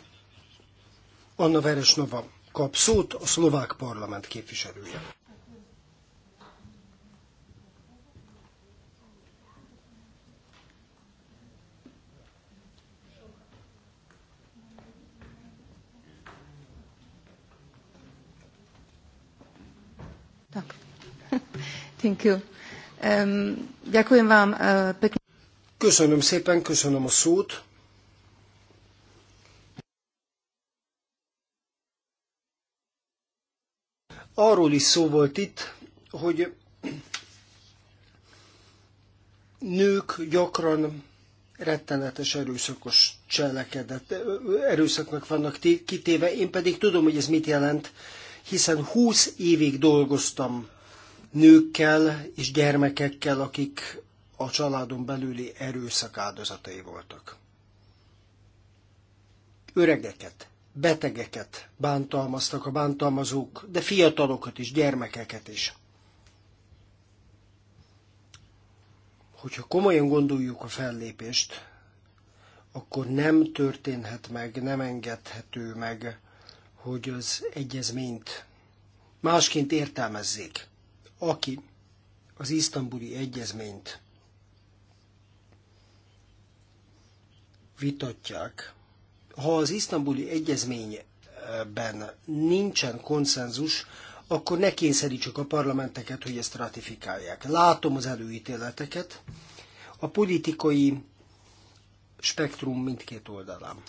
Anna Veresnova kap szót a szlovák parlament képviselője. [laughs] Thank you. Um, ďakujem vám uh, Köszönöm szépen, köszönöm a szót. Arról is szó volt itt, hogy nők gyakran rettenetes erőszakos cselekedet, erőszaknak vannak kitéve, én pedig tudom, hogy ez mit jelent, hiszen 20 évig dolgoztam nőkkel és gyermekekkel, akik a családon belüli erőszak áldozatai voltak. Öregeket, betegeket bántalmaztak a bántalmazók, de fiatalokat is, gyermekeket is. Hogyha komolyan gondoljuk a fellépést, akkor nem történhet meg, nem engedhető meg, hogy az egyezményt másként értelmezzék aki az isztambuli egyezményt vitatják, ha az isztambuli egyezményben nincsen konszenzus, akkor ne kényszerítsük a parlamenteket, hogy ezt ratifikálják. Látom az előítéleteket a politikai spektrum mindkét oldalán.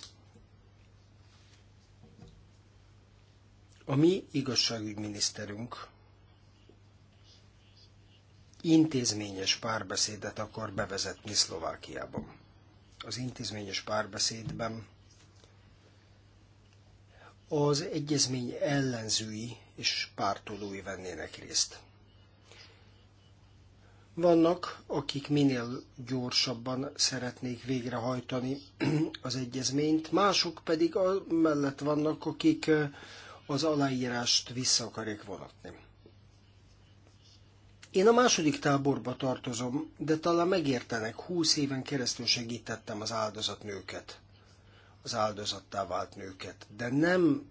A mi igazságügyminiszterünk intézményes párbeszédet akar bevezetni Szlovákiában. Az intézményes párbeszédben az egyezmény ellenzői és pártolói vennének részt. Vannak, akik minél gyorsabban szeretnék végrehajtani [clears throat] az egyezményt, mások pedig mellett vannak, akik az aláírást vissza akarják vonatni. Én a második táborba tartozom, de talán megértenek, húsz éven keresztül segítettem az áldozatnőket, az áldozattá vált nőket, de nem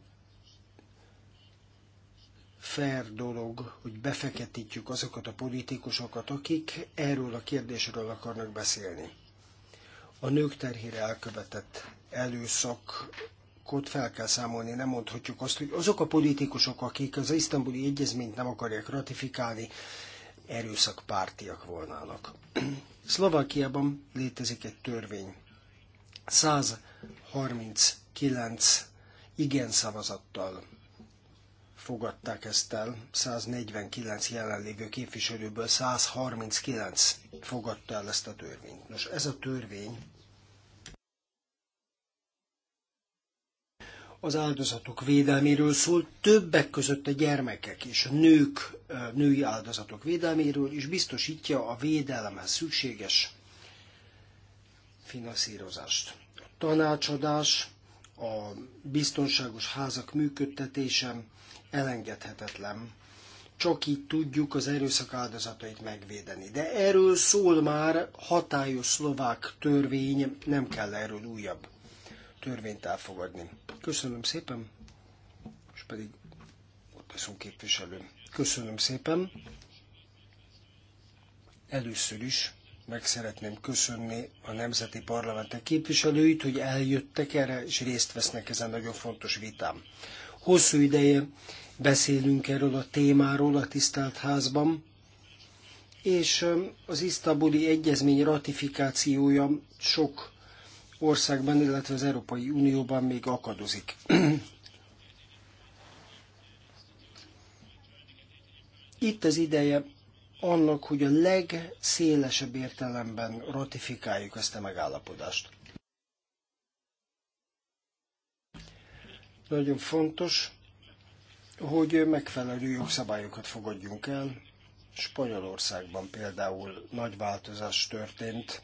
fair dolog, hogy befeketítjük azokat a politikusokat, akik erről a kérdésről akarnak beszélni. A nők terhére elkövetett ott fel kell számolni, nem mondhatjuk azt, hogy azok a politikusok, akik az isztambuli egyezményt nem akarják ratifikálni, erőszakpártiak volnának. [clears throat] Szlovákiában létezik egy törvény. 139 igen szavazattal fogadták ezt el, 149 jelenlévő képviselőből 139 fogadta el ezt a törvényt. Nos, ez a törvény az áldozatok védelméről szól, többek között a gyermekek és a nők, női áldozatok védelméről, és biztosítja a védelemhez szükséges finanszírozást. A tanácsadás, a biztonságos házak működtetése elengedhetetlen. Csak így tudjuk az erőszak áldozatait megvédeni. De erről szól már hatályos szlovák törvény, nem kell erről újabb törvényt elfogadni. Köszönöm szépen, és pedig ott leszünk képviselő. Köszönöm szépen. Először is meg szeretném köszönni a Nemzeti Parlamentek képviselőit, hogy eljöttek erre, és részt vesznek ezen nagyon fontos vitám. Hosszú ideje beszélünk erről a témáról a tisztelt házban, és az isztabuli egyezmény ratifikációja sok országban, illetve az Európai Unióban még akadozik. Itt az ideje annak, hogy a legszélesebb értelemben ratifikáljuk ezt a megállapodást. Nagyon fontos, hogy megfelelő jogszabályokat fogadjunk el. Spanyolországban például nagy változás történt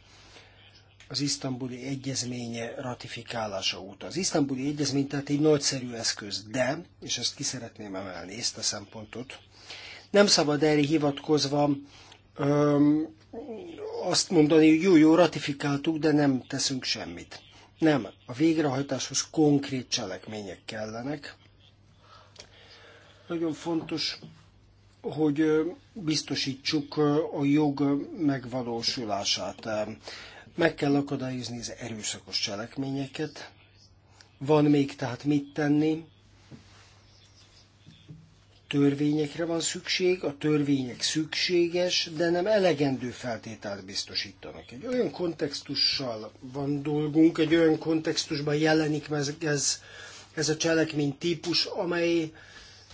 az isztambuli egyezménye ratifikálása óta. Az isztambuli egyezmény tehát egy nagyszerű eszköz, de, és ezt ki szeretném emelni, ezt a szempontot, nem szabad erre hivatkozva öm, azt mondani, hogy jó, jó, ratifikáltuk, de nem teszünk semmit. Nem, a végrehajtáshoz konkrét cselekmények kellenek. Nagyon fontos, hogy biztosítsuk a jog megvalósulását meg kell akadályozni az erőszakos cselekményeket. Van még tehát mit tenni. Törvényekre van szükség, a törvények szükséges, de nem elegendő feltételt biztosítanak. Egy olyan kontextussal van dolgunk, egy olyan kontextusban jelenik meg ez, ez a cselekmény típus, amely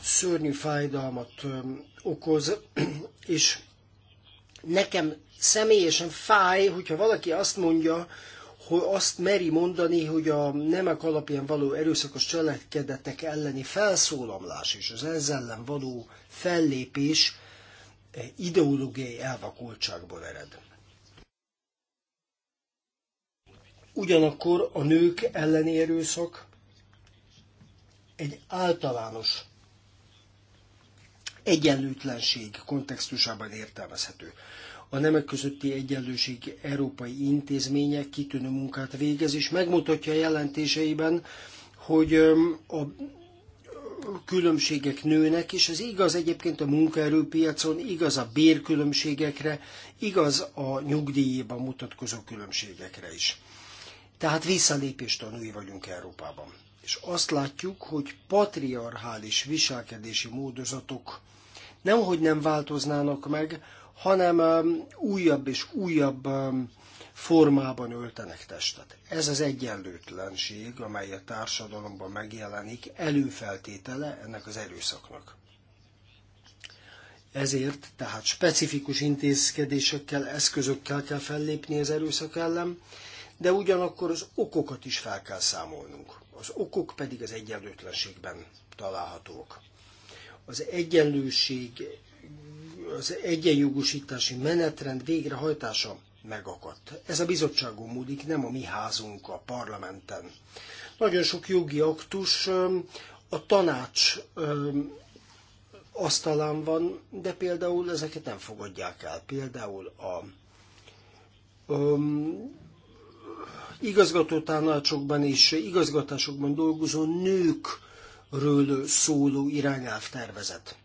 szörnyű fájdalmat okoz, [clears throat] és nekem személyesen fáj, hogyha valaki azt mondja, hogy azt meri mondani, hogy a nemek alapján való erőszakos cselekedetek elleni felszólamlás és az ezzel ellen való fellépés e, ideológiai elvakultságból ered. Ugyanakkor a nők elleni erőszak egy általános egyenlőtlenség kontextusában értelmezhető a nemek közötti egyenlőség európai intézménye kitűnő munkát végez, és megmutatja a jelentéseiben, hogy a különbségek nőnek, és ez igaz egyébként a munkaerőpiacon, igaz a bérkülönbségekre, igaz a nyugdíjban mutatkozó különbségekre is. Tehát visszalépést tanúi vagyunk Európában. És azt látjuk, hogy patriarchális viselkedési módozatok nemhogy nem változnának meg, hanem újabb és újabb formában öltenek testet. Ez az egyenlőtlenség, amely a társadalomban megjelenik, előfeltétele ennek az erőszaknak. Ezért tehát specifikus intézkedésekkel, eszközökkel kell fellépni az erőszak ellen, de ugyanakkor az okokat is fel kell számolnunk. Az okok pedig az egyenlőtlenségben találhatók. Az egyenlőség az egyenjogosítási menetrend végrehajtása megakadt. Ez a bizottságon múlik, nem a mi házunk a parlamenten. Nagyon sok jogi aktus a tanács asztalán van, de például ezeket nem fogadják el. Például a um, igazgató tanácsokban és igazgatásokban dolgozó nőkről szóló irányelv tervezet.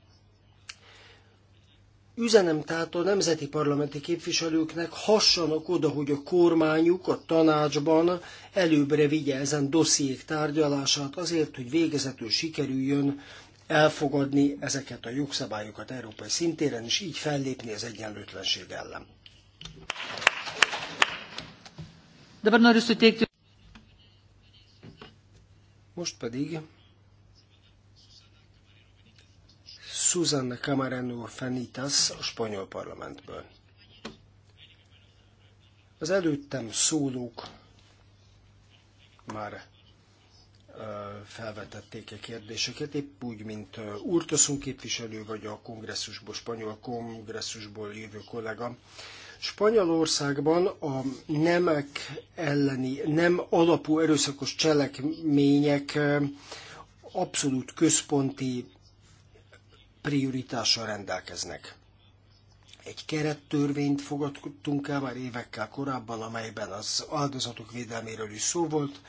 Üzenem tehát a nemzeti parlamenti képviselőknek, hassanak oda, hogy a kormányuk a tanácsban előbbre vigye ezen dossziék tárgyalását azért, hogy végezetül sikerüljön elfogadni ezeket a jogszabályokat európai szintéren, és így fellépni az egyenlőtlenség ellen. Most pedig Susanna Camarano Fenitas a spanyol parlamentből. Az előttem szólók már felvetették a e kérdéseket, épp úgy, mint Urtoszun képviselő, vagy a kongresszusból, spanyol kongresszusból jövő kollega. Spanyolországban a nemek elleni, nem alapú erőszakos cselekmények abszolút központi prioritással rendelkeznek. Egy kerettörvényt fogadtunk el már évekkel korábban, amelyben az áldozatok védelméről is szó volt.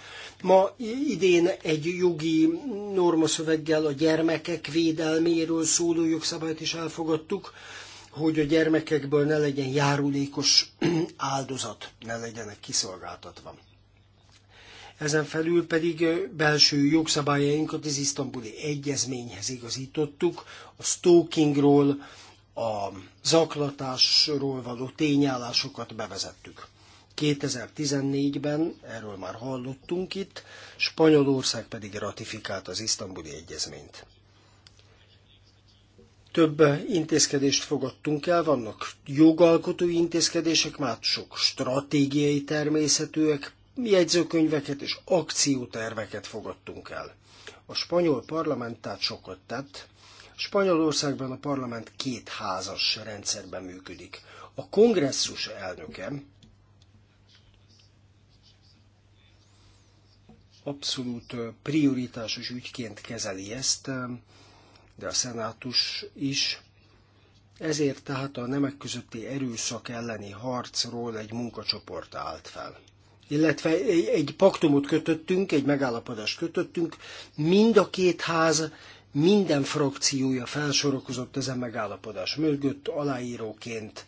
Ma idén egy jogi normaszöveggel a gyermekek védelméről szóló jogszabályt is elfogadtuk, hogy a gyermekekből ne legyen járulékos áldozat, ne legyenek kiszolgáltatva. Ezen felül pedig belső jogszabályainkat az isztambuli egyezményhez igazítottuk, a stalkingról, a zaklatásról való tényállásokat bevezettük. 2014-ben, erről már hallottunk itt, Spanyolország pedig ratifikált az isztambuli egyezményt. Több intézkedést fogadtunk el, vannak jogalkotói intézkedések, már sok stratégiai természetűek, jegyzőkönyveket és akcióterveket fogadtunk el. A spanyol parlament tehát sokat tett. Spanyolországban a parlament két házas rendszerben működik. A kongresszus elnöke abszolút prioritásos ügyként kezeli ezt, de a szenátus is. Ezért tehát a nemek közötti erőszak elleni harcról egy munkacsoport állt fel illetve egy paktumot kötöttünk, egy megállapodást kötöttünk, mind a két ház minden frakciója felsorokozott ezen megállapodás mögött aláíróként.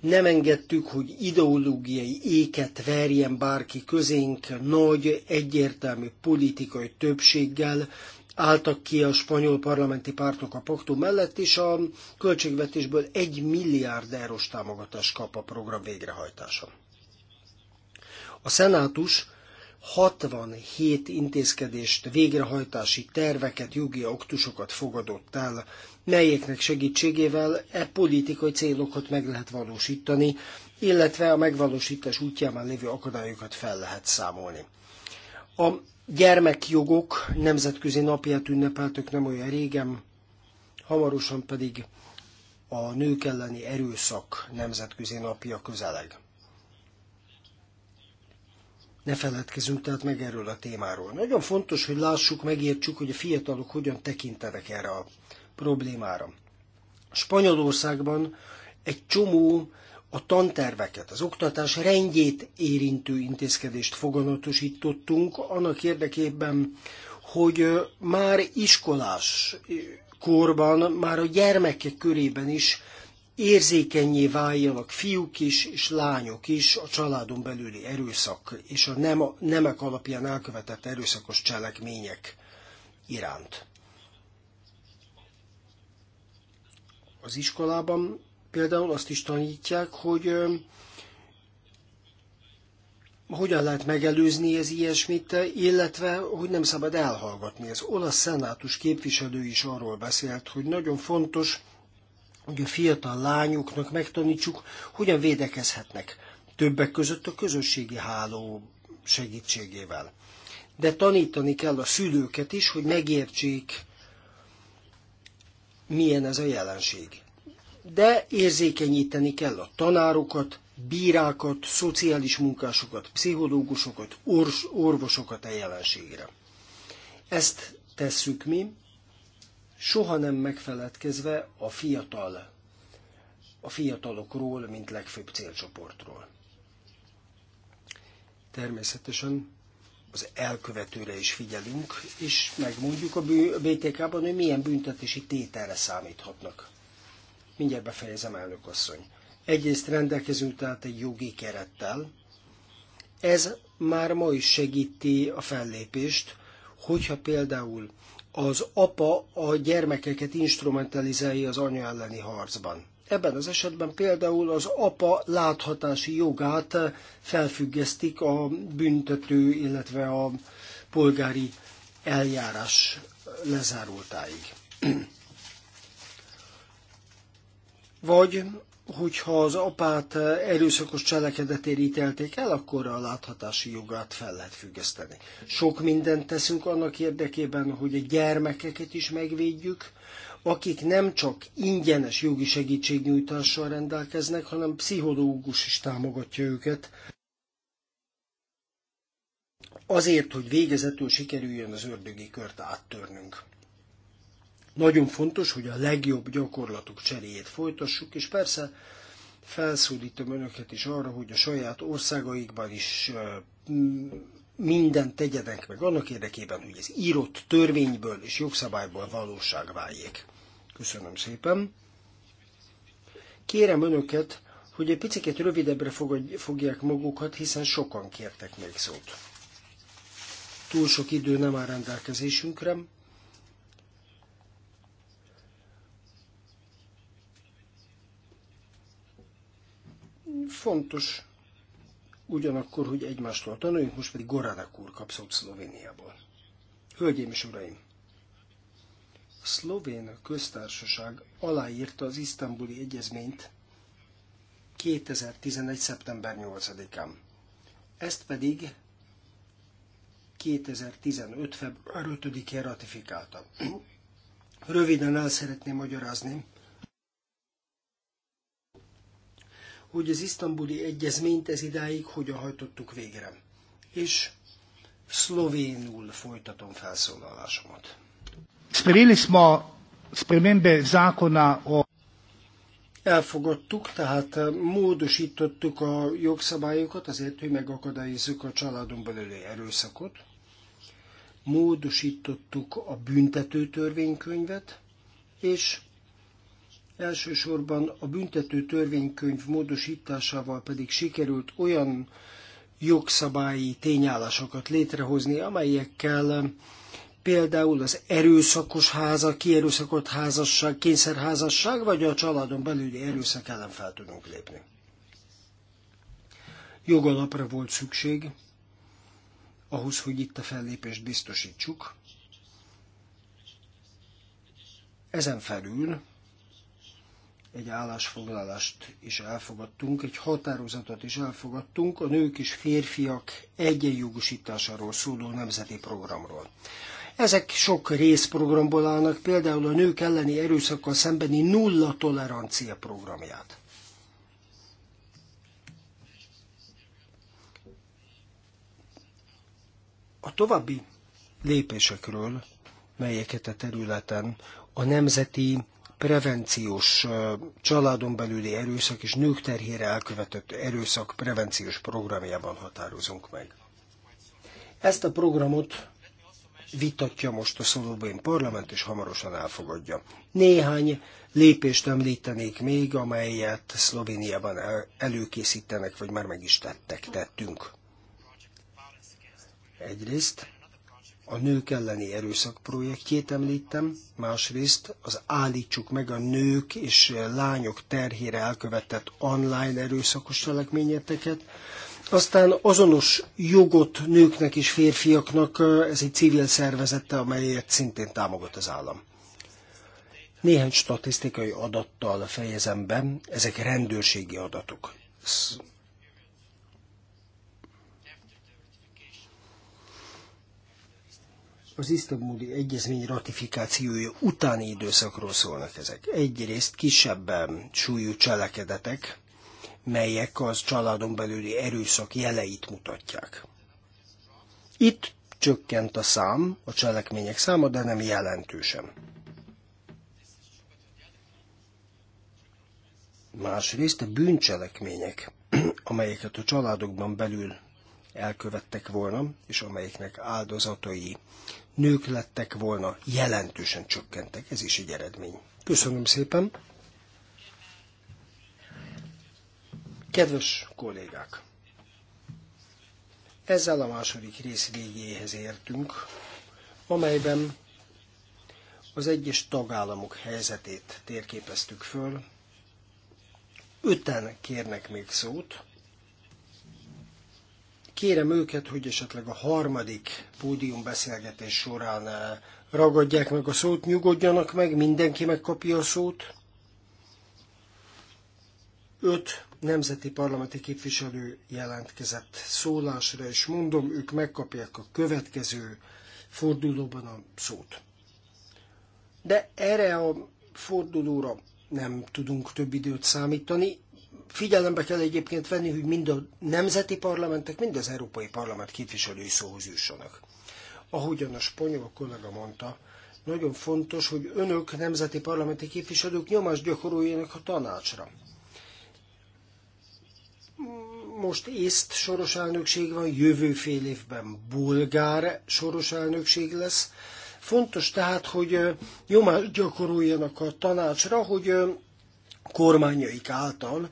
Nem engedtük, hogy ideológiai éket verjen bárki közénk nagy, egyértelmű politikai többséggel, álltak ki a spanyol parlamenti pártok a paktum mellett, és a költségvetésből egy milliárd eurós támogatást kap a program végrehajtása. A szenátus 67 intézkedést, végrehajtási terveket, jogi aktusokat fogadott el, melyeknek segítségével e politikai célokat meg lehet valósítani, illetve a megvalósítás útjában lévő akadályokat fel lehet számolni. A gyermekjogok nemzetközi napját ünnepeltük nem olyan régen, hamarosan pedig a nők elleni erőszak nemzetközi napja közeleg. Ne feledkezünk tehát meg erről a témáról. Nagyon fontos, hogy lássuk, megértsük, hogy a fiatalok hogyan tekintenek erre a problémára. Spanyolországban egy csomó a tanterveket, az oktatás rendjét érintő intézkedést foganatosítottunk annak érdekében, hogy már iskolás korban, már a gyermekek körében is érzékenyé váljanak fiúk is és lányok is a családon belüli erőszak és a nem, nemek alapján elkövetett erőszakos cselekmények iránt. Az iskolában például azt is tanítják, hogy hogyan lehet megelőzni ez ilyesmit, illetve hogy nem szabad elhallgatni. Az olasz szenátus képviselő is arról beszélt, hogy nagyon fontos, hogy a fiatal lányoknak megtanítsuk, hogyan védekezhetnek. Többek között a közösségi háló segítségével. De tanítani kell a szülőket is, hogy megértsék, milyen ez a jelenség. De érzékenyíteni kell a tanárokat, bírákat, szociális munkásokat, pszichológusokat, orvosokat a jelenségre. Ezt tesszük mi, soha nem megfeledkezve a fiatal, a fiatalokról, mint legfőbb célcsoportról. Természetesen az elkövetőre is figyelünk, és megmondjuk a BTK-ban, hogy milyen büntetési tételre számíthatnak. Mindjárt befejezem, elnök asszony. Egyrészt rendelkezünk tehát egy jogi kerettel. Ez már ma is segíti a fellépést, hogyha például az apa a gyermekeket instrumentalizálja az anya elleni harcban. Ebben az esetben például az apa láthatási jogát felfüggesztik a büntető, illetve a polgári eljárás lezárultáig. Vagy hogyha az apát eh, erőszakos cselekedetért ítelték el, akkor a láthatási jogát fel lehet függeszteni. Sok mindent teszünk annak érdekében, hogy a gyermekeket is megvédjük, akik nem csak ingyenes jogi segítségnyújtással rendelkeznek, hanem pszichológus is támogatja őket, azért, hogy végezetül sikerüljön az ördögi kört áttörnünk. Nagyon fontos, hogy a legjobb gyakorlatok cseréjét folytassuk, és persze felszólítom önöket is arra, hogy a saját országaikban is mindent tegyenek meg annak érdekében, hogy ez írott törvényből és jogszabályból valóság váljék. Köszönöm szépen. Kérem önöket, hogy egy picit rövidebbre fogják magukat, hiszen sokan kértek még szót. Túl sok idő nem áll rendelkezésünkre, Fontos ugyanakkor, hogy egymástól tanuljunk, most pedig Goranak úr kap szót Szlovéniából. Hölgyeim és uraim! A szlovén köztársaság aláírta az isztambuli egyezményt 2011. szeptember 8-án. Ezt pedig 2015. február 5-én ratifikálta. Röviden el szeretném magyarázni, hogy az isztambuli egyezményt ez idáig hogyan hajtottuk végre. És szlovénul folytatom felszólalásomat. elfogadtuk, tehát eh, módosítottuk a jogszabályokat azért, hogy megakadályozzuk a családon belüli erőszakot. Módosítottuk a büntető törvénykönyvet, és Elsősorban a büntető törvénykönyv módosításával pedig sikerült olyan jogszabályi tényállásokat létrehozni, amelyekkel például az erőszakos háza, kierőszakott házasság, kényszerházasság, vagy a családon belüli erőszak ellen fel tudunk lépni. Jogalapra volt szükség, ahhoz, hogy itt a fellépést biztosítsuk. Ezen felül egy állásfoglalást is elfogadtunk, egy határozatot is elfogadtunk a nők és férfiak egyenjogosításáról szóló nemzeti programról. Ezek sok részprogramból állnak, például a nők elleni erőszakkal szembeni nulla tolerancia programját. A további lépésekről, melyeket a területen a nemzeti prevenciós családon belüli erőszak és nők terhére elkövetett erőszak prevenciós programjában határozunk meg. Ezt a programot vitatja most a szolóbain parlament, és hamarosan elfogadja. Néhány lépést említenék még, amelyet Szlovéniában előkészítenek, vagy már meg is tettek, tettünk. Egyrészt a nők elleni erőszak projektjét említem, másrészt az állítsuk meg a nők és lányok terhére elkövetett online erőszakos cselekményeteket, aztán azonos jogot nőknek és férfiaknak, ez egy civil szervezete, amelyet szintén támogat az állam. Néhány statisztikai adattal fejezem be, ezek rendőrségi adatok. az isztambuli egyezmény ratifikációja utáni időszakról szólnak ezek. Egyrészt kisebb súlyú cselekedetek, melyek az családon belüli erőszak jeleit mutatják. Itt csökkent a szám, a cselekmények száma, de nem jelentősen. Másrészt a bűncselekmények, [clears throat] amelyeket a családokban belül elkövettek volna, és amelyeknek áldozatai nők lettek volna, jelentősen csökkentek. Ez is egy eredmény. Köszönöm szépen. Kedves kollégák! Ezzel a második rész végéhez értünk, amelyben az egyes tagállamok helyzetét térképeztük föl. Öten kérnek még szót, Kérem őket, hogy esetleg a harmadik beszélgetés során eh, ragadják meg a szót, nyugodjanak meg, mindenki megkapja a szót. Öt nemzeti parlamenti képviselő jelentkezett szólásra, és mondom, ők megkapják a következő fordulóban a szót. De erre a fordulóra nem tudunk több időt számítani, Figyelembe kell egyébként venni, hogy mind a nemzeti parlamentek, mind az Európai Parlament képviselői szóhoz jussanak. Ahogyan a spanyol kollega mondta, nagyon fontos, hogy önök, nemzeti parlamenti képviselők nyomást gyakoroljanak a tanácsra. Most észt soros elnökség van, jövő fél évben bulgár soros elnökség lesz. Fontos tehát, hogy nyomást gyakoroljanak a tanácsra, hogy kormányaik által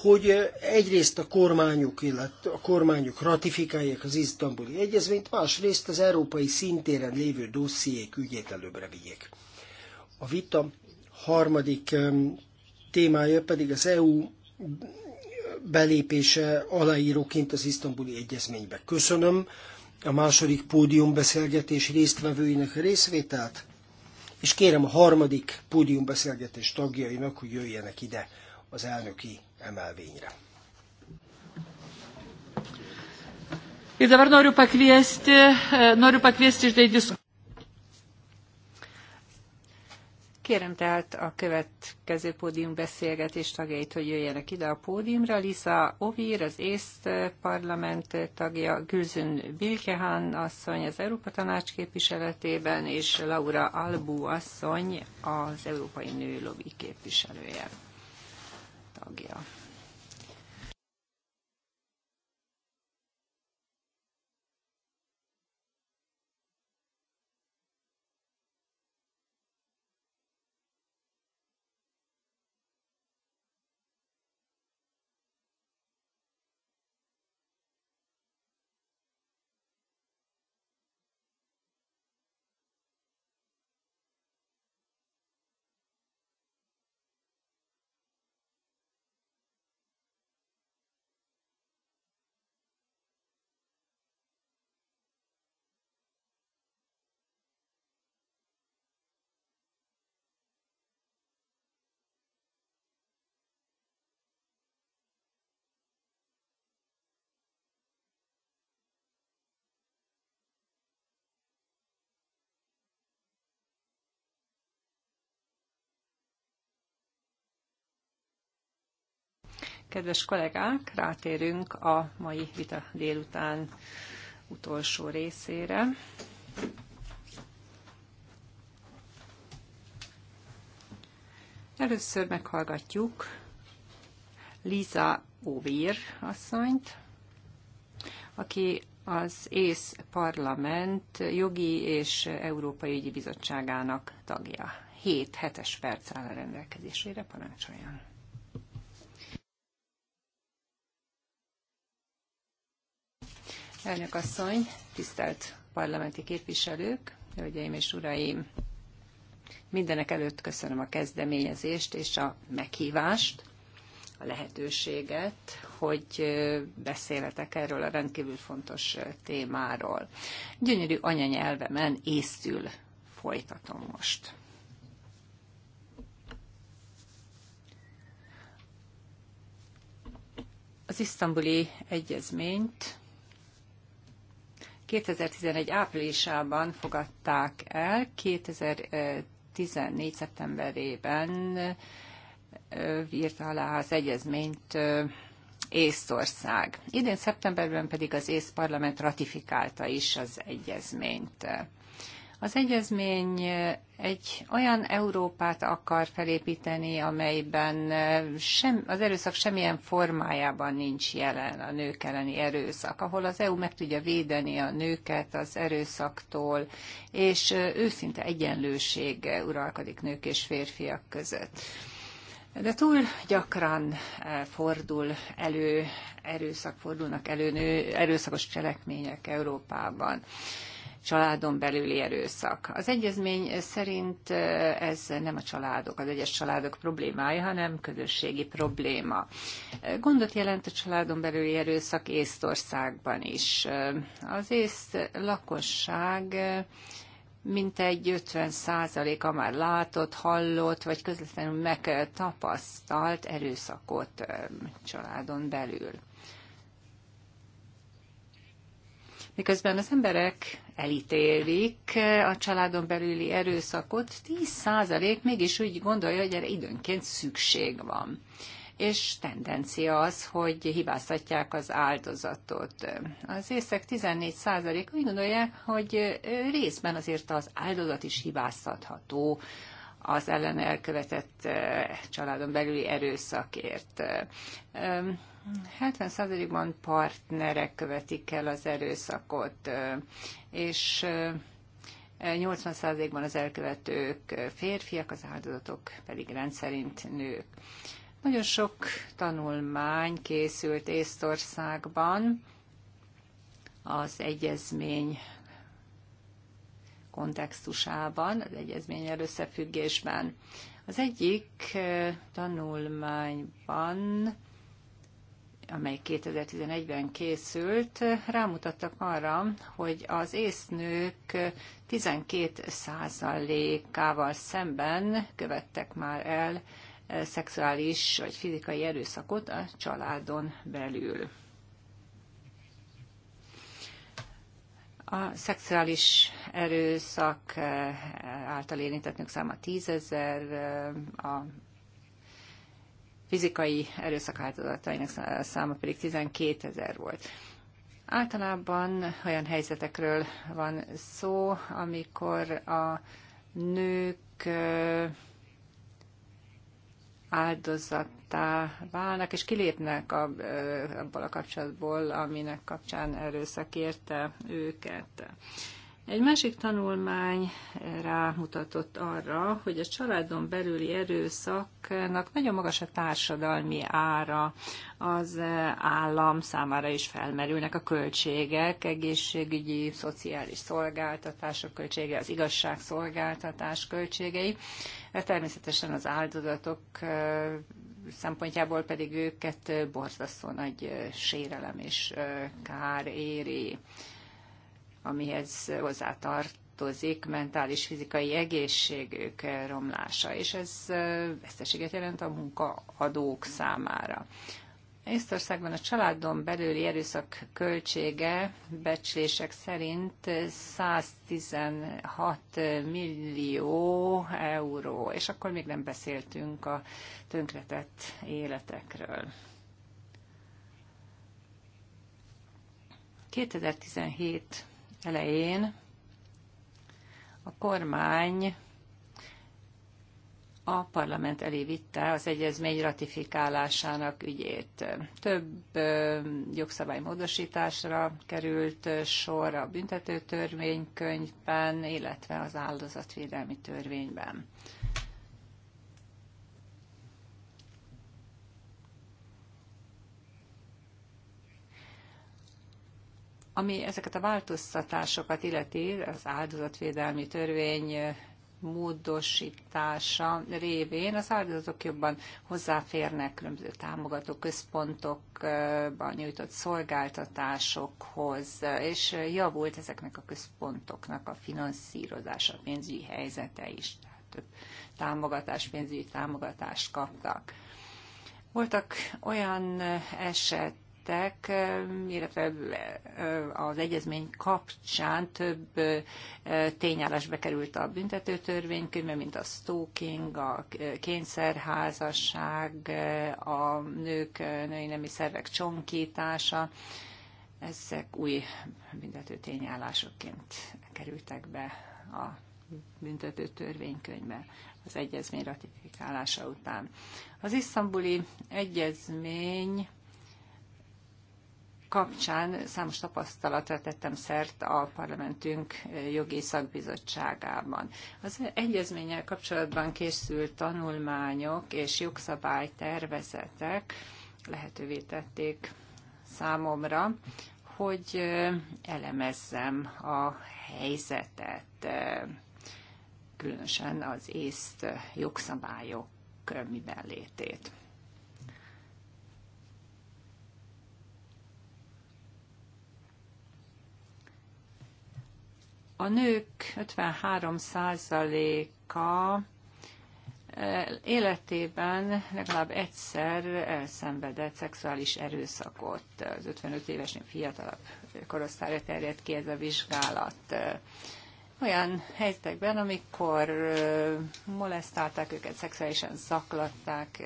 hogy eh, egyrészt a kormányuk, illetve a kormányuk ratifikálják az isztambuli egyezményt, másrészt az európai szintéren lévő dossziék ügyét előbbre vigyék. A vita harmadik témája pedig az EU belépése aláíróként az isztambuli egyezménybe. Köszönöm a második pódiumbeszélgetés résztvevőinek a részvételt, és kérem a harmadik pódiumbeszélgetés tagjainak, hogy jöjjenek ide az elnöki emelvényre. Ir dabar noriu pakviesti, e, noriu pakviesti išdėdis. Kérem tehát a következő pódium beszélgetés tagjait, hogy jöjjenek ide a pódiumra. Lisa Ovir, az észt parlament tagja, Gülzün Bilkehan asszony az Európa Tanács képviseletében, és Laura Albu asszony az Európai Nőlobi képviselője tagja. Kedves kollégák, rátérünk a mai vita délután utolsó részére. Először meghallgatjuk Liza Óvír asszonyt, aki az ÉSZ Parlament Jogi és Európai Ügyi Bizottságának tagja. 7 hetes perc áll a rendelkezésére, parancsoljon. Elnök asszony, tisztelt parlamenti képviselők, hölgyeim és uraim! Mindenek előtt köszönöm a kezdeményezést és a meghívást, a lehetőséget, hogy beszélhetek erről a rendkívül fontos témáról. Gyönyörű anyanyelvemen észül folytatom most. Az isztambuli egyezményt 2011 áprilisában fogadták el, 2014 szeptemberében írta alá az egyezményt Észtország. Idén szeptemberben pedig az Ész parlament ratifikálta is az egyezményt. Az egyezmény egy olyan Európát akar felépíteni, amelyben sem, az erőszak semmilyen formájában nincs jelen a nők elleni erőszak, ahol az EU meg tudja védeni a nőket az erőszaktól, és őszinte egyenlőség uralkodik nők és férfiak között. De túl gyakran fordul elő, erőszak fordulnak elő nő, erőszakos cselekmények Európában családon belüli erőszak. Az egyezmény szerint ez nem a családok, az egyes családok problémája, hanem közösségi probléma. Gondot jelent a családon belüli erőszak Észtországban is. Az ész lakosság mintegy 50 a már látott, hallott, vagy közvetlenül megtapasztalt erőszakot családon belül. miközben az emberek elítélik a családon belüli erőszakot, 10% mégis úgy gondolja, hogy erre időnként szükség van. És tendencia az, hogy hibáztatják az áldozatot. Az észek 14% úgy gondolják, hogy részben azért az áldozat is hibáztatható az ellen elkövetett eh, családon belüli erőszakért 70%-ban partnerek követik el az erőszakot, és 80%-ban az elkövetők férfiak, az áldozatok pedig rendszerint nők. Nagyon sok tanulmány készült Észtországban az egyezmény kontextusában, az egyezmény összefüggésben. Az egyik tanulmányban amely 2011-ben készült, rámutattak arra, hogy az észnők 12%-ával szemben követtek már el eh, szexuális vagy fizikai erőszakot a családon belül. A szexuális erőszak eh, által érintett nők száma tízezer, eh, a fizikai erőszak áldozatainak száma pedig 12 ezer volt. Általában olyan helyzetekről van szó, amikor a nők áldozattá válnak, és kilépnek abból a kapcsolatból, aminek kapcsán erőszak érte őket. Egy másik tanulmány rámutatott arra, hogy a családon belüli erőszaknak nagyon magas a társadalmi ára, az állam számára is felmerülnek a költségek, egészségügyi, szociális szolgáltatások költsége, az igazságszolgáltatás költségei. Természetesen az áldozatok eh, szempontjából pedig őket borzasztó nagy eh, sérelem és eh, kár éri amihez hozzátartozik mentális-fizikai egészségük romlása, és ez veszteséget jelent a munkaadók számára. Észtországban a családon belüli erőszak költsége becslések szerint 116 millió euró, és akkor még nem beszéltünk a tönkretett életekről. 2017 elején a kormány a parlament elé vitte az egyezmény ratifikálásának ügyét. Több jogszabálymódosításra került sor a büntető törvénykönyvben, illetve az áldozatvédelmi törvényben. Ami ezeket a változtatásokat illeti, az áldozatvédelmi törvény módosítása révén az áldozatok jobban hozzáférnek különböző támogató központokban nyújtott szolgáltatásokhoz, és javult ezeknek a központoknak a finanszírozása, a pénzügyi helyzete is, tehát több támogatás, pénzügyi támogatást kaptak. Voltak olyan eset, területek, illetve az egyezmény kapcsán több tényállás bekerült a büntetőtörvénykönyvbe, mint a stalking, a kényszerházasság, a nők női nemi szervek csonkítása. Ezek új büntető tényállásokként kerültek be a büntető törvénykönyvbe az egyezmény ratifikálása után. Az isztambuli egyezmény kapcsán számos tapasztalatra tettem szert a parlamentünk jogi szakbizottságában. Az egyezménnyel kapcsolatban készült tanulmányok és jogszabálytervezetek lehetővé tették számomra, hogy elemezzem a helyzetet, különösen az észt jogszabályok miben létét. A nők 53%-a e, életében legalább egyszer elszenvedett szexuális erőszakot. Az 55 évesnél fiatalabb korosztályra terjedt ki ez a vizsgálat olyan helyzetekben, amikor molesztálták őket, szexuálisan zaklatták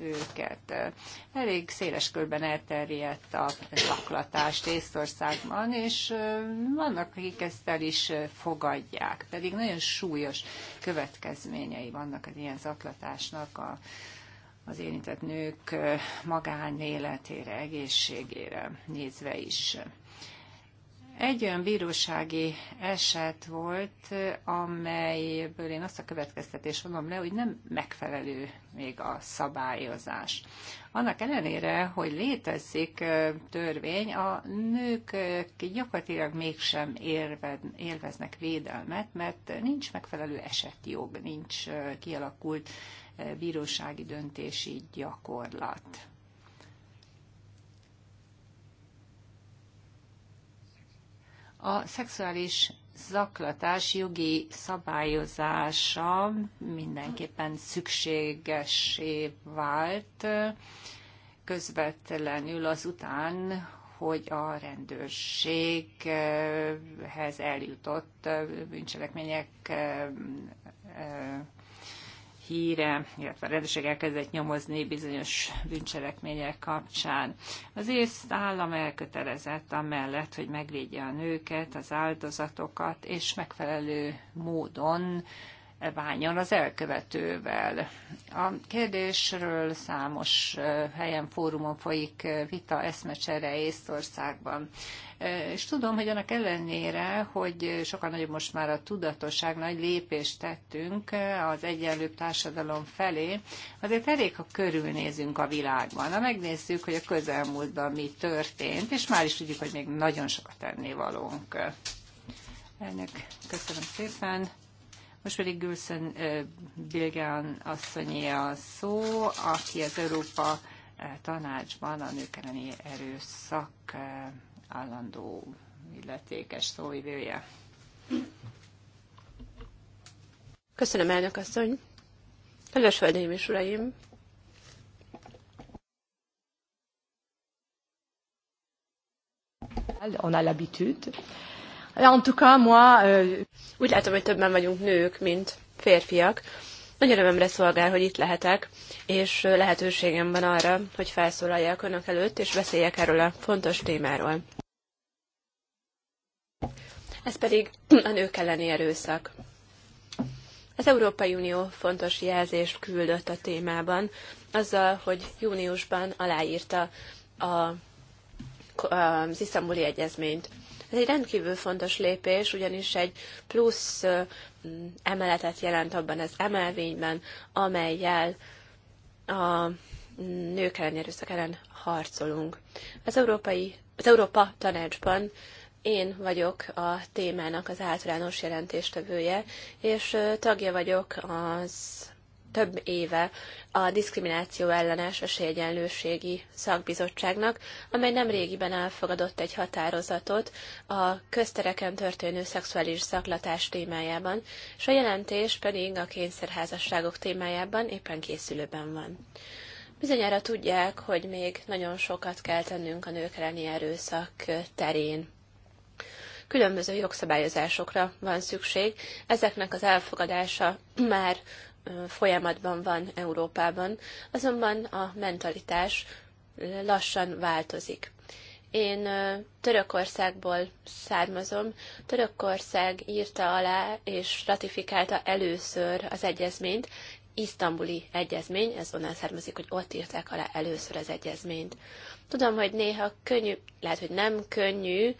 őket. Elég széles körben elterjedt a zaklatás Észtországban, és vannak, akik ezt el is fogadják, pedig nagyon súlyos következményei vannak az ilyen zaklatásnak a az érintett nők magánéletére, egészségére nézve is. Egy olyan bírósági eset volt, amelyből én azt a következtetés vonom le, hogy nem megfelelő még a szabályozás. Annak ellenére, hogy létezik törvény, a nők gyakorlatilag mégsem élveznek védelmet, mert nincs megfelelő esetjog, nincs kialakult bírósági döntési gyakorlat. A szexuális zaklatás jogi szabályozása mindenképpen szükségesé vált közvetlenül azután, hogy a rendőrséghez eljutott bűncselekmények híre, illetve a rendőrség elkezdett nyomozni bizonyos bűncselekmények kapcsán. Az ész állam elkötelezett amellett, hogy megvédje a nőket, az áldozatokat, és megfelelő módon bánjon az elkövetővel. A kérdésről számos helyen, fórumon folyik vita, eszmecsere Észtországban. És tudom, hogy annak ellenére, hogy sokkal nagyobb most már a tudatosság, nagy lépést tettünk az egyenlőbb társadalom felé, azért elég, ha körülnézünk a világban. Ha megnézzük, hogy a közelmúltban mi történt, és már is tudjuk, hogy még nagyon sokat tennivalónk. Elnök, köszönöm szépen. Most pedig Gülszön Bilgán asszonyé a szó, aki az Európa tanácsban a nők elleni erőszak állandó illetékes szóvivője. Köszönöm, elnök asszony! Kedves hölgyeim és uraim! On a l'habitude. En tout cas, moi... Euh... Úgy látom, hogy többen vagyunk nők, mint férfiak. Nagy örömömre szolgál, hogy itt lehetek, és lehetőségem van arra, hogy felszólaljak önök előtt, és beszéljek erről a fontos témáról. Ez pedig a nők elleni erőszak. Az Európai Unió fontos jelzést küldött a témában, azzal, hogy júniusban aláírta a, az iszambuli egyezményt. Ez egy rendkívül fontos lépés, ugyanis egy plusz emeletet jelent abban az emelvényben, amelyel a nők ellen erőszak ellen harcolunk. Az, Európai, az Európa Tanácsban én vagyok a témának az általános jelentéstevője, és tagja vagyok az több éve a diszkrimináció ellenes esélyegyenlőségi szakbizottságnak, amely nem régiben elfogadott egy határozatot a köztereken történő szexuális zaklatás témájában, és a jelentés pedig a kényszerházasságok témájában éppen készülőben van. Bizonyára tudják, hogy még nagyon sokat kell tennünk a nők elleni erőszak terén különböző jogszabályozásokra van szükség. Ezeknek az elfogadása már folyamatban van Európában, azonban a mentalitás lassan változik. Én Törökországból származom. Törökország írta alá és ratifikálta először az egyezményt, isztambuli egyezmény, ez onnan származik, hogy ott írták alá először az egyezményt. Tudom, hogy néha könnyű, lehet, hogy nem könnyű,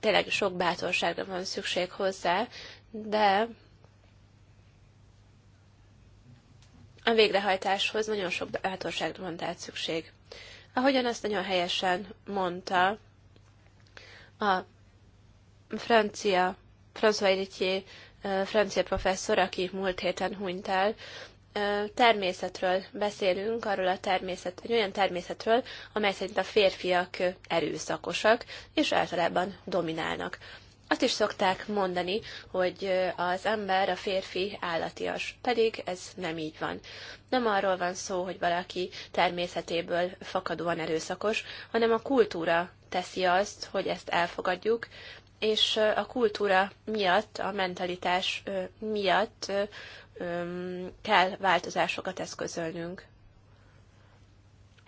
tényleg sok bátorságra van szükség hozzá, de a végrehajtáshoz nagyon sok bátorságra van tehát szükség. Ahogyan azt nagyon helyesen mondta a francia, François Héritier, francia professzor, aki múlt héten hunyt el, természetről beszélünk, arról a természet, egy olyan természetről, amely szerint a férfiak erőszakosak, és általában dominálnak. Azt is szokták mondani, hogy az ember, a férfi állatias, pedig ez nem így van. Nem arról van szó, hogy valaki természetéből fakadóan erőszakos, hanem a kultúra teszi azt, hogy ezt elfogadjuk, és a kultúra miatt, a mentalitás miatt kell változásokat eszközölnünk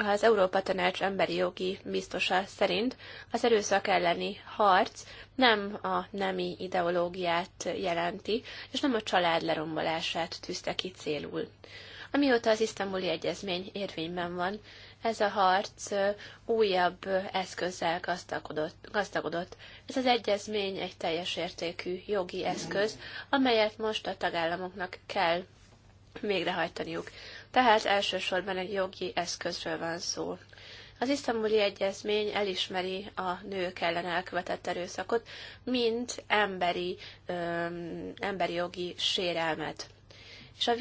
az Európa Tanács emberi jogi biztosa szerint az erőszak elleni harc nem a nemi ideológiát jelenti, és nem a család lerombolását tűzte ki célul. Amióta az isztambuli egyezmény érvényben van, ez a harc újabb eszközzel gazdagodott. gazdagodott. Ez az egyezmény egy teljes értékű jogi eszköz, amelyet most a tagállamoknak kell végrehajtaniuk tehát elsősorban egy jogi eszközről van szó. Az isztambuli egyezmény elismeri a nők ellen elkövetett erőszakot, mint emberi, öm, emberi jogi sérelmet. És a,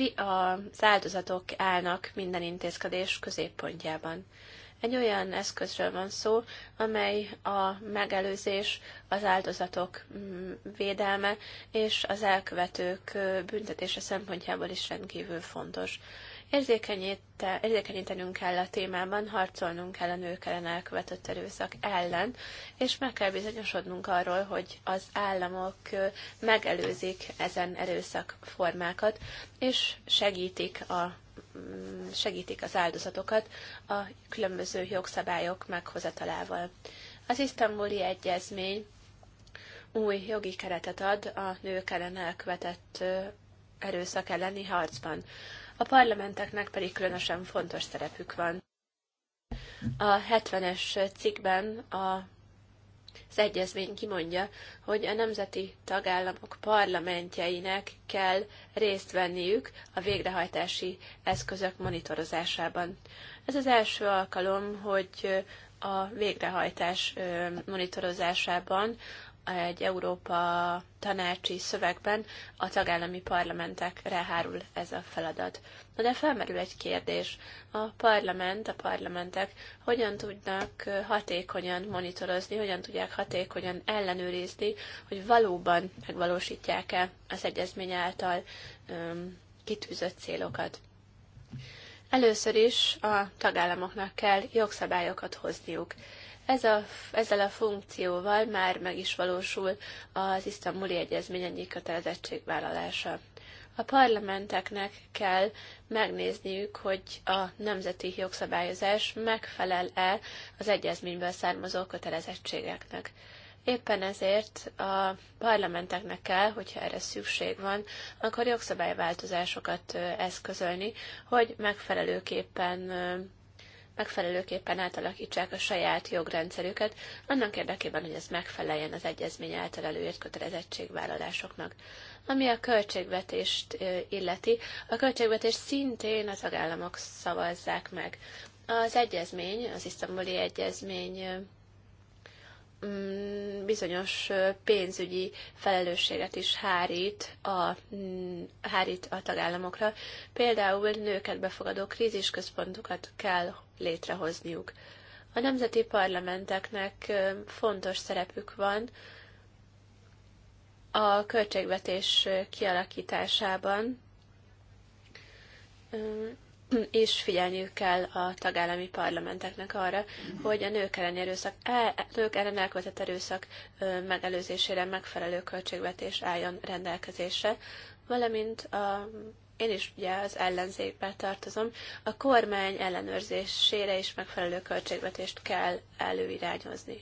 az áldozatok állnak minden intézkedés középpontjában. Egy olyan eszközről van szó, amely a megelőzés, az áldozatok mm, védelme és az elkövetők büntetése szempontjából is rendkívül fontos. Érzékenyítenünk kell a témában, harcolnunk kell a nők ellen elkövetett erőszak ellen, és meg kell bizonyosodnunk arról, hogy az államok megelőzik ezen erőszak formákat, és segítik a mm, segítik az áldozatokat a különböző jogszabályok meghozatalával. Az isztambuli egyezmény új jogi keretet ad a nők ellen elkövetett erőszak elleni harcban a parlamenteknek pedig különösen fontos szerepük van. A 70-es cikkben a az egyezmény kimondja, hogy a nemzeti tagállamok parlamentjeinek kell részt venniük a végrehajtási eszközök monitorozásában. Ez az első alkalom, hogy a végrehajtás monitorozásában egy Európa tanácsi szövegben a tagállami parlamentekre hárul ez a feladat. Na de felmerül egy kérdés. A parlament, a parlamentek hogyan tudnak hatékonyan monitorozni, hogyan tudják hatékonyan ellenőrizni, hogy valóban megvalósítják-e az egyezmény által um, kitűzött célokat. Először is a tagállamoknak kell jogszabályokat hozniuk. Ez a, ezzel a funkcióval már meg is valósul az isztambuli egyezmény egyik kötelezettségvállalása. A parlamenteknek kell megnézniük, hogy a nemzeti jogszabályozás megfelel-e az egyezményből származó kötelezettségeknek. Éppen ezért a parlamenteknek kell, hogyha erre szükség van, akkor jogszabályváltozásokat eszközölni, hogy megfelelőképpen megfelelőképpen átalakítsák a saját jogrendszerüket, annak érdekében, hogy ez megfeleljen az egyezmény által előírt kötelezettségvállalásoknak. Ami a költségvetést illeti, a költségvetést szintén a tagállamok szavazzák meg. Az egyezmény, az isztambuli egyezmény mm, bizonyos pénzügyi felelősséget is hárít a, mm, hárít a tagállamokra. Például nőket befogadó krízisközpontokat kell létrehozniuk. A nemzeti parlamenteknek fontos szerepük van a költségvetés kialakításában, és figyelniük kell a tagállami parlamenteknek arra, hogy a nők ellen, erőszak, e, nők ellen elkövetett erőszak megelőzésére megfelelő költségvetés álljon rendelkezésre, valamint a én is ugye az ellenzékbe tartozom, a kormány ellenőrzésére is megfelelő költségvetést kell előirányozni.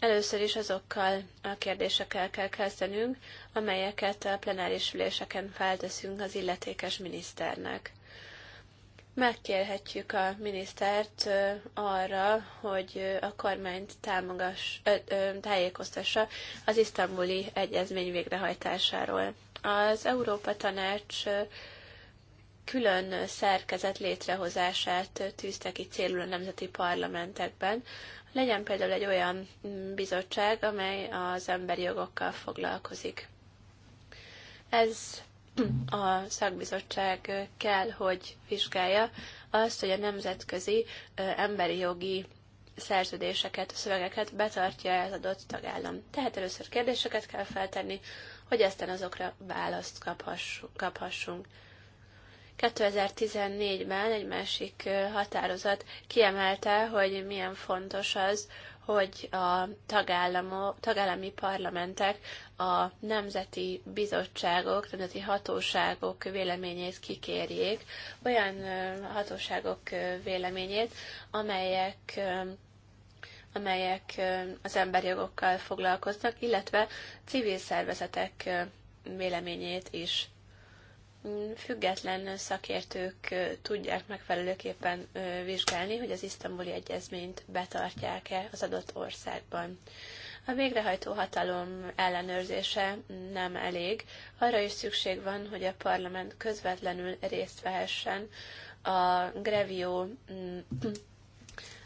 Először is azokkal a kérdésekkel kell kezdenünk, amelyeket a plenáris üléseken felteszünk az illetékes miniszternek. Megkérhetjük a minisztert arra, hogy a kormányt támogass, ö, ö, tájékoztassa az isztambuli egyezmény végrehajtásáról az Európa Tanács külön szerkezet létrehozását tűzte ki célul a nemzeti parlamentekben. Legyen például egy olyan bizottság, amely az emberi jogokkal foglalkozik. Ez a szakbizottság kell, hogy vizsgálja azt, hogy a nemzetközi emberi jogi szerződéseket, szövegeket betartja az adott tagállam. Tehát először kérdéseket kell feltenni, hogy aztán azokra választ kaphassunk. 2014-ben egy másik határozat kiemelte, hogy milyen fontos az, hogy a tagállami parlamentek, a nemzeti bizottságok, nemzeti hatóságok véleményét kikérjék, olyan hatóságok véleményét, amelyek amelyek az emberjogokkal foglalkoznak, illetve civil szervezetek véleményét is. Mm, független szakértők tudják megfelelőképpen vizsgálni, hogy az isztambuli egyezményt betartják-e az adott országban. A végrehajtó hatalom ellenőrzése nem elég. Arra is szükség van, hogy a parlament közvetlenül részt vehessen a Grevio mm,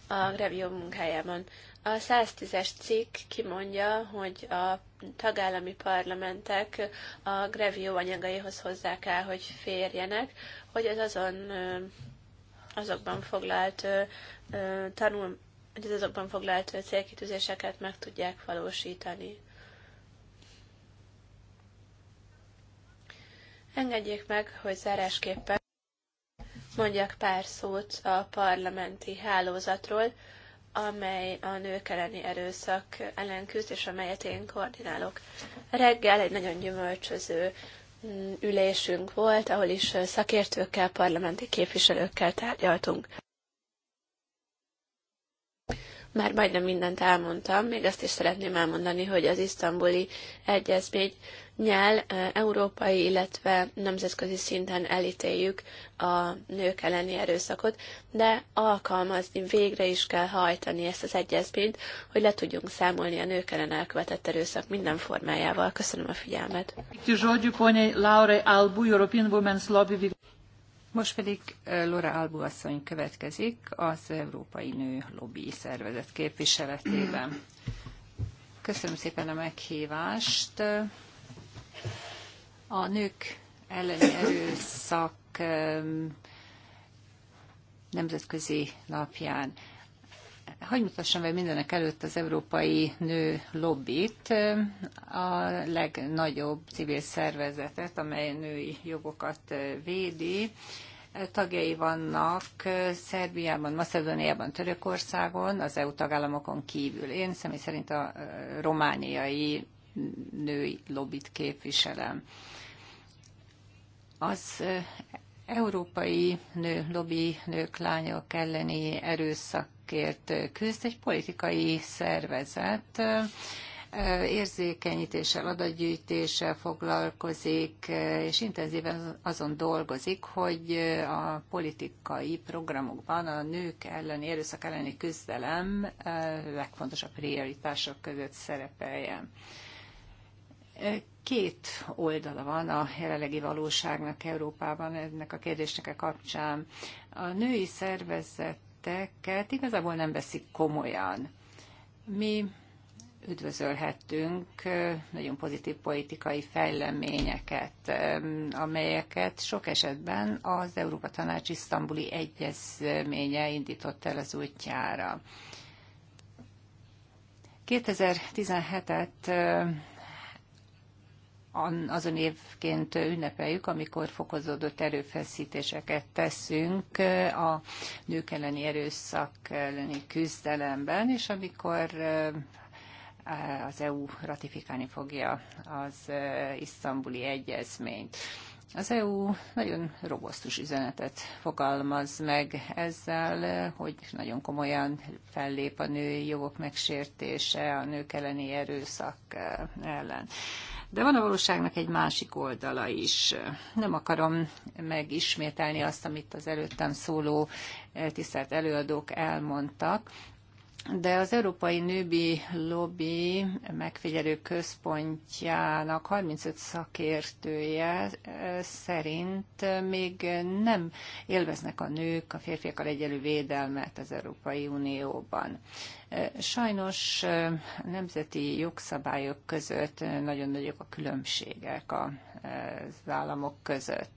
a grevio munkájában. A 110-es cikk kimondja, hogy a tagállami parlamentek a Grevio anyagaihoz hozzá kell, hogy férjenek, hogy az azon azokban foglalt tanul, hogy az azokban foglalt célkitűzéseket meg tudják valósítani. Engedjék meg, hogy zárásképpen mondjak pár szót a parlamenti hálózatról, amely a nők elleni erőszak ellen küzd, és amelyet én koordinálok. Reggel egy nagyon gyümölcsöző mm, ülésünk volt, ahol is szakértőkkel, parlamenti képviselőkkel tárgyaltunk. Már majdnem mindent elmondtam, még azt is szeretném elmondani, hogy az isztambuli egyezmény nyel európai, illetve nemzetközi szinten elítéljük a nők elleni erőszakot, de alkalmazni, végre is kell hajtani ezt az egyezményt, hogy le tudjunk számolni a nők ellen elkövetett erőszak minden formájával. Köszönöm a figyelmet. Most pedig Laura Albu asszony következik az Európai Nő Lobby Szervezet képviseletében. Köszönöm szépen a meghívást. A nők elleni erőszak nemzetközi napján. Hogy mutassam be mindenek előtt az európai nő lobbit, a legnagyobb civil szervezetet, amely női jogokat védi. Tagjai vannak Szerbiában, Macedóniában, Törökországon, az EU tagállamokon kívül. Én személy szerint a romániai női lobbit képviselem. Az európai nő, lobby nők, lányok elleni erőszakért küzd egy politikai szervezet, érzékenyítéssel, adatgyűjtéssel foglalkozik, és intenzíven azon dolgozik, hogy a politikai programokban a nők elleni, erőszak elleni küzdelem legfontosabb prioritások között szerepeljen két oldala van a jelenlegi valóságnak Európában ennek a kérdésnek a kapcsán. A női szervezeteket igazából nem veszik komolyan. Mi üdvözölhettünk nagyon pozitív politikai fejleményeket, amelyeket sok esetben az Európa Tanács isztambuli egyezménye indított el az útjára. 2017-et azon évként ünnepeljük, amikor fokozódott erőfeszítéseket teszünk a nők elleni erőszak elleni küzdelemben, és amikor az EU ratifikálni fogja az isztambuli egyezményt. Az EU nagyon robosztus üzenetet fogalmaz meg ezzel, hogy nagyon komolyan fellép a női jogok megsértése, a nők elleni erőszak ellen. De van a valóságnak egy másik oldala is. Nem akarom megismételni azt, amit az előttem szóló eh, tisztelt előadók elmondtak, de az Európai Nőbi Lobby megfigyelő központjának 35 szakértője eh, szerint még nem élveznek a nők a férfiakkal egyelő védelmet az Európai Unióban. Sajnos nemzeti jogszabályok között nagyon nagyok a különbségek az államok között.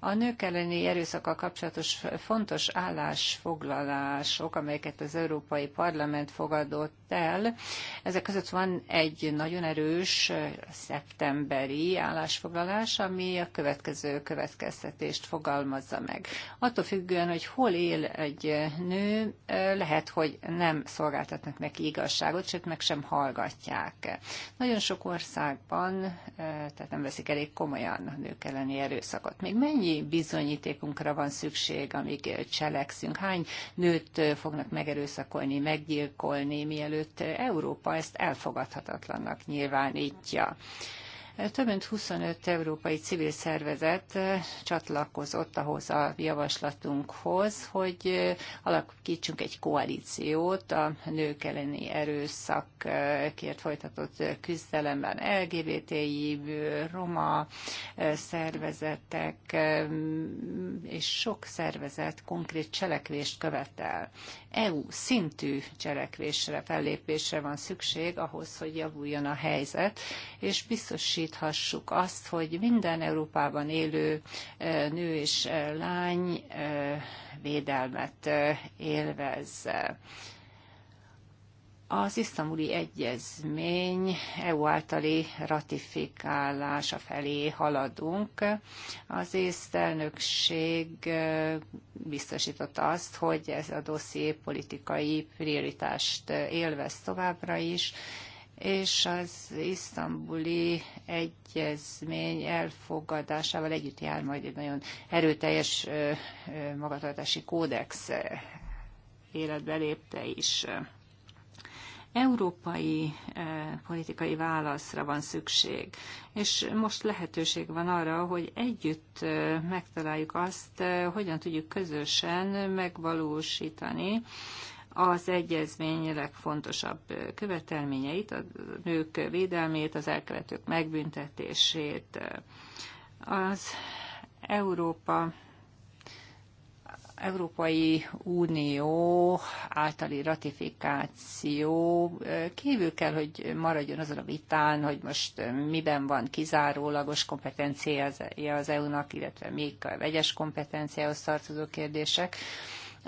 A nők elleni erőszakkal kapcsolatos fontos állásfoglalások, amelyeket az Európai Parlament fogadott el, ezek között van egy nagyon erős szeptemberi állásfoglalás, ami a következő következtetést fogalmazza meg. Attól függően, hogy hol él egy nő, lehet, hogy nem szolgáltatnak neki igazságot, sőt meg sem hallgatják. Nagyon sok országban, eh, tehát nem veszik elég komolyan a nők elleni erőszakot. Még mennyi bizonyítékunkra van szükség, amíg eh, cselekszünk? Hány nőt eh, fognak megerőszakolni, meggyilkolni, mielőtt Európa ezt elfogadhatatlannak nyilvánítja? Több mint 25 európai civil szervezet csatlakozott ahhoz a javaslatunkhoz, hogy alakítsunk egy koalíciót a nők elleni erőszakért folytatott küzdelemben LGBTI, roma szervezetek és sok szervezet konkrét cselekvést követel. EU szintű cselekvésre, fellépésre van szükség ahhoz, hogy javuljon a helyzet, és biztosít biztosíthassuk azt, hogy minden Európában élő eh, nő és eh, lány eh, védelmet élvez. Az isztambuli egyezmény EU általi ratifikálása felé haladunk. Az észtelnökség biztosította azt, hogy ez a dosszié politikai prioritást élvez továbbra is, és az isztambuli egyezmény elfogadásával együtt jár majd egy nagyon erőteljes magatartási kódex életbe lépte is. Európai politikai válaszra van szükség, és most lehetőség van arra, hogy együtt megtaláljuk azt, hogyan tudjuk közösen megvalósítani az egyezmény legfontosabb követelményeit, a nők védelmét, az elkövetők megbüntetését. Az Európa Európai Unió általi ratifikáció kívül kell, hogy maradjon azon a vitán, hogy most miben van kizárólagos kompetenciája az EU-nak, illetve még a vegyes kompetenciához tartozó kérdések.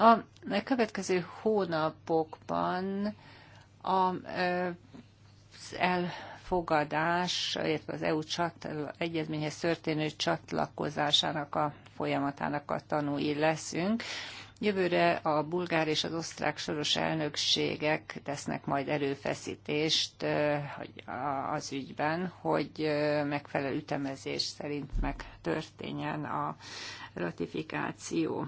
A következő hónapokban a elfogadás, illetve az EU csatl- egyezményhez történő csatlakozásának a folyamatának a tanúi leszünk. Jövőre a bulgár és az osztrák soros elnökségek tesznek majd erőfeszítést az ügyben, hogy megfelelő ütemezés szerint megtörténjen a ratifikáció.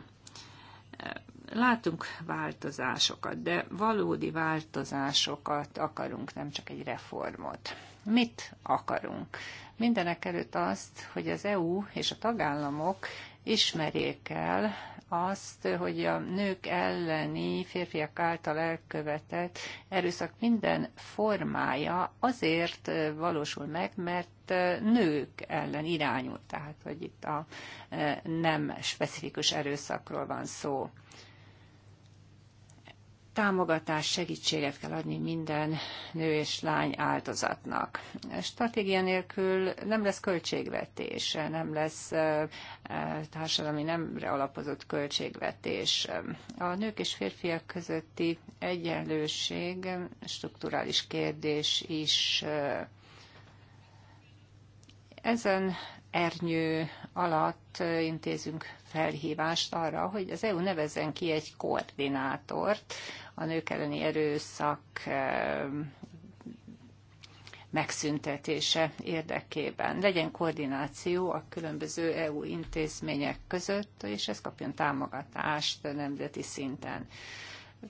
Látunk változásokat, de valódi változásokat akarunk, nem csak egy reformot. Mit akarunk? Mindenek előtt azt, hogy az EU és a tagállamok ismerjék el azt, hogy a nők elleni férfiak által elkövetett erőszak minden formája azért valósul meg, mert nők ellen irányul, tehát hogy itt a eh, nem specifikus erőszakról van szó támogatást, segítséget kell adni minden nő és lány áldozatnak. Stratégia nélkül nem lesz költségvetés, nem lesz társadalmi nemre alapozott költségvetés. A nők és férfiak közötti egyenlőség strukturális kérdés is. Ezen ernyő alatt intézünk felhívást arra, hogy az EU nevezzen ki egy koordinátort a nők elleni erőszak megszüntetése érdekében. Legyen koordináció a különböző EU intézmények között, és ez kapjon támogatást nemzeti szinten.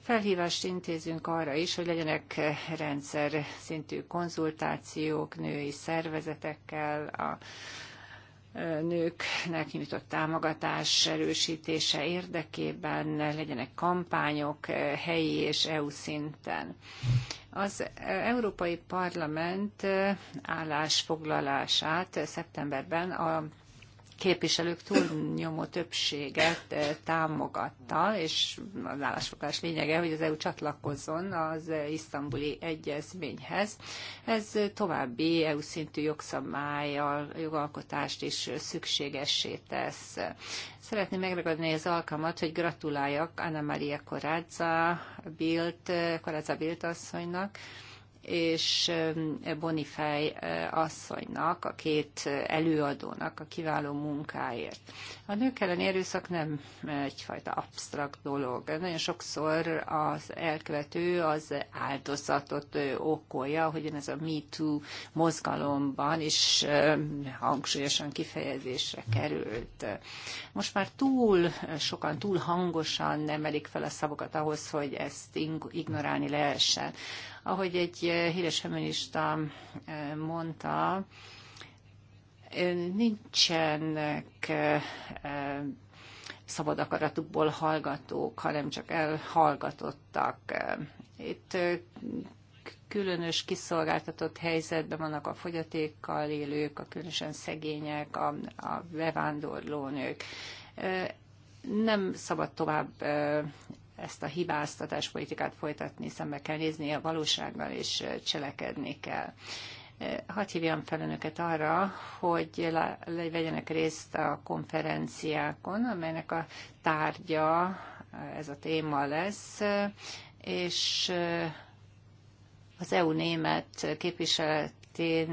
Felhívást intézünk arra is, hogy legyenek rendszer szintű konzultációk női szervezetekkel, a nőknek nyújtott támogatás erősítése érdekében legyenek kampányok helyi és EU szinten. Az Európai Parlament állásfoglalását szeptemberben a képviselők túlnyomó többséget eh, támogatta, és az állásfoglalás lényege, hogy az EU csatlakozzon az eh, isztambuli egyezményhez. Ez további EU szintű jogszabályjal, jogalkotást is szükségessé tesz. Szeretném megragadni az alkalmat, hogy gratuláljak Anna Maria Corazza Bilt, eh, Corazza Bilt asszonynak, és um, Bonifej uh, asszonynak, a két előadónak a kiváló munkáért. A nők elleni erőszak nem egyfajta absztrakt dolog. Nagyon sokszor az elkövető az áldozatot uh, okolja, hogy ez a Me Too mozgalomban is um, hangsúlyosan kifejezésre került. Most már túl sokan, túl hangosan nem emelik fel a szavokat ahhoz, hogy ezt ignorálni lehessen. Ahogy egy eh, híres feminista eh, mondta, eh, nincsenek szabad akaratukból hallgatók, hanem csak elhallgatottak. Itt különös kiszolgáltatott helyzetben vannak a fogyatékkal élők, a különösen szegények, a, a bevándorlónők. Nem szabad tovább ezt a politikát folytatni, szembe kell nézni a valósággal, és cselekedni kell. Hadd hívjam fel önöket arra, hogy vegyenek részt a konferenciákon, amelynek a tárgya, ez a téma lesz, és az EU német képviseletén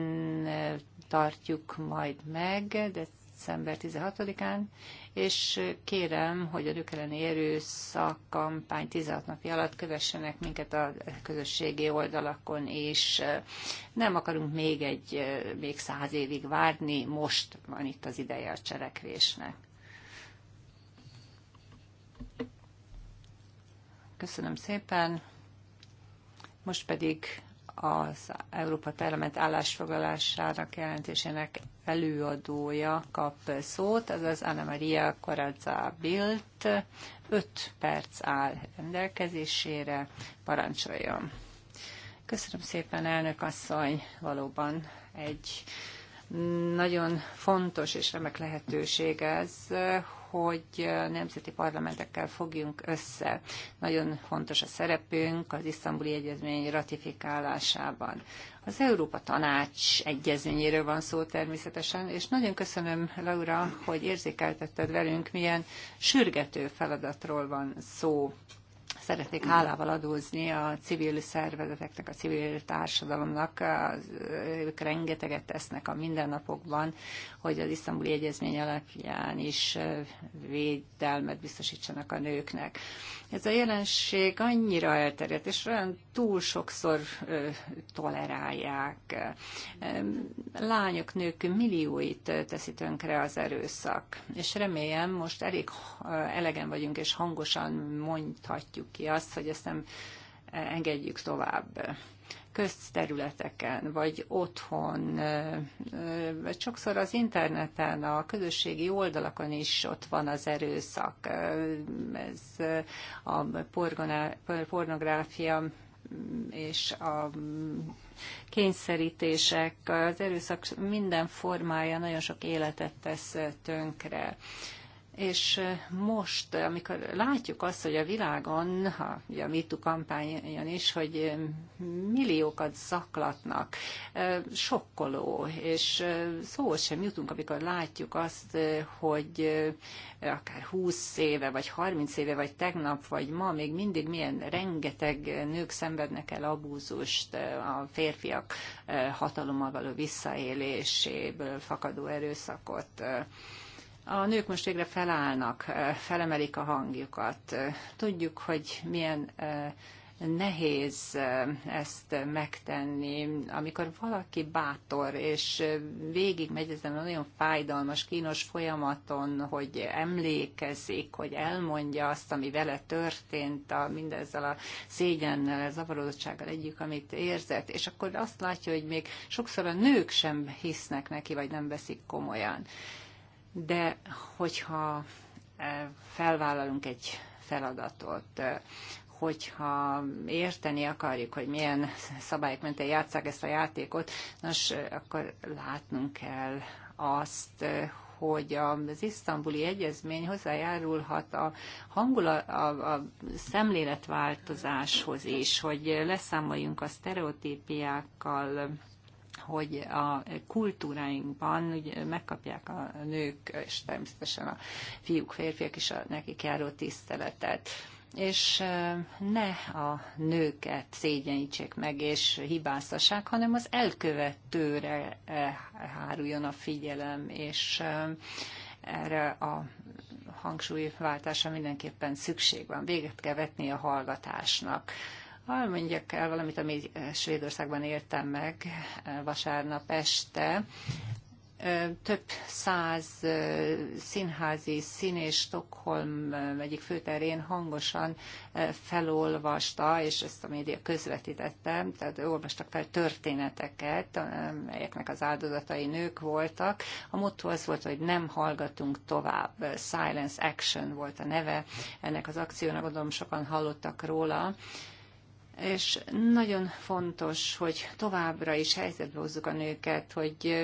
tartjuk majd meg december 16-án, és kérem, hogy a nők elleni erőszak kampány 16 napja alatt kövessenek minket a közösségi oldalakon, és nem akarunk még egy, még száz évig várni, most van itt az ideje a cselekvésnek. Köszönöm szépen. Most pedig az Európa Parlament állásfoglalásának jelentésének előadója kap szót, azaz Anna Maria Corazza Bilt. 5 perc áll rendelkezésére, parancsoljon. Köszönöm szépen, elnök asszony, valóban egy nagyon fontos és remek lehetőség ez, hogy nemzeti parlamentekkel fogjunk össze. Nagyon fontos a szerepünk az isztambuli egyezmény ratifikálásában. Az Európa Tanács egyezményéről van szó természetesen, és nagyon köszönöm, Laura, hogy érzékeltetted velünk, milyen sürgető feladatról van szó szeretnék hálával adózni a civil szervezeteknek, a civil társadalomnak, ők rengeteget tesznek a mindennapokban, hogy az isztambuli egyezmény alapján is védelmet biztosítsanak a nőknek. Ez a jelenség annyira elterjedt, és olyan túl sokszor tolerálják. Lányok, nők millióit teszi tönkre az erőszak. És remélem, most elég elegen vagyunk, és hangosan mondhatjuk, zárhatjuk ki azt, hogy ezt nem eh, engedjük tovább közterületeken, vagy otthon, vagy eh, eh, sokszor az interneten, a közösségi oldalakon is ott van az erőszak. Ez a pornográfia mm, és a mm, kényszerítések, az erőszak minden formája nagyon sok életet tesz tönkre. És most, amikor látjuk azt, hogy a világon, ha, ugye a MeToo kampányon is, hogy milliókat zaklatnak, sokkoló, és szó sem jutunk, amikor látjuk azt, hogy akár 20 éve, vagy 30 éve, vagy tegnap, vagy ma még mindig milyen rengeteg nők szenvednek el abúzust, a férfiak hatalommal való visszaéléséből fakadó erőszakot a nők most végre felállnak, felemelik a hangjukat. Tudjuk, hogy milyen nehéz ezt megtenni, amikor valaki bátor, és végig, megy ezen a nagyon fájdalmas, kínos folyamaton, hogy emlékezik, hogy elmondja azt, ami vele történt, a, mindezzel a szégyennel, a zavarodottsággal együtt, amit érzett, és akkor azt látja, hogy még sokszor a nők sem hisznek neki, vagy nem veszik komolyan de hogyha eh, felvállalunk egy feladatot, eh, hogyha érteni akarjuk, hogy milyen szabályok mentén játszák ezt a játékot, nos, eh, akkor látnunk kell azt, hogy az isztambuli egyezmény hozzájárulhat a, hangula, a, a szemléletváltozáshoz is, hogy leszámoljunk a sztereotípiákkal, hogy a kultúráinkban ugye, megkapják a nők, és természetesen a fiúk, férfiak is a nekik járó tiszteletet és ne a nőket szégyenítsék meg és hibáztassák, hanem az elkövetőre eh, háruljon a figyelem, és erre a hangsúlyváltásra mindenképpen szükség van. Véget kell vetni a hallgatásnak. Mondjak el valamit, amit eh, Svédországban éltem meg eh, vasárnap este. Eh, több száz színházi színés Stockholm egyik főterén hangosan felolvasta, és ezt a média közvetítette, tehát olvastak fel történeteket, melyeknek az áldozatai nők voltak. A motto az volt, hogy nem hallgatunk tovább. Silence Action volt a neve ennek az akciónak, gondolom sokan hallottak róla és nagyon fontos, hogy továbbra is helyzetbe hozzuk a nőket, hogy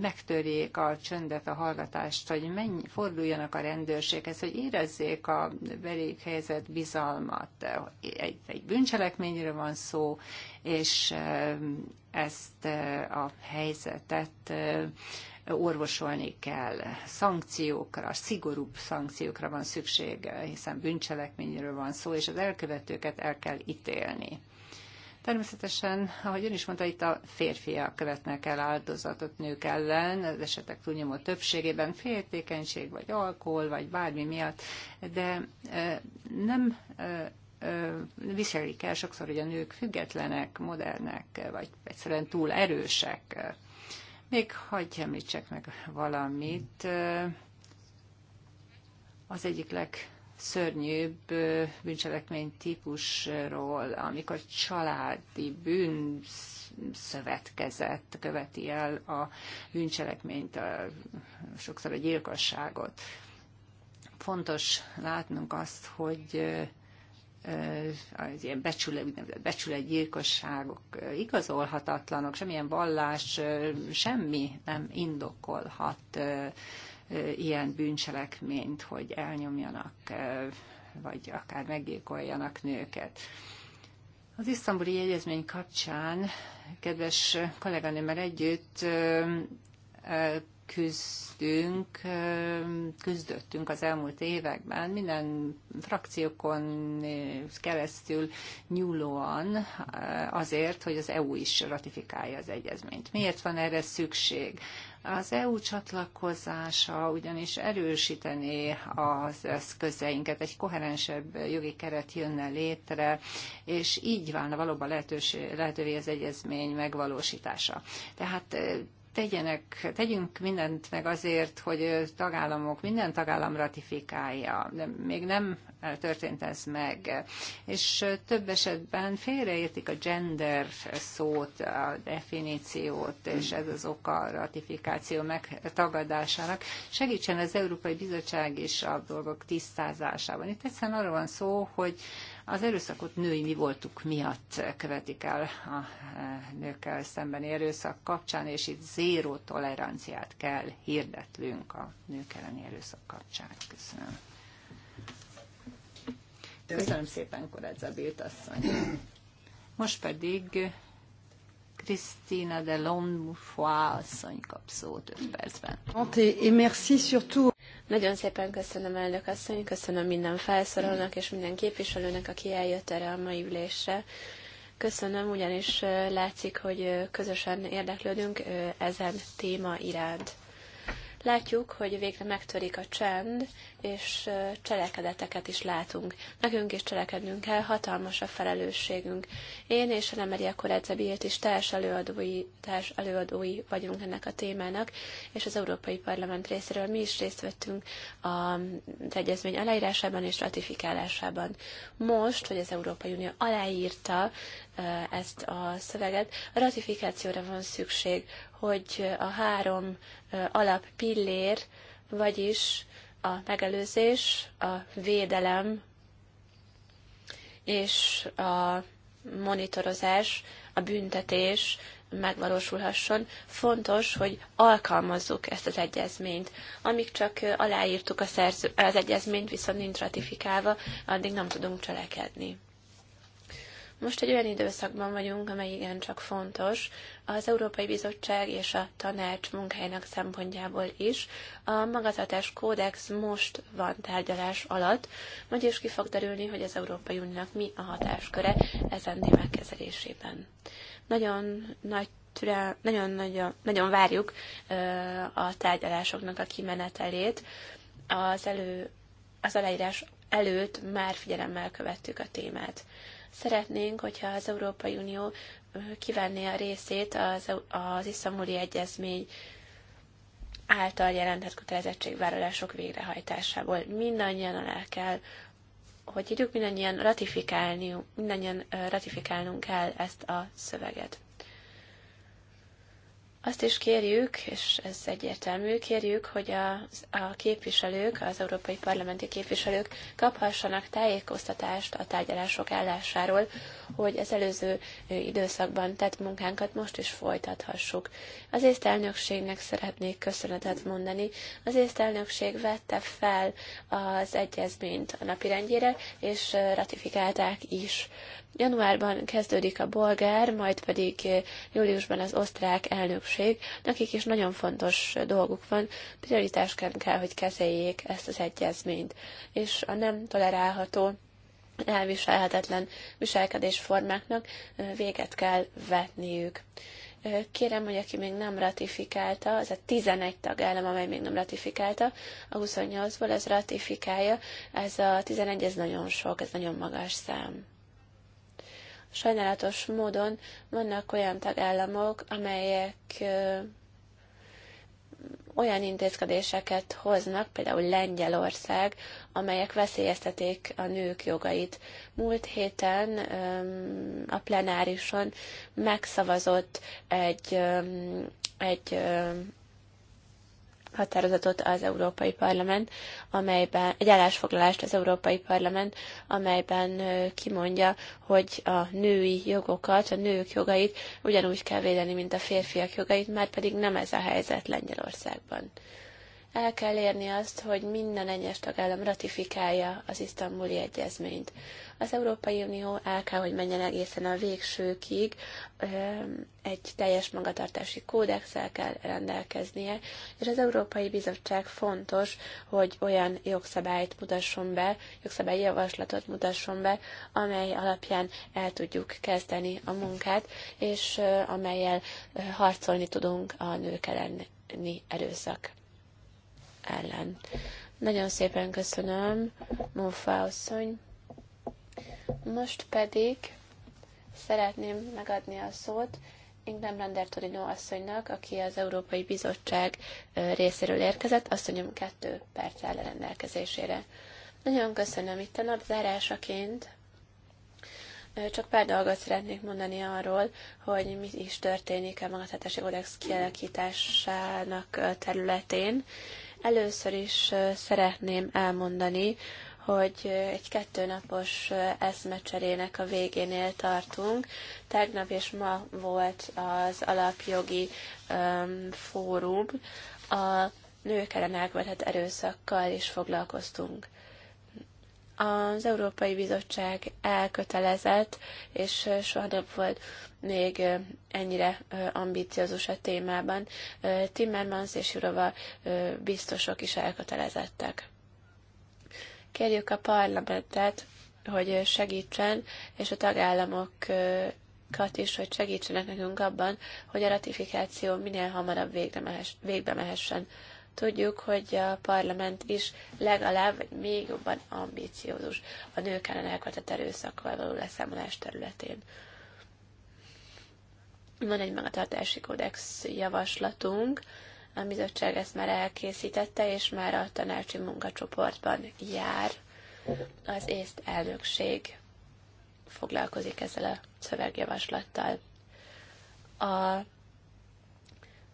megtörjék a csöndet, a hallgatást, hogy menj, forduljanak a rendőrséghez, hogy érezzék a velük helyzet bizalmat. Egy, egy bűncselekményről van szó, és ezt a helyzetet orvosolni kell. Szankciókra, szigorúbb szankciókra van szükség, hiszen bűncselekményről van szó, és az elkövetőket el kell ítélni. Természetesen, ahogy ön is mondta, itt a férfiak követnek el áldozatot nők ellen, az esetek túlnyomó többségében féltékenység, vagy alkohol, vagy bármi miatt, de nem viselik el sokszor, hogy a nők függetlenek, modernek, vagy egyszerűen túl erősek. Még hagyj említsek meg valamit. Az egyik legszörnyűbb bűncselekmény típusról, amikor családi bűn szövetkezett követi el a bűncselekményt, a, sokszor a gyilkosságot. Fontos látnunk azt, hogy az ilyen becsület, úgynevezett becsületgyilkosságok igazolhatatlanok, semmilyen vallás, semmi nem indokolhat ilyen bűncselekményt, hogy elnyomjanak, vagy akár meggyilkoljanak nőket. Az isztambuli egyezmény kapcsán kedves kolléganőmmel együtt küzdünk, küzdöttünk az elmúlt években, minden frakciókon keresztül nyúlóan azért, hogy az EU is ratifikálja az egyezményt. Miért van erre szükség? Az EU csatlakozása ugyanis erősítené az eszközeinket, egy koherensebb jogi keret jönne létre, és így válna valóban lehetőség, lehetővé az egyezmény megvalósítása. Tehát tegyenek, tegyünk mindent meg azért, hogy tagállamok, minden tagállam ratifikálja. De még nem történt ez meg. És több esetben félreértik a gender szót, a definíciót, és ez az oka a ratifikáció megtagadásának. Segítsen az Európai Bizottság is a dolgok tisztázásában. Itt egyszerűen arról van szó, hogy az erőszakot női mi voltuk miatt követik el a eh, nőkkel szembeni erőszak kapcsán, és itt zéró toleranciát kell hirdetlünk a nők elleni erőszak kapcsán. Köszönöm. Köszönöm szépen, Koredza Bilt asszony. Most pedig Christina de Lombois asszony kap szót 5 percben. Et merci surtout nagyon szépen köszönöm elnök asszony, köszönöm minden felszorolnak és minden képviselőnek, aki eljött erre a mai ülésre. Köszönöm, ugyanis látszik, hogy közösen érdeklődünk ezen téma iránt. Látjuk, hogy végre megtörik a csend, és cselekedeteket is látunk. Nekünk is cselekednünk kell, hatalmas a felelősségünk. Én és a Lemeri akkor Edzebiért is társ előadói, társ előadói vagyunk ennek a témának, és az Európai Parlament részéről mi is részt vettünk az egyezmény aláírásában és ratifikálásában. Most, hogy az Európai Unió aláírta ezt a szöveget, a ratifikációra van szükség hogy a három alap pillér, vagyis a megelőzés, a védelem és a monitorozás, a büntetés megvalósulhasson, fontos, hogy alkalmazzuk ezt az egyezményt. Amíg csak aláírtuk a szerző, az egyezményt, viszont nincs ratifikálva, addig nem tudunk cselekedni. Most egy olyan időszakban vagyunk, amely igencsak fontos az Európai Bizottság és a tanács munkájának szempontjából is. A magatartás kódex most van tárgyalás alatt, is ki fog derülni, hogy az Európai Uniónak mi a hatásköre ezen témák kezelésében. Nagyon nagy türel, nagyon, nagyon, nagyon várjuk a tárgyalásoknak a kimenetelét. Az elő az aláírás előtt már figyelemmel követtük a témát. Szeretnénk, hogyha az Európai Unió kivenné a részét az, az iszamúli egyezmény által jelentett kötelezettségvállalások végrehajtásából. Mindannyian alá kell, hogy tudjuk mindannyian ratifikálni, mindannyian ratifikálnunk kell ezt a szöveget. Azt is kérjük, és ez egyértelmű, kérjük, hogy a, a képviselők, az európai parlamenti képviselők kaphassanak tájékoztatást a tárgyalások állásáról, hogy az előző időszakban tett munkánkat most is folytathassuk. Az észt elnökségnek szeretnék köszönetet mondani. Az észt elnökség vette fel az egyezményt a napirendjére, és ratifikálták is. Januárban kezdődik a bolgár, majd pedig júliusban az osztrák elnökség, nekik is nagyon fontos dolguk van, prioritásként kell, hogy kezeljék ezt az egyezményt. És a nem tolerálható elviselhetetlen viselkedésformáknak véget kell vetniük. Kérem, hogy aki még nem ratifikálta, az a 11 tagállam, amely még nem ratifikálta, a 28-ból ez ratifikálja, ez a 11, ez nagyon sok, ez nagyon magas szám. Sajnálatos módon vannak olyan tagállamok, amelyek olyan intézkedéseket hoznak, például Lengyelország, amelyek veszélyeztetik a nők jogait. Múlt héten a plenárison megszavazott egy, egy határozatot az Európai Parlament, amelyben egy állásfoglalást az Európai Parlament, amelyben kimondja, hogy a női jogokat, a nők jogait ugyanúgy kell védeni, mint a férfiak jogait, már pedig nem ez a helyzet Lengyelországban. El kell érni azt, hogy minden egyes tagállam ratifikálja az isztambuli egyezményt. Az Európai Unió el kell, hogy menjen egészen a végsőkig, egy teljes magatartási kódexel kell rendelkeznie, és az Európai Bizottság fontos, hogy olyan jogszabályt mutasson be, jogszabályi javaslatot mutasson be, amely alapján el tudjuk kezdeni a munkát, és amelyel harcolni tudunk a nők elleni erőszak ellen. Nagyon szépen köszönöm, Mófa asszony. Most pedig szeretném megadni a szót Ingram Lander Torino asszonynak, aki az Európai Bizottság részéről érkezett, asszonyom kettő perc áll rendelkezésére. Nagyon köszönöm itt a napzárásaként. Csak pár dolgot szeretnék mondani arról, hogy mi is történik a magatartási kodex kialakításának területén, Először is szeretném elmondani, hogy egy kettőnapos eszmecserének a végénél tartunk. Tegnap és ma volt az alapjogi um, fórum. A nők ellen elkövetett erőszakkal is foglalkoztunk. Az Európai Bizottság elkötelezett, és soha nem volt még ennyire ambiciózus a témában. Timmermans és Jurova biztosok is elkötelezettek. Kérjük a parlamentet, hogy segítsen, és a tagállamokat is, hogy segítsenek nekünk abban, hogy a ratifikáció minél hamarabb végbe mehessen. Tudjuk, hogy a parlament is legalább, még jobban ambíciózus a nők ellen elkövetett erőszakkal való leszámolás területén. Van egy magatartási kódex javaslatunk, a bizottság ezt már elkészítette, és már a tanácsi munkacsoportban jár. Az észt elnökség foglalkozik ezzel a szövegjavaslattal. A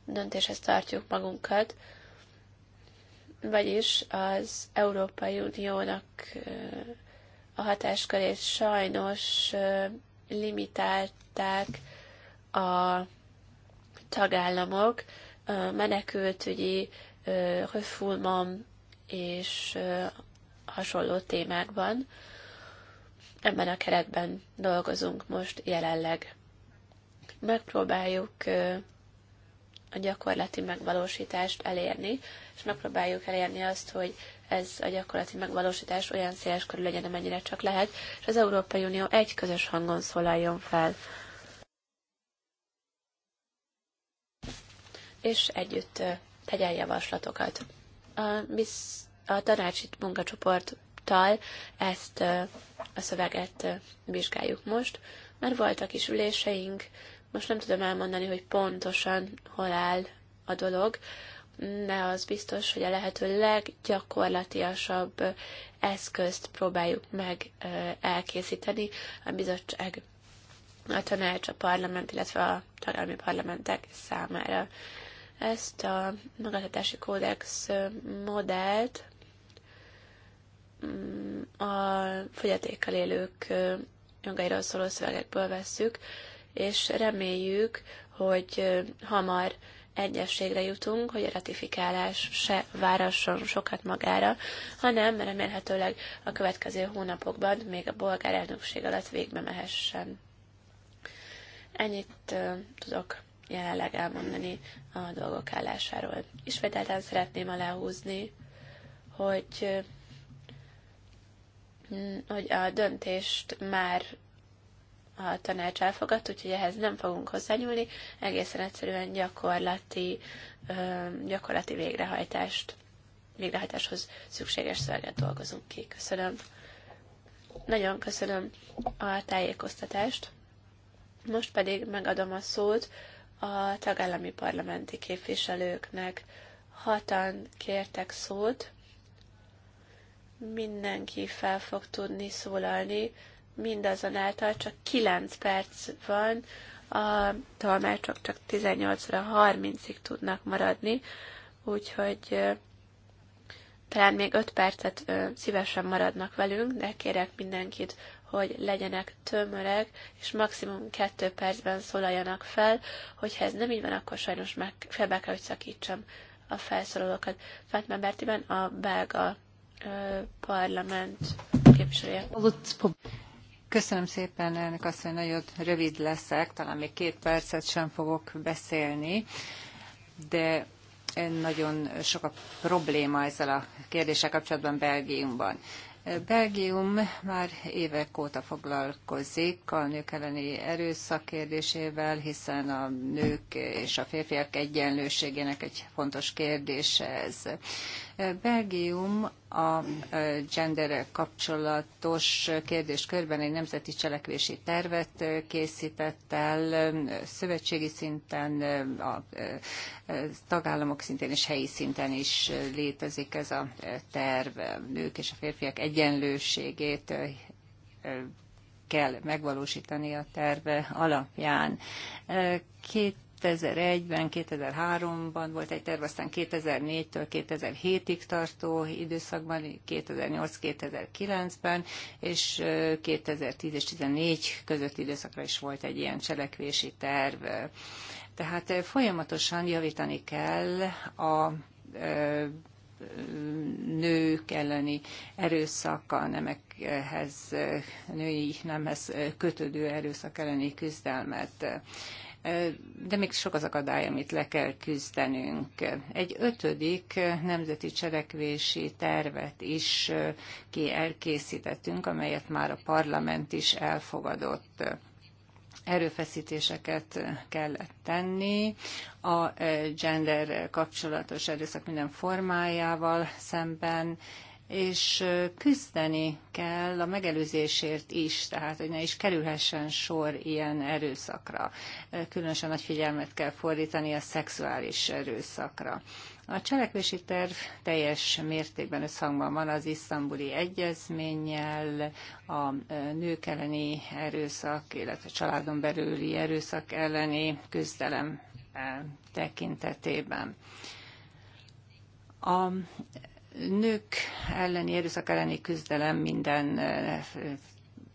döntéshez tartjuk magunkat, vagyis az Európai Uniónak a hatáskörét sajnos limitálták a tagállamok menekültügyi refoulement és hasonló témákban. Ebben a keretben dolgozunk most jelenleg. Megpróbáljuk a gyakorlati megvalósítást elérni, és megpróbáljuk elérni azt, hogy ez a gyakorlati megvalósítás olyan széles körül legyen, amennyire csak lehet, és az Európai Unió egy közös hangon szólaljon fel. És együtt tegyen javaslatokat. A, biz, a tanácsi munkacsoporttal ezt a szöveget vizsgáljuk most, mert voltak is üléseink, most nem tudom elmondani, hogy pontosan hol áll a dolog, de az biztos, hogy a lehető leggyakorlatiasabb eszközt próbáljuk meg elkészíteni a bizottság, a tanács, a parlament, illetve a tagállami parlamentek számára. Ezt a magatartási kódex modellt mm, a fogyatékkal élők jogairól szóló szövegekből vesszük, és reméljük, hogy hamar egyességre jutunk, hogy a ratifikálás se várasson sokat magára, hanem remélhetőleg a következő hónapokban még a bolgár elnökség alatt végbe mehessen. Ennyit uh, tudok jelenleg elmondani a dolgok állásáról. Ismételten szeretném aláhúzni, hogy hogy a döntést már a tanács elfogadt, úgyhogy ehhez nem fogunk hozzányúlni, egészen egyszerűen gyakorlati, gyakorlati végrehajtást, végrehajtáshoz szükséges szöveget dolgozunk ki. Köszönöm. Nagyon köszönöm a tájékoztatást. Most pedig megadom a szót a tagállami parlamenti képviselőknek. Hatan kértek szót. Mindenki fel fog tudni szólalni mindazonáltal csak 9 perc van, a tolmácsok csak 18-ra 30-ig tudnak maradni, úgyhogy talán még 5 percet szívesen maradnak velünk, de kérek mindenkit, hogy legyenek tömörek, és maximum 2 percben szólaljanak fel, hogyha ez nem így van, akkor sajnos meg felbe kell, hogy szakítsam a felszólalókat. Fatma Bertiben a belga parlament képviselője. Köszönöm szépen, elnök asszony, nagyon rövid leszek, talán még két percet sem fogok beszélni, de nagyon sok a probléma ezzel a kérdéssel kapcsolatban Belgiumban. Belgium már évek óta foglalkozik a nők elleni erőszak kérdésével, hiszen a nők és a férfiak egyenlőségének egy fontos kérdése ez. Belgium a genderrel kapcsolatos kérdéskörben egy nemzeti cselekvési tervet készített el szövetségi szinten, a tagállamok szintén és helyi szinten is létezik ez a terv. Nők és a férfiak egyenlőségét kell megvalósítani a terve alapján. Két 2001-ben, 2003-ban volt egy terv, aztán 2004-től 2007-ig tartó időszakban, 2008-2009-ben, és 2010 és 2014 közötti időszakra is volt egy ilyen cselekvési terv. Tehát folyamatosan javítani kell a nők elleni erőszak, a nemekhez, női nemhez kötődő erőszak elleni küzdelmet de még sok az akadály, amit le kell küzdenünk. Egy ötödik nemzeti cselekvési tervet is ki elkészítettünk, amelyet már a parlament is elfogadott erőfeszítéseket kellett tenni a gender kapcsolatos erőszak minden formájával szemben, és küzdeni kell a megelőzésért is, tehát hogy ne is kerülhessen sor ilyen erőszakra. Különösen nagy figyelmet kell fordítani a szexuális erőszakra. A cselekvési terv teljes mértékben összhangban van az isztambuli egyezménnyel, a nők elleni erőszak, illetve a családon belüli erőszak elleni küzdelem tekintetében. A nők elleni erőszak elleni küzdelem minden eh,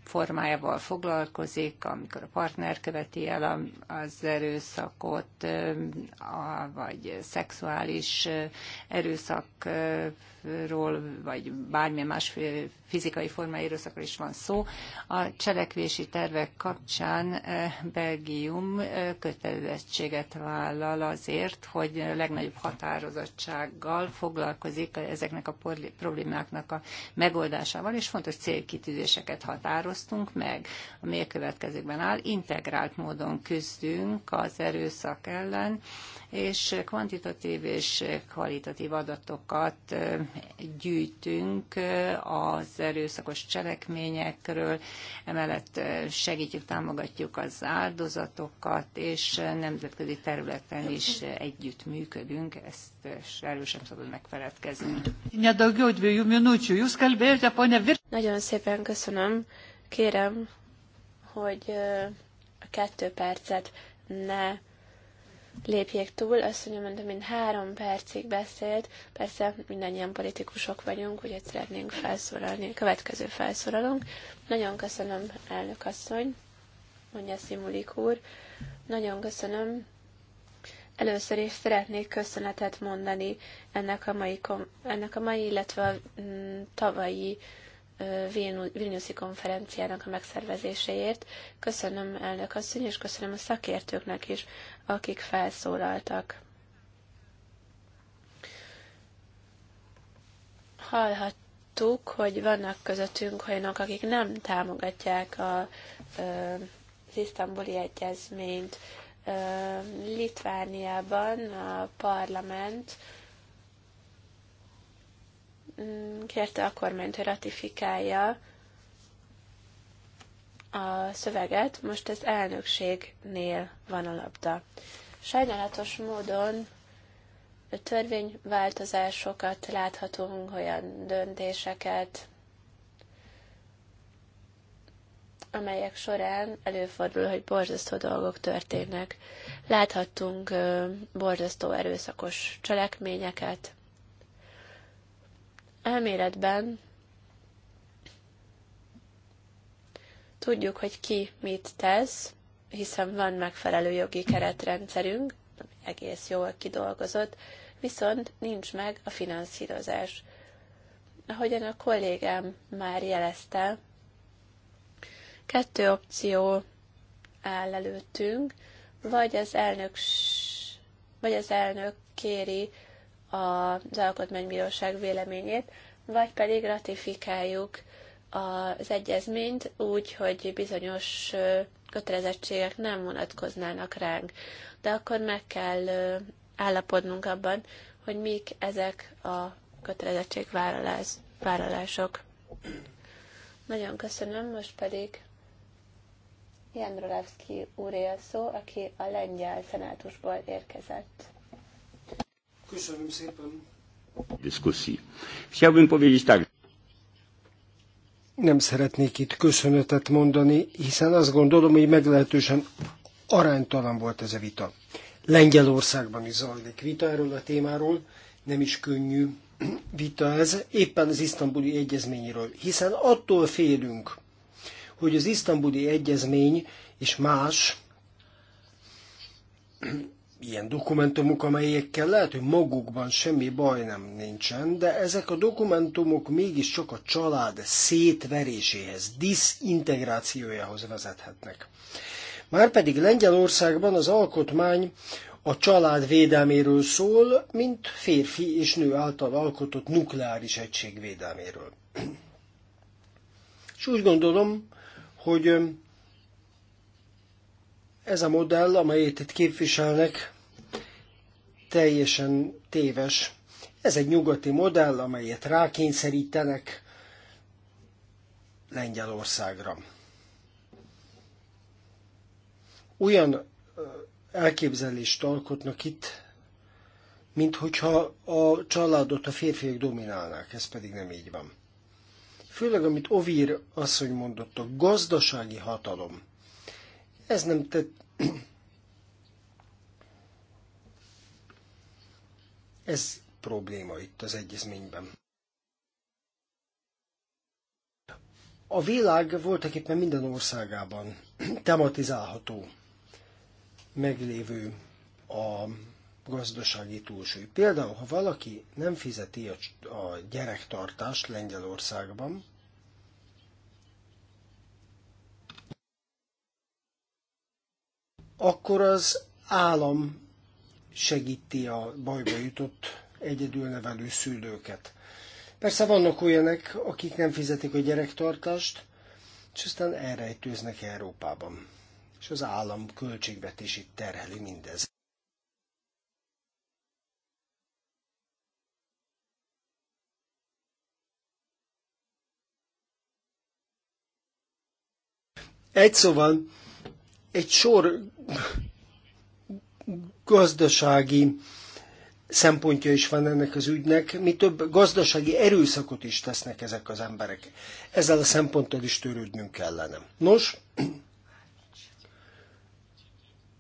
formájával foglalkozik, amikor a partner követi el az erőszakot, eh, vagy szexuális eh, erőszak erőszakról, vagy bármilyen más fizikai formai erőszakról is van szó. A cselekvési tervek kapcsán eh, Belgium eh, kötelezettséget vállal azért, hogy legnagyobb határozottsággal foglalkozik ezeknek a problémáknak a megoldásával, és fontos célkitűzéseket határoztunk meg, ami a következőkben áll. Integrált módon küzdünk az erőszak ellen, és kvantitatív és kvalitatív adatokat gyűjtünk az erőszakos cselekményekről, emellett segítjük, támogatjuk az áldozatokat, és nemzetközi területen is együtt működünk, ezt erről sem szabad megfeledkezni. Nagyon szépen köszönöm. Kérem, hogy a kettő percet ne lépjék túl. Azt mondja, hogy mint három percig beszélt. Persze mindannyian politikusok vagyunk, úgyhogy szeretnénk felszólalni. Következő felszólalunk. Nagyon köszönöm, elnök asszony, mondja Szimulik úr. Nagyon köszönöm. Először is szeretnék köszönetet mondani ennek a mai, ennek a mai illetve a mm, tavalyi Vilniuszi konferenciának a megszervezéséért. Köszönöm elnök asszony, és köszönöm a szakértőknek is, akik felszólaltak. Hallhattuk, hogy vannak közöttünk olyanok, akik nem támogatják a, az isztambuli egyezményt. Litvániában a parlament Mm, kérte a kormányt, hogy ratifikálja a szöveget, most ez elnökségnél van a labda. Sajnálatos módon törvényváltozásokat láthatunk, olyan döntéseket, amelyek során előfordul, hogy borzasztó dolgok történnek. Láthattunk borzasztó erőszakos cselekményeket, elméletben tudjuk, hogy ki mit tesz, hiszen van megfelelő jogi keretrendszerünk, ami egész jól kidolgozott, viszont nincs meg a finanszírozás. Ahogyan a kollégám már jelezte, kettő opció áll előttünk, vagy az elnök, vagy az elnök kéri az Alkotmánybíróság véleményét, vagy pedig ratifikáljuk az egyezményt úgy, hogy bizonyos kötelezettségek nem vonatkoznának ránk. De akkor meg kell állapodnunk abban, hogy mik ezek a kötelezettségvállalások. Nagyon köszönöm, most pedig Jandrolevski úré a szó, aki a lengyel szenátusból érkezett. Köszönöm szépen. Dyskusji. Chciałbym powiedzieć tak. Nem szeretnék itt köszönetet mondani, hiszen azt gondolom, hogy meglehetősen aránytalan volt ez a vita. Lengyelországban is zajlik vita erről a témáról, nem is könnyű vita ez, éppen az isztambuli egyezményről, hiszen attól félünk, hogy az isztambuli egyezmény és más ilyen dokumentumok, amelyekkel lehet, hogy magukban semmi baj nem nincsen, de ezek a dokumentumok mégiscsak a család szétveréséhez, diszintegrációjához vezethetnek. Márpedig Lengyelországban az alkotmány a család védelméről szól, mint férfi és nő által alkotott nukleáris egység védelméről. És úgy gondolom, hogy ez a modell, amelyet itt képviselnek, teljesen téves. Ez egy nyugati modell, amelyet rákényszerítenek Lengyelországra. Olyan elképzelést alkotnak itt, mint hogyha a családot a férfiak dominálnák, ez pedig nem így van. Főleg, amit Ovír asszony mondott, a gazdasági hatalom. Ez nem tett, Ez probléma itt az egyezményben. A világ voltak éppen minden országában tematizálható, meglévő a gazdasági túlsúly. Például, ha valaki nem fizeti a, gyerektartást Lengyelországban, akkor az állam segíti a bajba jutott egyedülnevelő szülőket. Persze vannak olyanek, akik nem fizetik a gyerektartást, és aztán elrejtőznek Európában. És az állam költségvetését terheli mindez. Egy szóval, egy sor gazdasági szempontja is van ennek az ügynek, mi több gazdasági erőszakot is tesznek ezek az emberek. Ezzel a szemponttal is törődnünk kellene. Nos,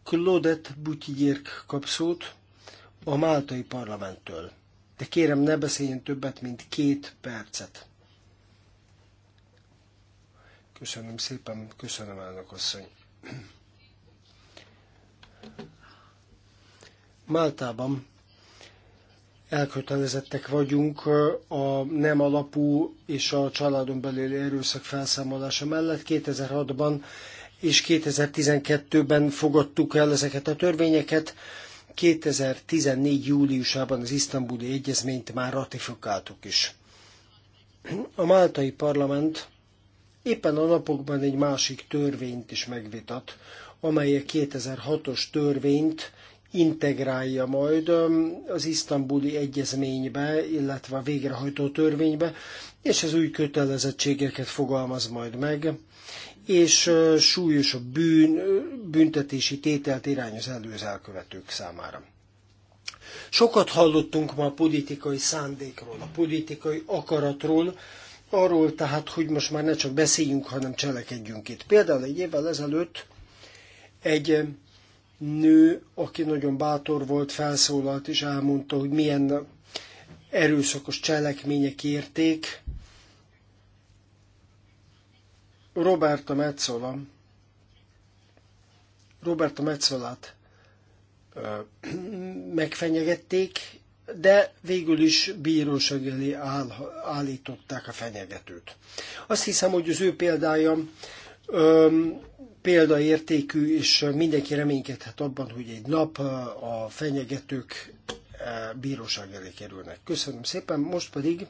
Claudette Butyigyérk kap szót a Máltai Parlamenttől. De kérem, ne beszéljen többet, mint két percet. Köszönöm szépen, köszönöm elnök asszony. Máltában elkötelezettek vagyunk a nem alapú és a családon belüli erőszak felszámolása mellett. 2006-ban és 2012-ben fogadtuk el ezeket a törvényeket. 2014. júliusában az isztambuli egyezményt már ratifikáltuk is. A máltai parlament éppen a napokban egy másik törvényt is megvitat, amely a 2006-os törvényt integrálja majd az isztambuli egyezménybe, illetve a végrehajtó törvénybe, és ez új kötelezettségeket fogalmaz majd meg, és súlyos a bűn, büntetési tételt irányoz előző elkövetők számára. Sokat hallottunk ma a politikai szándékról, a politikai akaratról, arról tehát, hogy most már ne csak beszéljünk, hanem cselekedjünk itt. Például egy évvel ezelőtt egy nő, aki nagyon bátor volt, felszólalt és elmondta, hogy milyen erőszakos cselekmények érték. Roberta Metzola, Roberta Metzolát [clears throat] megfenyegették, de végül is bíróság elé áll, állították a fenyegetőt. Azt hiszem, hogy az ő példája példaértékű, és mindenki reménykedhet abban, hogy egy nap a fenyegetők bíróság elé kerülnek. Köszönöm szépen, most pedig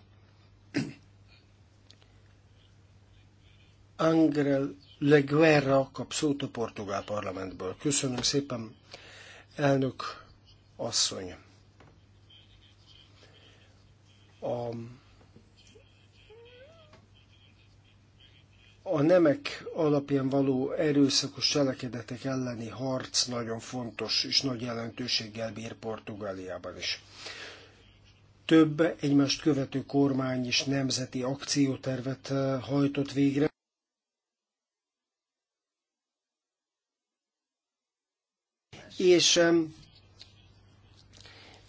Angel Leguerra kap szót a portugál parlamentből. Köszönöm szépen, elnök asszony. A a nemek alapján való erőszakos cselekedetek elleni harc nagyon fontos és nagy jelentőséggel bír Portugáliában is. Több egymást követő kormány és nemzeti akciótervet eh, hajtott végre. És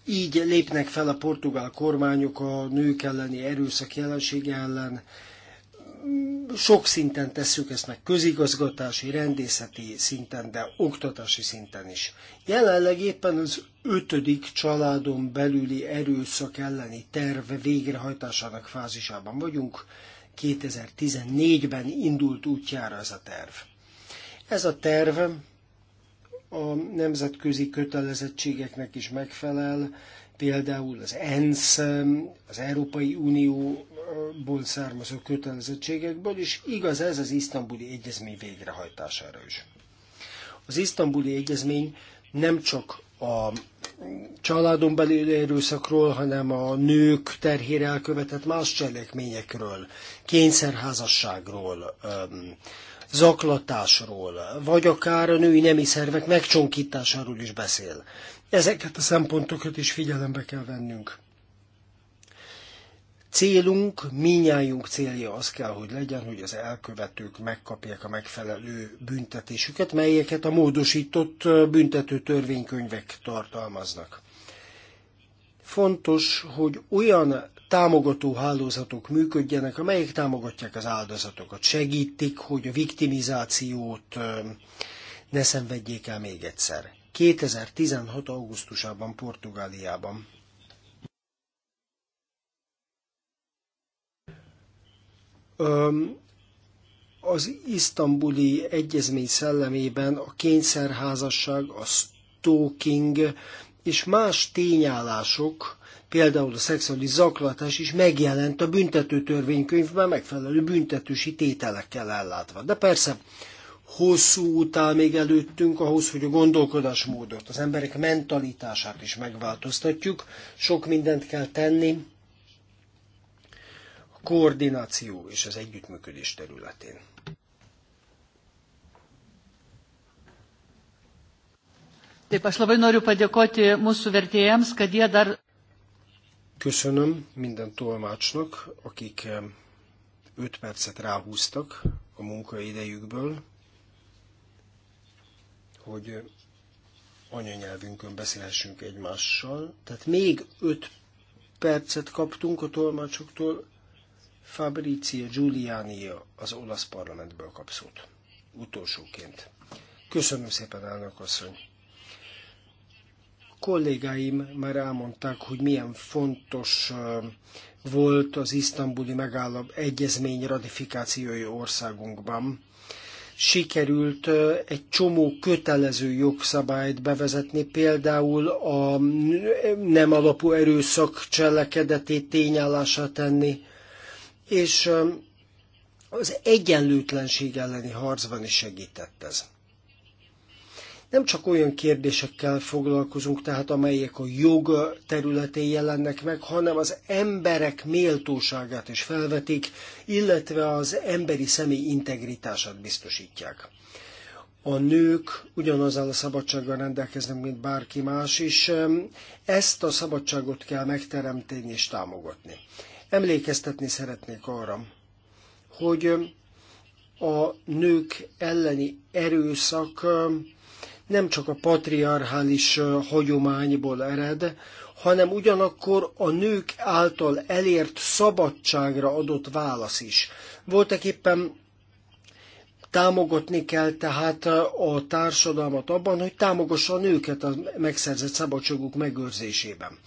így lépnek fel a portugál kormányok a nők elleni erőszak jelensége ellen, sok szinten tesszük ezt meg, közigazgatási, rendészeti szinten, de oktatási szinten is. Jelenleg éppen az ötödik családon belüli erőszak elleni terv végrehajtásának fázisában vagyunk. 2014-ben indult útjára ez a terv. Ez a terv a nemzetközi kötelezettségeknek is megfelel, például az ENSZ, az Európai Unió ból származó kötelezettségekből, és igaz ez az isztambuli egyezmény végrehajtására is. Az isztambuli egyezmény nem csak a családon belüli erőszakról, hanem a nők terhére elkövetett más cselekményekről, kényszerházasságról, zaklatásról, vagy akár a női nemi szervek megcsonkításáról is beszél. Ezeket a szempontokat is figyelembe kell vennünk. Célunk, minnyájunk célja az kell, hogy legyen, hogy az elkövetők megkapják a megfelelő büntetésüket, melyeket a módosított büntető törvénykönyvek tartalmaznak. Fontos, hogy olyan támogató hálózatok működjenek, amelyek támogatják az áldozatokat, segítik, hogy a viktimizációt ne szenvedjék el még egyszer. 2016. augusztusában Portugáliában az isztambuli egyezmény szellemében a kényszerházasság, a stalking és más tényállások, például a szexuális zaklatás is megjelent a büntető törvénykönyvben megfelelő büntetősi tételekkel ellátva. De persze, hosszú út áll még előttünk ahhoz, hogy a gondolkodásmódot, az emberek mentalitását is megváltoztatjuk. Sok mindent kell tenni, koordináció és az együttműködés területén. dar. Köszönöm minden tolmácsnak, akik 5 percet ráhúztak a munkaidejükből, hogy anyanyelvünkön beszélhessünk egymással. Tehát még 5 percet kaptunk a tolmácsoktól, Fabrizio Giuliani az olasz parlamentből kap szót. Utolsóként. Köszönöm szépen, elnök asszony. kollégáim már elmondták, hogy milyen fontos volt az isztambuli megállap egyezmény ratifikációja országunkban. Sikerült egy csomó kötelező jogszabályt bevezetni, például a nem alapú erőszak cselekedetét tényállásá tenni, és az egyenlőtlenség elleni harcban is segített ez. Nem csak olyan kérdésekkel foglalkozunk, tehát amelyek a jog területén jelennek meg, hanem az emberek méltóságát is felvetik, illetve az emberi személy integritását biztosítják. A nők ugyanazzal a szabadsággal rendelkeznek, mint bárki más, és ezt a szabadságot kell megteremteni és támogatni. Emlékeztetni szeretnék arra, hogy a nők elleni erőszak nem csak a patriarchális hagyományból ered, hanem ugyanakkor a nők által elért szabadságra adott válasz is. Voltak éppen támogatni kell tehát a társadalmat abban, hogy támogassa a nőket a megszerzett szabadságuk megőrzésében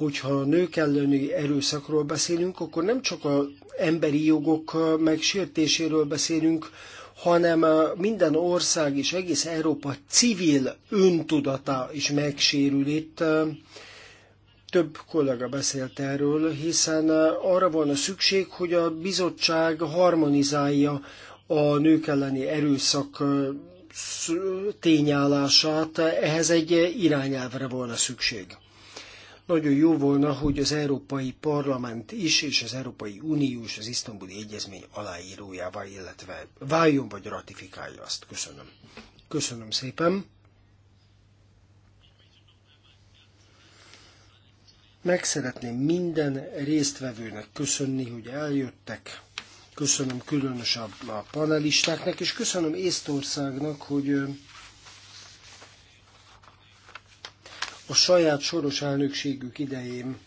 hogyha a nők elleni erőszakról beszélünk, akkor nem csak az emberi jogok megsértéséről beszélünk, hanem minden ország és egész Európa civil öntudata is megsérül itt. Több kollega beszélt erről, hiszen arra van a szükség, hogy a bizottság harmonizálja a nők elleni erőszak tényállását, ehhez egy irányelvre volna szükség. Nagyon jó volna, hogy az Európai Parlament is és az Európai Unió is az isztambuli egyezmény aláírójává, illetve váljon vagy ratifikálja azt. Köszönöm. Köszönöm szépen. Meg szeretném minden résztvevőnek köszönni, hogy eljöttek. Köszönöm különösen a panelistáknak, és köszönöm Észtországnak, hogy a saját soros elnökségük idején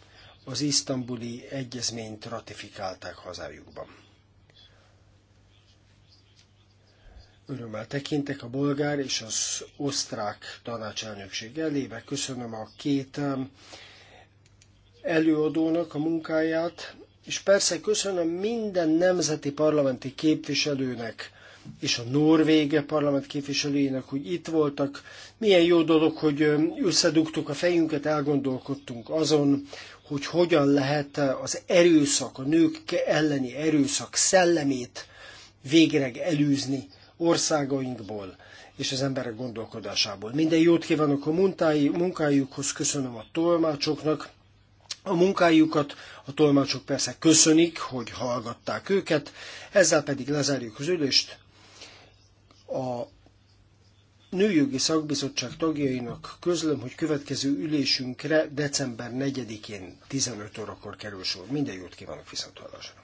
az isztambuli egyezményt ratifikálták hazájukban. Örömmel tekintek a bolgár és az osztrák tanácselnökség elébe. Köszönöm a két um, előadónak a munkáját, és persze köszönöm minden nemzeti parlamenti képviselőnek és a norvég parlament képviselőjének, hogy itt voltak. Milyen jó dolog, hogy összedugtuk a fejünket, elgondolkodtunk azon, hogy hogyan lehet az erőszak, a nők elleni erőszak szellemét végleg elűzni országainkból és az emberek gondolkodásából. Minden jót kívánok a munkái, munkájukhoz, köszönöm a tolmácsoknak, a munkájukat, a tolmácsok persze köszönik, hogy hallgatták őket, ezzel pedig lezárjuk az ülést, a Nőjogi Szakbizottság tagjainak közlöm, hogy következő ülésünkre december 4-én 15 órakor kerül sor. Minden jót kívánok viszontlátásra!